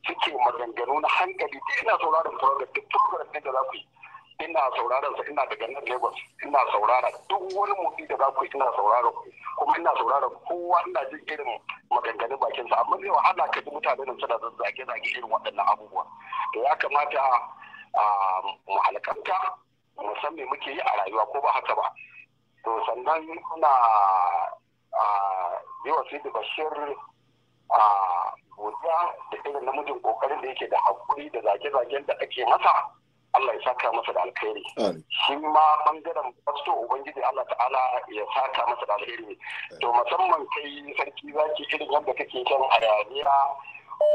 suke maganganu na hankali duk ina sauraron program duk program ɗin da za ku yi ina sauraron sa ina daga nan Lagos ina sauraron duk wani mutum da za ku yi ina sauraron kuma ina sauraron kowa ina jin irin maganganun bakin sa amma zai wahala ka ji mutane da suna zazzage zage irin waɗannan abubuwa to ya kamata ah, mu halakanta mu san me muke yi a rayuwa ko ba haka ba to sannan na yi wa bashir a godiya da irin namijin kokarin da yake da haƙuri da zage-zagen da ake masa Allah ya saka masa da alkhairi shi ma bangaren fasto ubangiji Allah ta'ala ya saka masa da alkhairi to musamman kai sarki zaki irin yadda kake kan hayaniya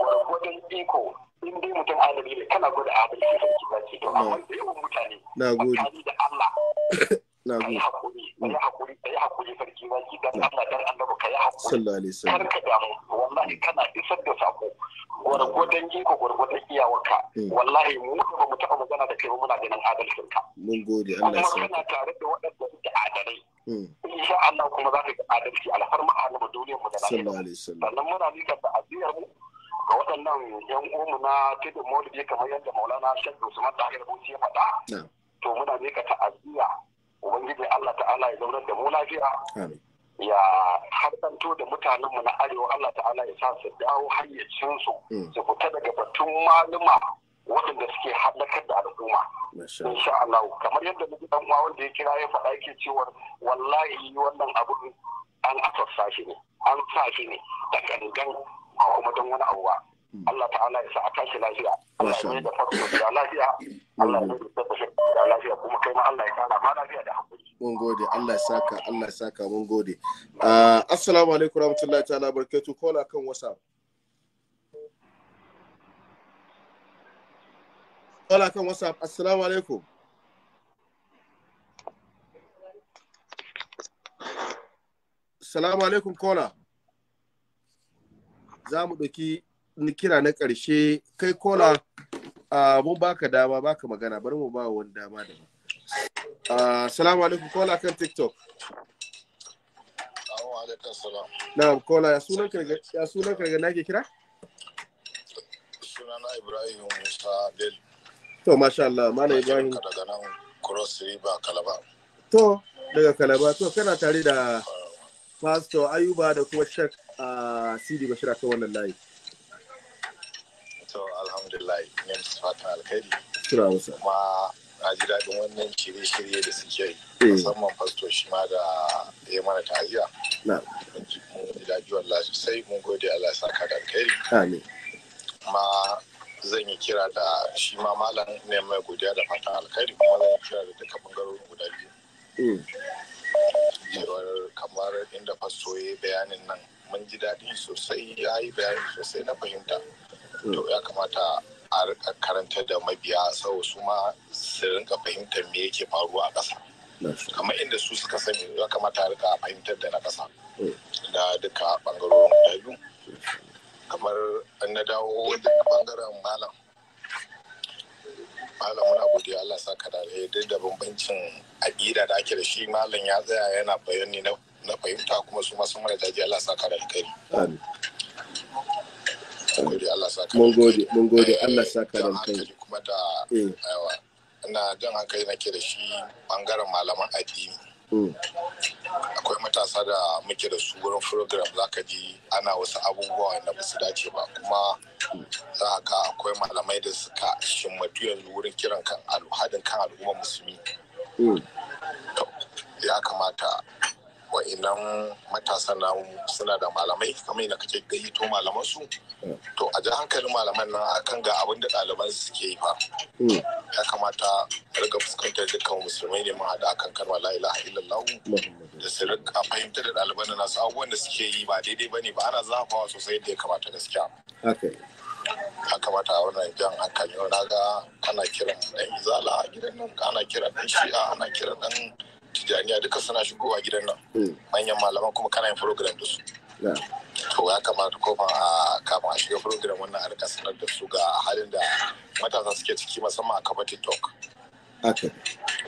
gwargwadon iko in dai mutum adali ne kana gwada adalci sarki zaki to amma da yawan mutane na gode da Allah na zo hakuri kai hakuri kai hakuri sarki zaki dan Allah dan annabi kai hakuri sallallahu alaihi wasallam karka damu wallahi kana isar da sako gwargwadon iko gwargwadon iyawarka hmm. wallahi mu ba mu taɓa magana da kai ba muna ganin adalcin ka mun gode Allah ya sa kana tare da waɗanda suke adalai hmm. insha Allah kuma za ka ga adalci alfarma a annabi duniyar mu da lafiya sannan muna nika da aziyar mu ga waɗannan yan uwanmu na tudun maulidi kamar yadda maulana shek usman dahir bauchi ya faɗa to muna nika ta'aziyya ubangiji Allah ta'ala ya zaunar da mu lafiya ya harkanto da mutanenmu na arewa Allah ta'ala ya sa su dawo hayyacinsu mm. su fita daga batun maluma waɗanda suke haɗakar da al'umma insha Allah kamar yadda muke dan uwa wanda ya kira ya faɗa yake cewa wallahi wannan abun an asassa shi ne an sa shi ne da gangan kuma don wani abu Allah ta'ala ya sa a tashi lafiya Allah ya da farko da lafiya Allah ya da lafiya kuma kai ma Allah ya kara ma lafiya da hakuri mun gode Allah ya saka Allah ya saka mun gode ah, assalamu alaikum warahmatullahi ta'ala barkatu na kan whatsapp kola kan whatsapp assalamu alaikum Assalamu alaikum kola. Za mu ɗauki kira na ƙarshe kai kola mun baka dama baka magana bari mu ba wani dama da ba assalamu alaikum kola kan tiktok Na kola ya sunan karga na ke kira sunana ibrahim musa del to masha Allah malam ibrahim daga nan cross river kalaba to daga kalaba to kana tare da ah. pastor ayuba da kuma shek a ah, sidi bashir akan wannan layi alhamdulillah ne su fatan alkhairi kuma na ji daɗin wannan shirye-shirye da suke yi eh. musamman fasto shi ma da ya mana taziya mun ji daɗi wallah sosai mun gode Allah ya saka da alkhairi kuma zan yi kira da shi ma malam ne mai godiya da fatan alkhairi kuma zan yi kira da duka bangarorin guda biyu mm. kamar inda fasto ya bayanin nan mun ji daɗi sosai ya yi bayani sosai na fahimta to ya kamata a rika karanta da mabiya sau su ma su rinka fahimtar me yake faruwa a ƙasa kama inda su suka sani ya kamata a rika fahimtar da na ƙasa mm. da duka ɓangarorin guda biyu kamar an na dawo duk ɓangaren malam malam muna godiya Allah ka dare duk da bambancin aƙida da ake da shi malam ya tsaya yana bayani na fahimta kuma su masu mara daji Allah sa ka dare kai. jan hankali nake da shi bangaren malaman addini mm. akwai matasa da muke da su wurin program zaka ji ana wasu abubuwa da ba su dace ba kuma za ka akwai malamai da suka shimmatu yanzu wurin kiran kan alhadin kan al'ummar musulmi mm. ya kamata wa'inan matasa namu suna da malamai kamar yadda kake to malaman su to a ji hankalin malaman nan akan ga abin da ɗaliban ke yi fa hmm. ya kamata riga fuskantar dukkan musulmai ne ma da akan kalmar la ilaha illallah da su rika fahimtar da ɗaliban da nasu abubuwan da suke yi ba daidai ba ne ba ana zafawa sosai yadda ya kamata gaskiya ya kamata a wannan jan hankali na ga ana kiran ɗan izala a gidan nan ana kiran ɗan shi'a ana kiran ɗan tijaniya duka suna shigowa gidan nan hmm. manyan malaman kuma kana yin program da su to ya kamata a kafin a shiga program wannan a rika sanar da su ga halin da matasa suke ciki musamman a kafa tiktok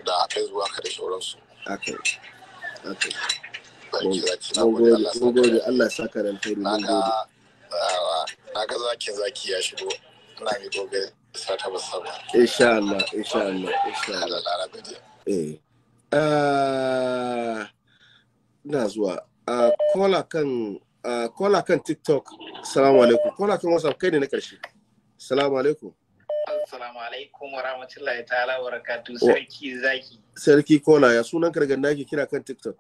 da facebook haka da sauransu Allah sa ka Na ga zaki zaki ya shigo. Ina gobe sa ta Insha Allah, insha Allah, insha Allah. Eh. Eh, na zuwa eh, kola kan eh, kola kan tiktok salamu alaikum kola kan whatsapp kai ne na karshe salamu alaikum Salamu alaikum wa rahmatullahi ta'ala wa rakatu sarki zaki. Sarki kola ya sunan kargan ake kira kan TikTok.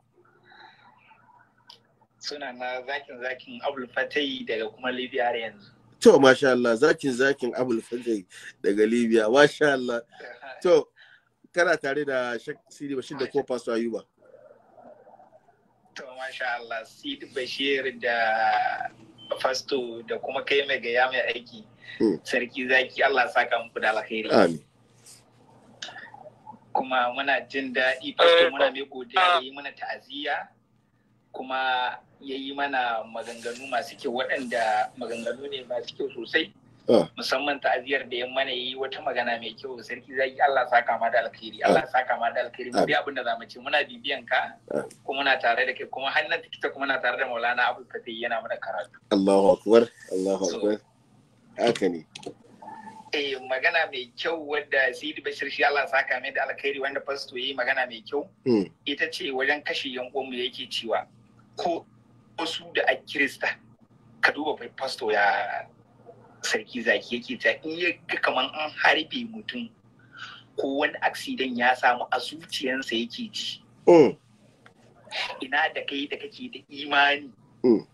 Suna na zakin zakin Abul Fatai daga kuma Libya har yanzu. To masha Allah zakin zakin Abul Fatai daga Libya masha Allah. To kana tare da Sidi Bashir da ko su Ayuba. To masha Allah Sidi Bashir da Fasto da kuma kai mai gaya mai aiki. Hmm. Sarki zaki Allah saka muku da alkhairi. Amin. Kuma muna jin daɗi Fasto muna mai godiya da yi mana ta'aziyya kuma yayi mana maganganu masu kyau waɗanda maganganu ne masu kyau sosai. Ah. musamman ta'aziyar da yan mana yi wata magana mai kyau sarki zaki Allah saka ma da alkhairi ah. Allah saka ma da alkhairi mu bi ah. abin da zamu ce muna bibiyan ka kuma muna tare da kai kuma har nan kuma muna tare da Maulana Abu Fatai yana mana karatu Allahu akbar Allahu akbar haka ne eh magana mai kyau wadda Sidi Bashir shi Allah saka mai da alkhairi wanda fasto yi magana mai kyau hmm. ita ce wajen kashe yan uwan mu yake cewa ko wasu da a Kirista ka duba fasto ya sarki zaki yake ta in ya ga kaman an harbe mutum ko wani aksiden ya samu a zuciyarsa yake ji mm. ina da kai da kake da imani mm.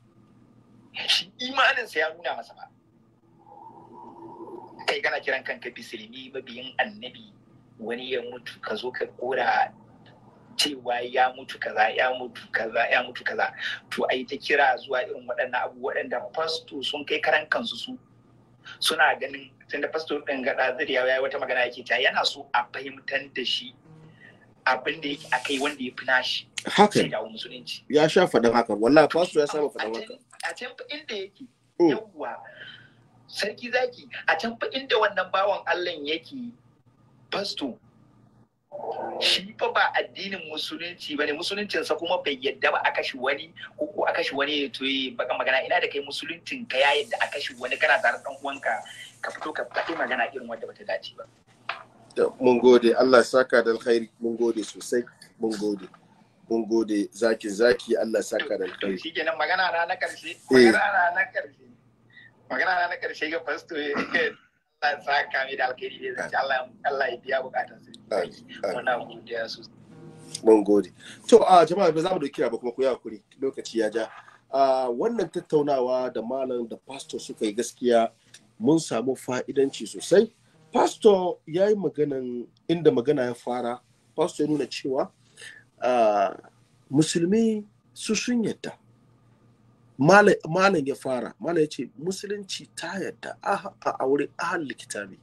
shi imaninsa ya nuna masa ba kai kana kiran kanka bisilmi mabiyin annabi wani ya mutu ka zo ka kora cewa ya mutu kaza ya mutu kaza ya mutu kaza to ai ta kira zuwa irin waɗannan abu waɗanda fasto sun kai karan kansu su suna ganin tunda pastor din gada zuriya ya wata magana yake ta yana so a fahimtar da shi abin da yake akai wanda ya fi nashi haka sai dawo musulunci ya sha faɗin haka wallahi pastor ya saba faɗin haka a can inda yake oh. yawwa sarki zaki a can inda wannan bawan Allah yake pastor shi fa ba addinin musulunci ba ne, musuluncinsa kuma bai yadda ba a kashe wani ko ko a kashe wani ya toye baka magana ina da kai musuluncin ka ya yadda a kashe wani kana tare da uwanka ka fito ka faɗi magana irin wanda bata dace ba mun gode Allah saka da alkhairi mun gode sosai mun gode mun gode zaki zaki Allah saka da alkhairi nan magana na na karshe eh. magana na na karshe magana na na karshe ga pastor Allah ya ka mai da alkhairi da zai Allah Allah ya biya su muna godiya sosai gode to a ah, jama'a ba za mu dauki ba kuma ku yi hakuri lokaci ya ja ah, wannan tattaunawa da malam da pastor suka yi gaskiya mun samu fa'idanci sosai pastor ya yi maganan inda magana ya fara pastor ya nuna cewa ah, musulmi su sun yadda malam ya fara malam ya ce musulunci ta yadda a aure ahal kitabi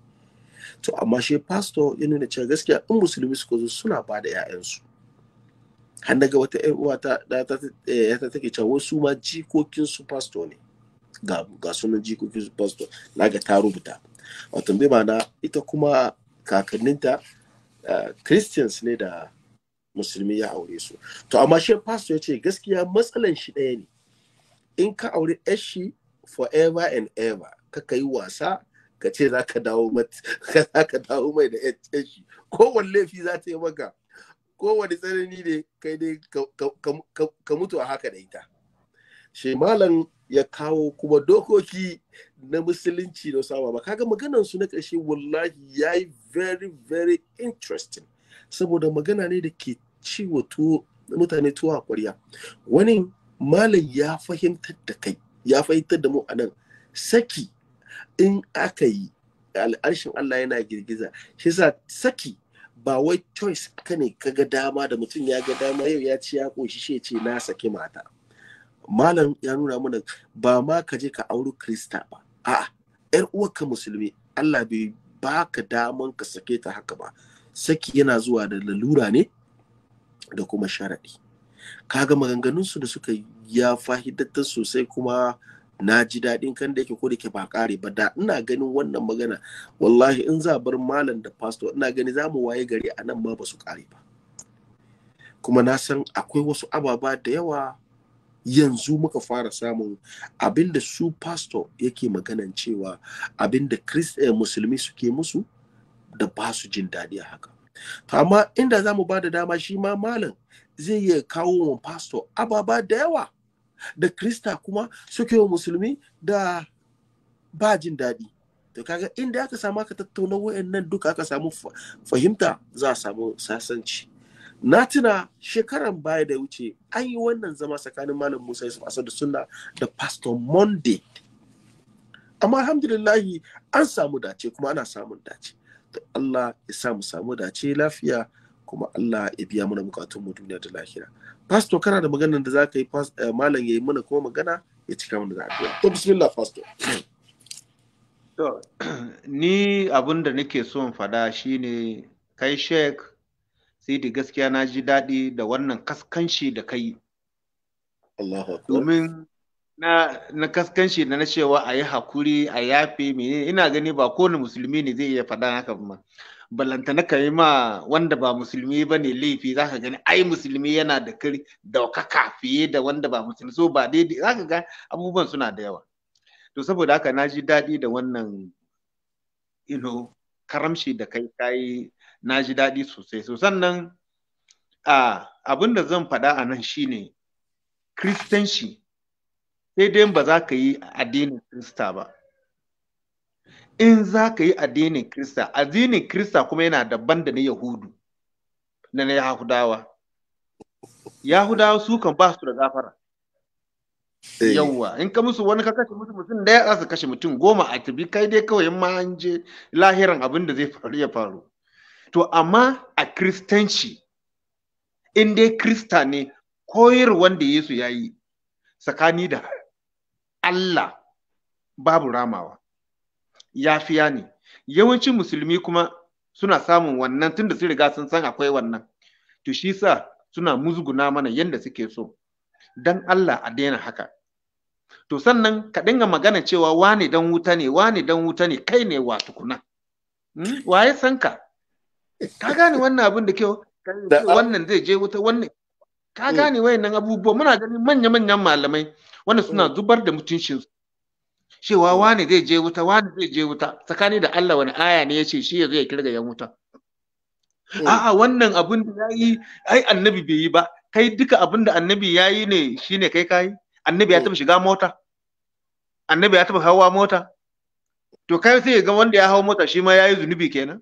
to amma shi pastor ya nuna cewa gaskiya in musulmi suka zo suna ba da 'ya'yansu har daga wata yan uwa ta eh, ta take cewa wasu ma jikokin su pastor ne ga sunan jikokin su pastor ga ta rubuta wato bai ma'ana ita kuma kakanninta eh, christians ne da musulmi ya aure su to amma shi pastor ya ce gaskiya matsalan shi ɗaya ne in ka aure shi forever and ever kaka yi wasa ka ce za ka dawo mai da shi kowane laifi za ta yi maka kowane tsanani ne kai dai ka mutu a haka da ita shi malam ya kawo kuma dokoki na musulunci da sama ba kaga maganan su na karshe wallahi ya yi very very interesting saboda magana ne da ke ciwo mutane tuwa a ƙwarya wani malam ya fahimtar da kai ya fahimtar da mu a nan saki in aka yi al'arshin Allah yana girgiza shi sa saki ba wai choice ka ne ka ga dama da mutum ya ga dama yau ya ci ya koshi shi ce na saki mata malam ya nuna mana ba ma ka je ka auri krista ba a'a yar uwarka musulmi Allah bai baka daman ka sake ta haka ba saki yana zuwa da lalura ne da kuma sharadi kaga maganganunsu da suka ya fahidattar sosai kuma na ji daɗin kan da yake ko da ke ba ƙare ba da ina ganin wannan magana wallahi in za bar malam da pastor ina gani za mu waye gari a nan ma ba su ƙare ba kuma na san akwai wasu ababa da yawa yanzu muka fara samun abinda su pastor yake maganan cewa abinda eh, musulmi suke musu da ba su jin daɗi a haka to amma inda za mu ba da dama shi ma malam zai iya kawo wa pastor ababa da yawa da krista kuma suke wa musulmi da ba jin daɗi to kaga inda aka samu aka tattauna wayannan duka aka samu fahimta za a samu sasanci na tuna shekaran baya da wuce an yi wannan zama tsakanin malam musa yusuf asad da sunna da pastor monday amma alhamdulillahi an samu dace kuma ana samun dace to allah ya samu samu dace lafiya kuma Allah ya biya mana bukatun mu duniya da lahira pastor kana da maganar da zaka yi eh, malam yayi mana kuma magana ya cika mana da addu'a to bismillah pastor to ni abin da nake so in fada shine kai sheik da gaskiya na ji daɗi da wannan kaskanci da kai domin na na kaskanci na cewa a yi hakuri a yafe mene ina gani ba kowane musulmi ne zai iya faɗa haka ba balanta na kai ma wanda ba musulmi ba ne laifi ka gani ai musulmi yana da kari daukaka fiye da wanda ba musulmi so ba daidai zaka ga abubuwan suna da yawa to saboda haka na ji daɗi da wannan you know karamci da kai kayi na ji daɗi sosai so sannan abin da zan faɗa a nan shine kristanci sai dai ba za ka yi addinin Krista ba. In za ka yi addinin Krista, addinin Krista kuma yana daban da na Yahudu, na na Yahudawa. Yahudawa su kan ba su da gafara. Eh. Yawwa, in ka musu wani ka kashe musu mutum ɗaya za su kashe mutum goma a tabi kai dai kawai in ma an je lahiran abin da zai faru ya faru. To amma a Kiristanci, in dai Krista ne koyar wanda Yesu ya yi, tsakani da Allah babu ramawa yafiya ne yawancin musulmi kuma suna samun wannan tunda sun riga sun san akwai wannan to shi sa suna muzguna mana yadda suke so dan Allah a daina haka to sannan ka dinga magana cewa wane dan wuta ne wane dan wuta ne kai ne wa tukuna hmm? waye san ka ka gane wannan abin da kyau wannan zai je wuta wannan ka gane wayannan abubuwa muna ganin manya-manyan malamai wanda suna mm. zubar da mutuncinsu cewa wani zai je wuta wani zai je wuta tsakani da Allah wani aya ne ya ce shi ya kirga yan wuta mm. a'a wannan abin da yayi ai annabi bai yi ba kai duka abin da annabi yayi ne shine kai kai annabi ya mm. taba shiga mota annabi ya taba hawa mota to kai sai ga wanda ya hawa mota shi ma yayi zunubi kenan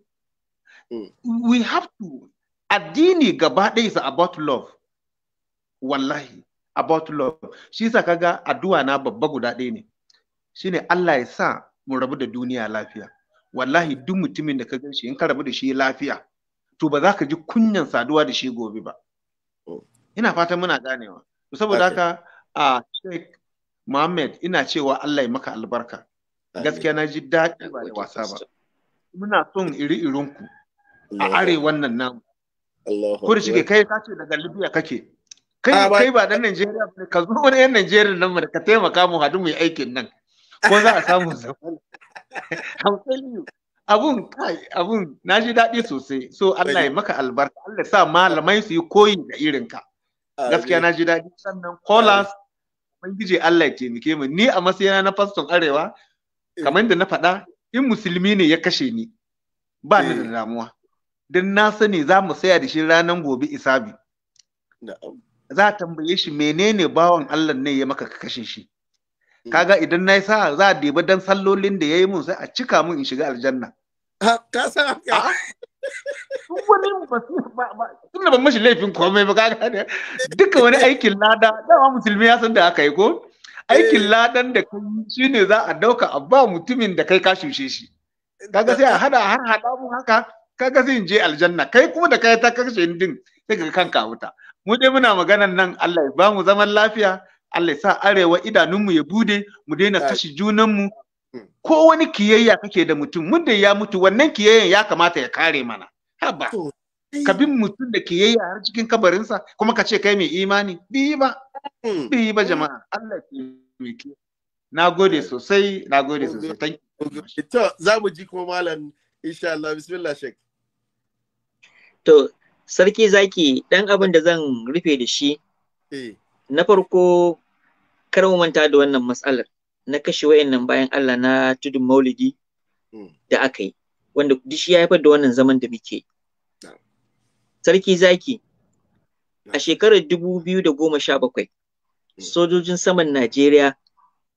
we have to addini gaba ɗaya is about love wallahi about love shi yasa kaga addu'a na babba guda ɗaya ne shine Allah ya sa mu rabu da duniya lafiya wallahi duk mutumin da ka gan shi in ka rabu da shi lafiya to ba za ka ji kunyan saduwa da shi gobe ba ina fatan muna ganewa to saboda haka a Sheikh Muhammad ina cewa Allah ya maka albarka gaskiya na ji daɗi ba da wasa ba muna son iri-irinku a arewan wannan namu ko da shige kai ka ce daga Libya kake Ah, kai ba dan Najeriya ba ka zo wani yan Najeriya nan mu ka taimaka mu hadu mu yi aikin nan ko za a samu zaman abun kai abun na ji daɗi sosai so Allah ya maka albarka Allah sa malamai su yi koyi da irin ka gaskiya na ji daɗi sannan kolas ubangiji Allah ya taimake mu ni a matsayina na faston arewa eh. kamar da na faɗa in musulmi ne ya kashe ni ba ni da eh. damuwa don na sani za mu saya da shi ranar gobe isabi za a tambaye shi menene bawan Allah ne ya maka ka kashe shi kaga idan na yi sa za a debi dan sallolin da ya yi mun sai a cika mun in shiga aljanna ka san haka ah. wani tun da ban mashi laifin komai ba kaga ne duka wani aikin lada dama musulmi ya san da aka yi ko aikin eh. ladan da kai shi ne za a dauka a ba mutumin da kai ka shushe shi kaga sai a hada har hada mu haka kaga sai in je aljanna kai kuma da kai ta kashe din sai ka kanka wuta mu dai muna maganan nan Allah ya bamu zaman lafiya Allah ya sa arewa idanunmu ya bude mu daina kashe junanmu hmm. ko wani kiyayya kake da mutum mun da ya mutu wannan kiyayyan ya kamata ya kare mana haba ka bin mutum da kiyayya har cikin kabarinsa kuma ka ce kai mai imani bi ba hmm. bi ba hmm. jama'a Allah ya na gode sosai na gode sosai thank you to za mu ji kuma malam insha Allah bismillah shek to sarki zaki ɗan abin da zan rufe da shi eh. na farko mu manta da wannan matsalar na kashe wayannan bayan Allah na tudun maulidi hmm. da aka yi wanda duk shi ya haifar da wannan zaman da muke sarki zaki a shekarar 2017 hmm. sojojin saman Najeriya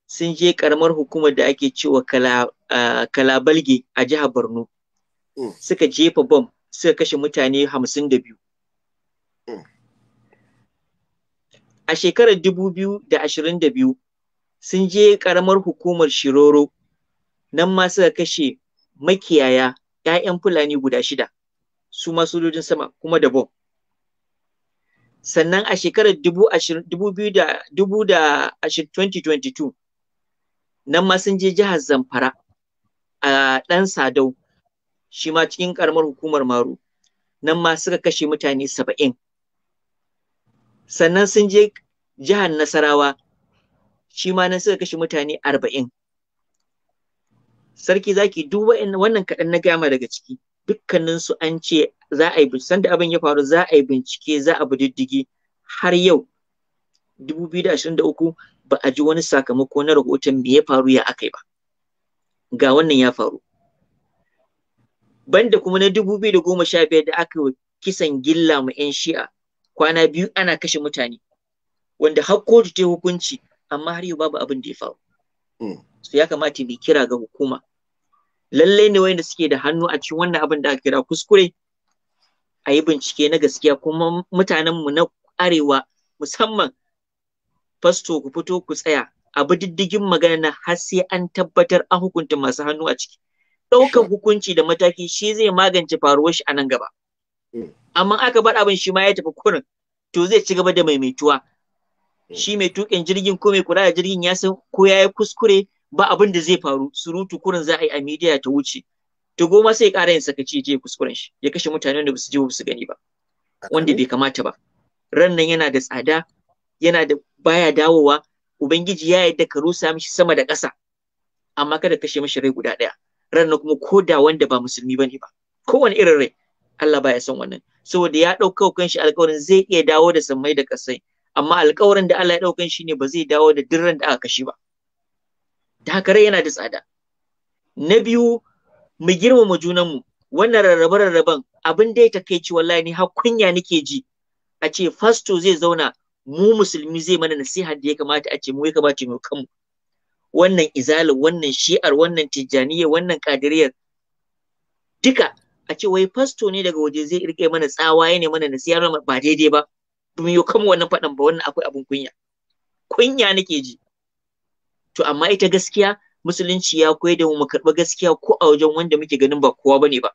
sun je karamar hukumar da ake cewa ah, kalabalge a jihar Borno hmm. suka jefa bom suka kashe mutane hamsin da biyu. Hmm. A shekarar dubu biyu da ashirin da biyu sun je ƙaramar hukumar Shiroro nan ma suka kashe makiyaya ‘ya'yan Fulani guda shida su masu sojojin sama kuma da bom. Sannan a shekarar dubu biyu da dubu da 2022 nan ma sun je jihar Zamfara a ɗan Sadau shi ma cikin karamar hukumar Maru nan ma suka kashe mutane saba'in sannan sun je jihar Nasarawa shi ma nan suka kashe mutane arba'in sarki zaki duba wannan kaɗan na gama daga ciki dukkaninsu an ce za a yi sanda abin ya faru za a yi bincike za a bi har yau 2023 ba a ji wani sakamako na rahoton me ya faru ya akai ba ga wannan ya faru banda kuma na dubu biyu da goma sha biyar da aka yi kisan gilla mu yan shi'a kwana biyu ana kashe mutane wanda har kotu ta hukunci amma har yau babu abin da ya faru hmm. su ya kamata bi kira ga hukuma lallai ne wanda suke da hannu a cikin wannan abin da aka kira kuskure a yi bincike na gaskiya kuma mutanenmu na arewa musamman fasto ku fito ku tsaya a diddigin magana na har sai an tabbatar an hukunta masu hannu a ciki ɗaukan hukunci da mataki shi zai magance faruwar shi a nan gaba. Hmm. Amma aka bar abin shi ma ya tafi kurin to zai ci gaba da maimaituwa. Hmm. Shi mai tuƙin jirgin ko mai kula da jirgin ya san ko ya yi kuskure ba abin da zai faru surutu kurin za a yi a midiya ta wuce. To goma sai ƙara yin sakaci je kuskuren shi ya kashe mutanen da ba su je ba su gani ba. Wanda bai kamata ba. Rannan nan yana da tsada yana da baya dawowa Ubangiji ya yarda ka rusa mishi sama da ƙasa amma kada kashe mishi rai guda ɗaya. ran kuma ko da wanda ba musulmi bane ba kowane irin rai Allah baya son wannan saboda ya ɗauka kan shi alƙawarin zai iya dawo da sammai da kasai amma alƙawarin da Allah ya ɗaukan shi ne ba zai dawo da dirran da aka kashe ba da haka rai yana da tsada na biyu mu girmama mu wannan rarrabe-rarraben abin da ya takaici wallahi ni har kunya nake ji a ce fasto zai zauna mu musulmi zai mana nasiha da ya kamata a ce mu ya kamata mu kanmu wannan izalin wannan shi'ar wannan tijjaniyar wannan kadiriyar duka a ce wai fasto ne daga waje zai rike mana tsawa ya ne mana nasiya ba daidai ba domin yau kama wannan faɗan ba wannan akwai abin kunya kunya nake ji to amma ita gaskiya musulunci ya koyar da mu mu karɓi gaskiya ko a wajen wanda muke ganin ba kowa bane ba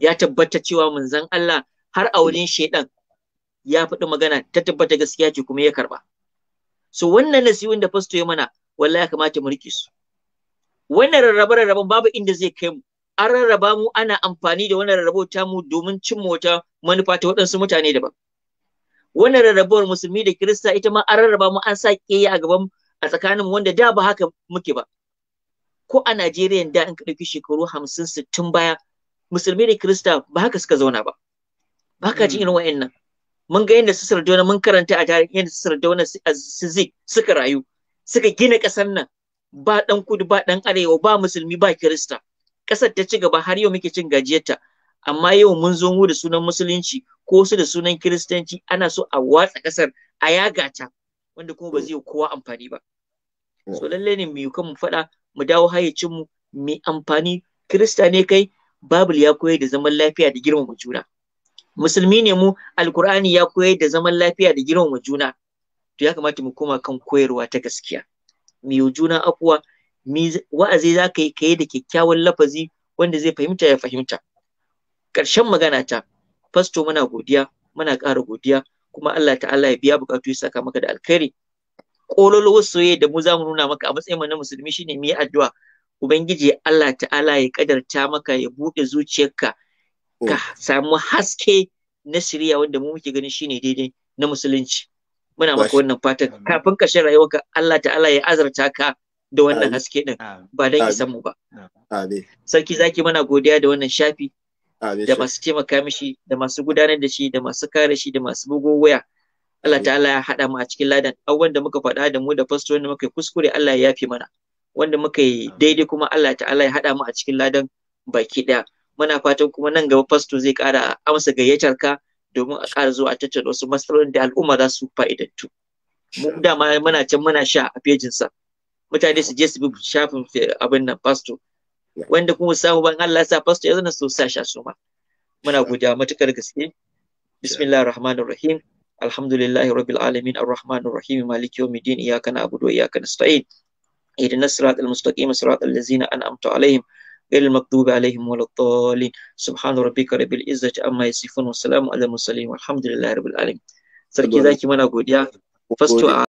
ya tabbata cewa manzon Allah har a wurin shaidan ya faɗi magana ta tabbata gaskiya ce kuma ya karɓa so wannan nasihohin da fasto ya mana wallahi ya kamata mu rike su wannan rarrabe rarraben babu inda zai kai mu an rarraba mu ana amfani da wannan rarrabo ta mu domin cimma wata manufa ta waɗansu mutane daban wannan rarrabuwar musulmi da kirista ita ma an rarraba mu an sa ƙeya a gaban a tsakanin mu wanda da ba haka muke ba ko a Najeriya da an ɗauki shekaru hamsin sittin baya musulmi da kirista ba haka suka zauna ba ba ka jin hmm. irin wa'annan mun ga yadda su sardauna mun karanta a tarihi yadda su sardauna su zik suka rayu suka gina ƙasar nan ba ɗan kudu ba ɗan arewa ba musulmi ba kirista ƙasar ta ci gaba har yau muke cin gajiyarta amma yau mun zo mu da sunan musulunci ko su da sunan kiristanci ana so a watsa ƙasar a yagata wanda kuma ba zai yi kowa amfani ba so lallai ne mu kan mu faɗa mu dawo hayyacin mu mai amfani kirista ne kai babul ya koyar da zaman lafiya da girmama juna musulmi ne mu alkur'ani ya koyar da zaman lafiya da girmama juna to ya kamata mu koma kan koyarwa ta gaskiya mi juna akwa? mi wa'azi za ka yi kayi da kyakkyawan lafazi wanda zai fahimta ya fahimta ƙarshen magana ta fasto muna godiya muna ƙara godiya kuma Allah ta'ala ya biya bukatu ya saka maka da alkhairi kololowar soyayya da mu za mu nuna maka a matsayin na musulmi shine mi addu'a ubangiji Allah ta'ala ya kadarta maka ya buɗe zuciyarka ka samu haske na shirya wanda mu muke ganin shine daidai na musulunci muna maka wannan fatan kafin ƙarshen rayuwarka Allah ta'ala ya azarta ka da wannan haske din ba dan isan mu ba sarki zaki mana godiya da wannan shafi da masu taimaka mishi da masu gudanar da shi da masu kare shi da masu bugo waya Allah ta'ala ya haɗa mu a cikin ladan abubuwan da muka faɗa da mu da fasto wanda muka yi kuskure Allah ya yafe mana wanda muka yi daidai kuma Allah ta'ala ya haɗa mu a cikin ladan baki ɗaya muna fatan kuma nan gaba fasto zai kara amsa gayyatar ka domin a ƙara zuwa a tattauna wasu matsalolin da al'umma za su fa'idantu mu dama muna can muna sha a fejin sa mutane su je su bi shafin abin nan fasto wanda kuma samu ban Allah sa fasto ya zana so sa sha su ma muna godiya matukar gaske bismillahir rahmanir rahim alhamdulillahi rabbil alamin arrahmanir rahim maliki yawmiddin iyyaka na'budu wa iyyaka nasta'in ihdinas siratal mustaqim siratal ladzina an'amta alaihim غير المغضوب عليهم ولا الضالين سبحان ربك رب العزة عما يصفون والسلام على المرسلين والحمد لله رب العالمين sarki zaki mana godiya fasto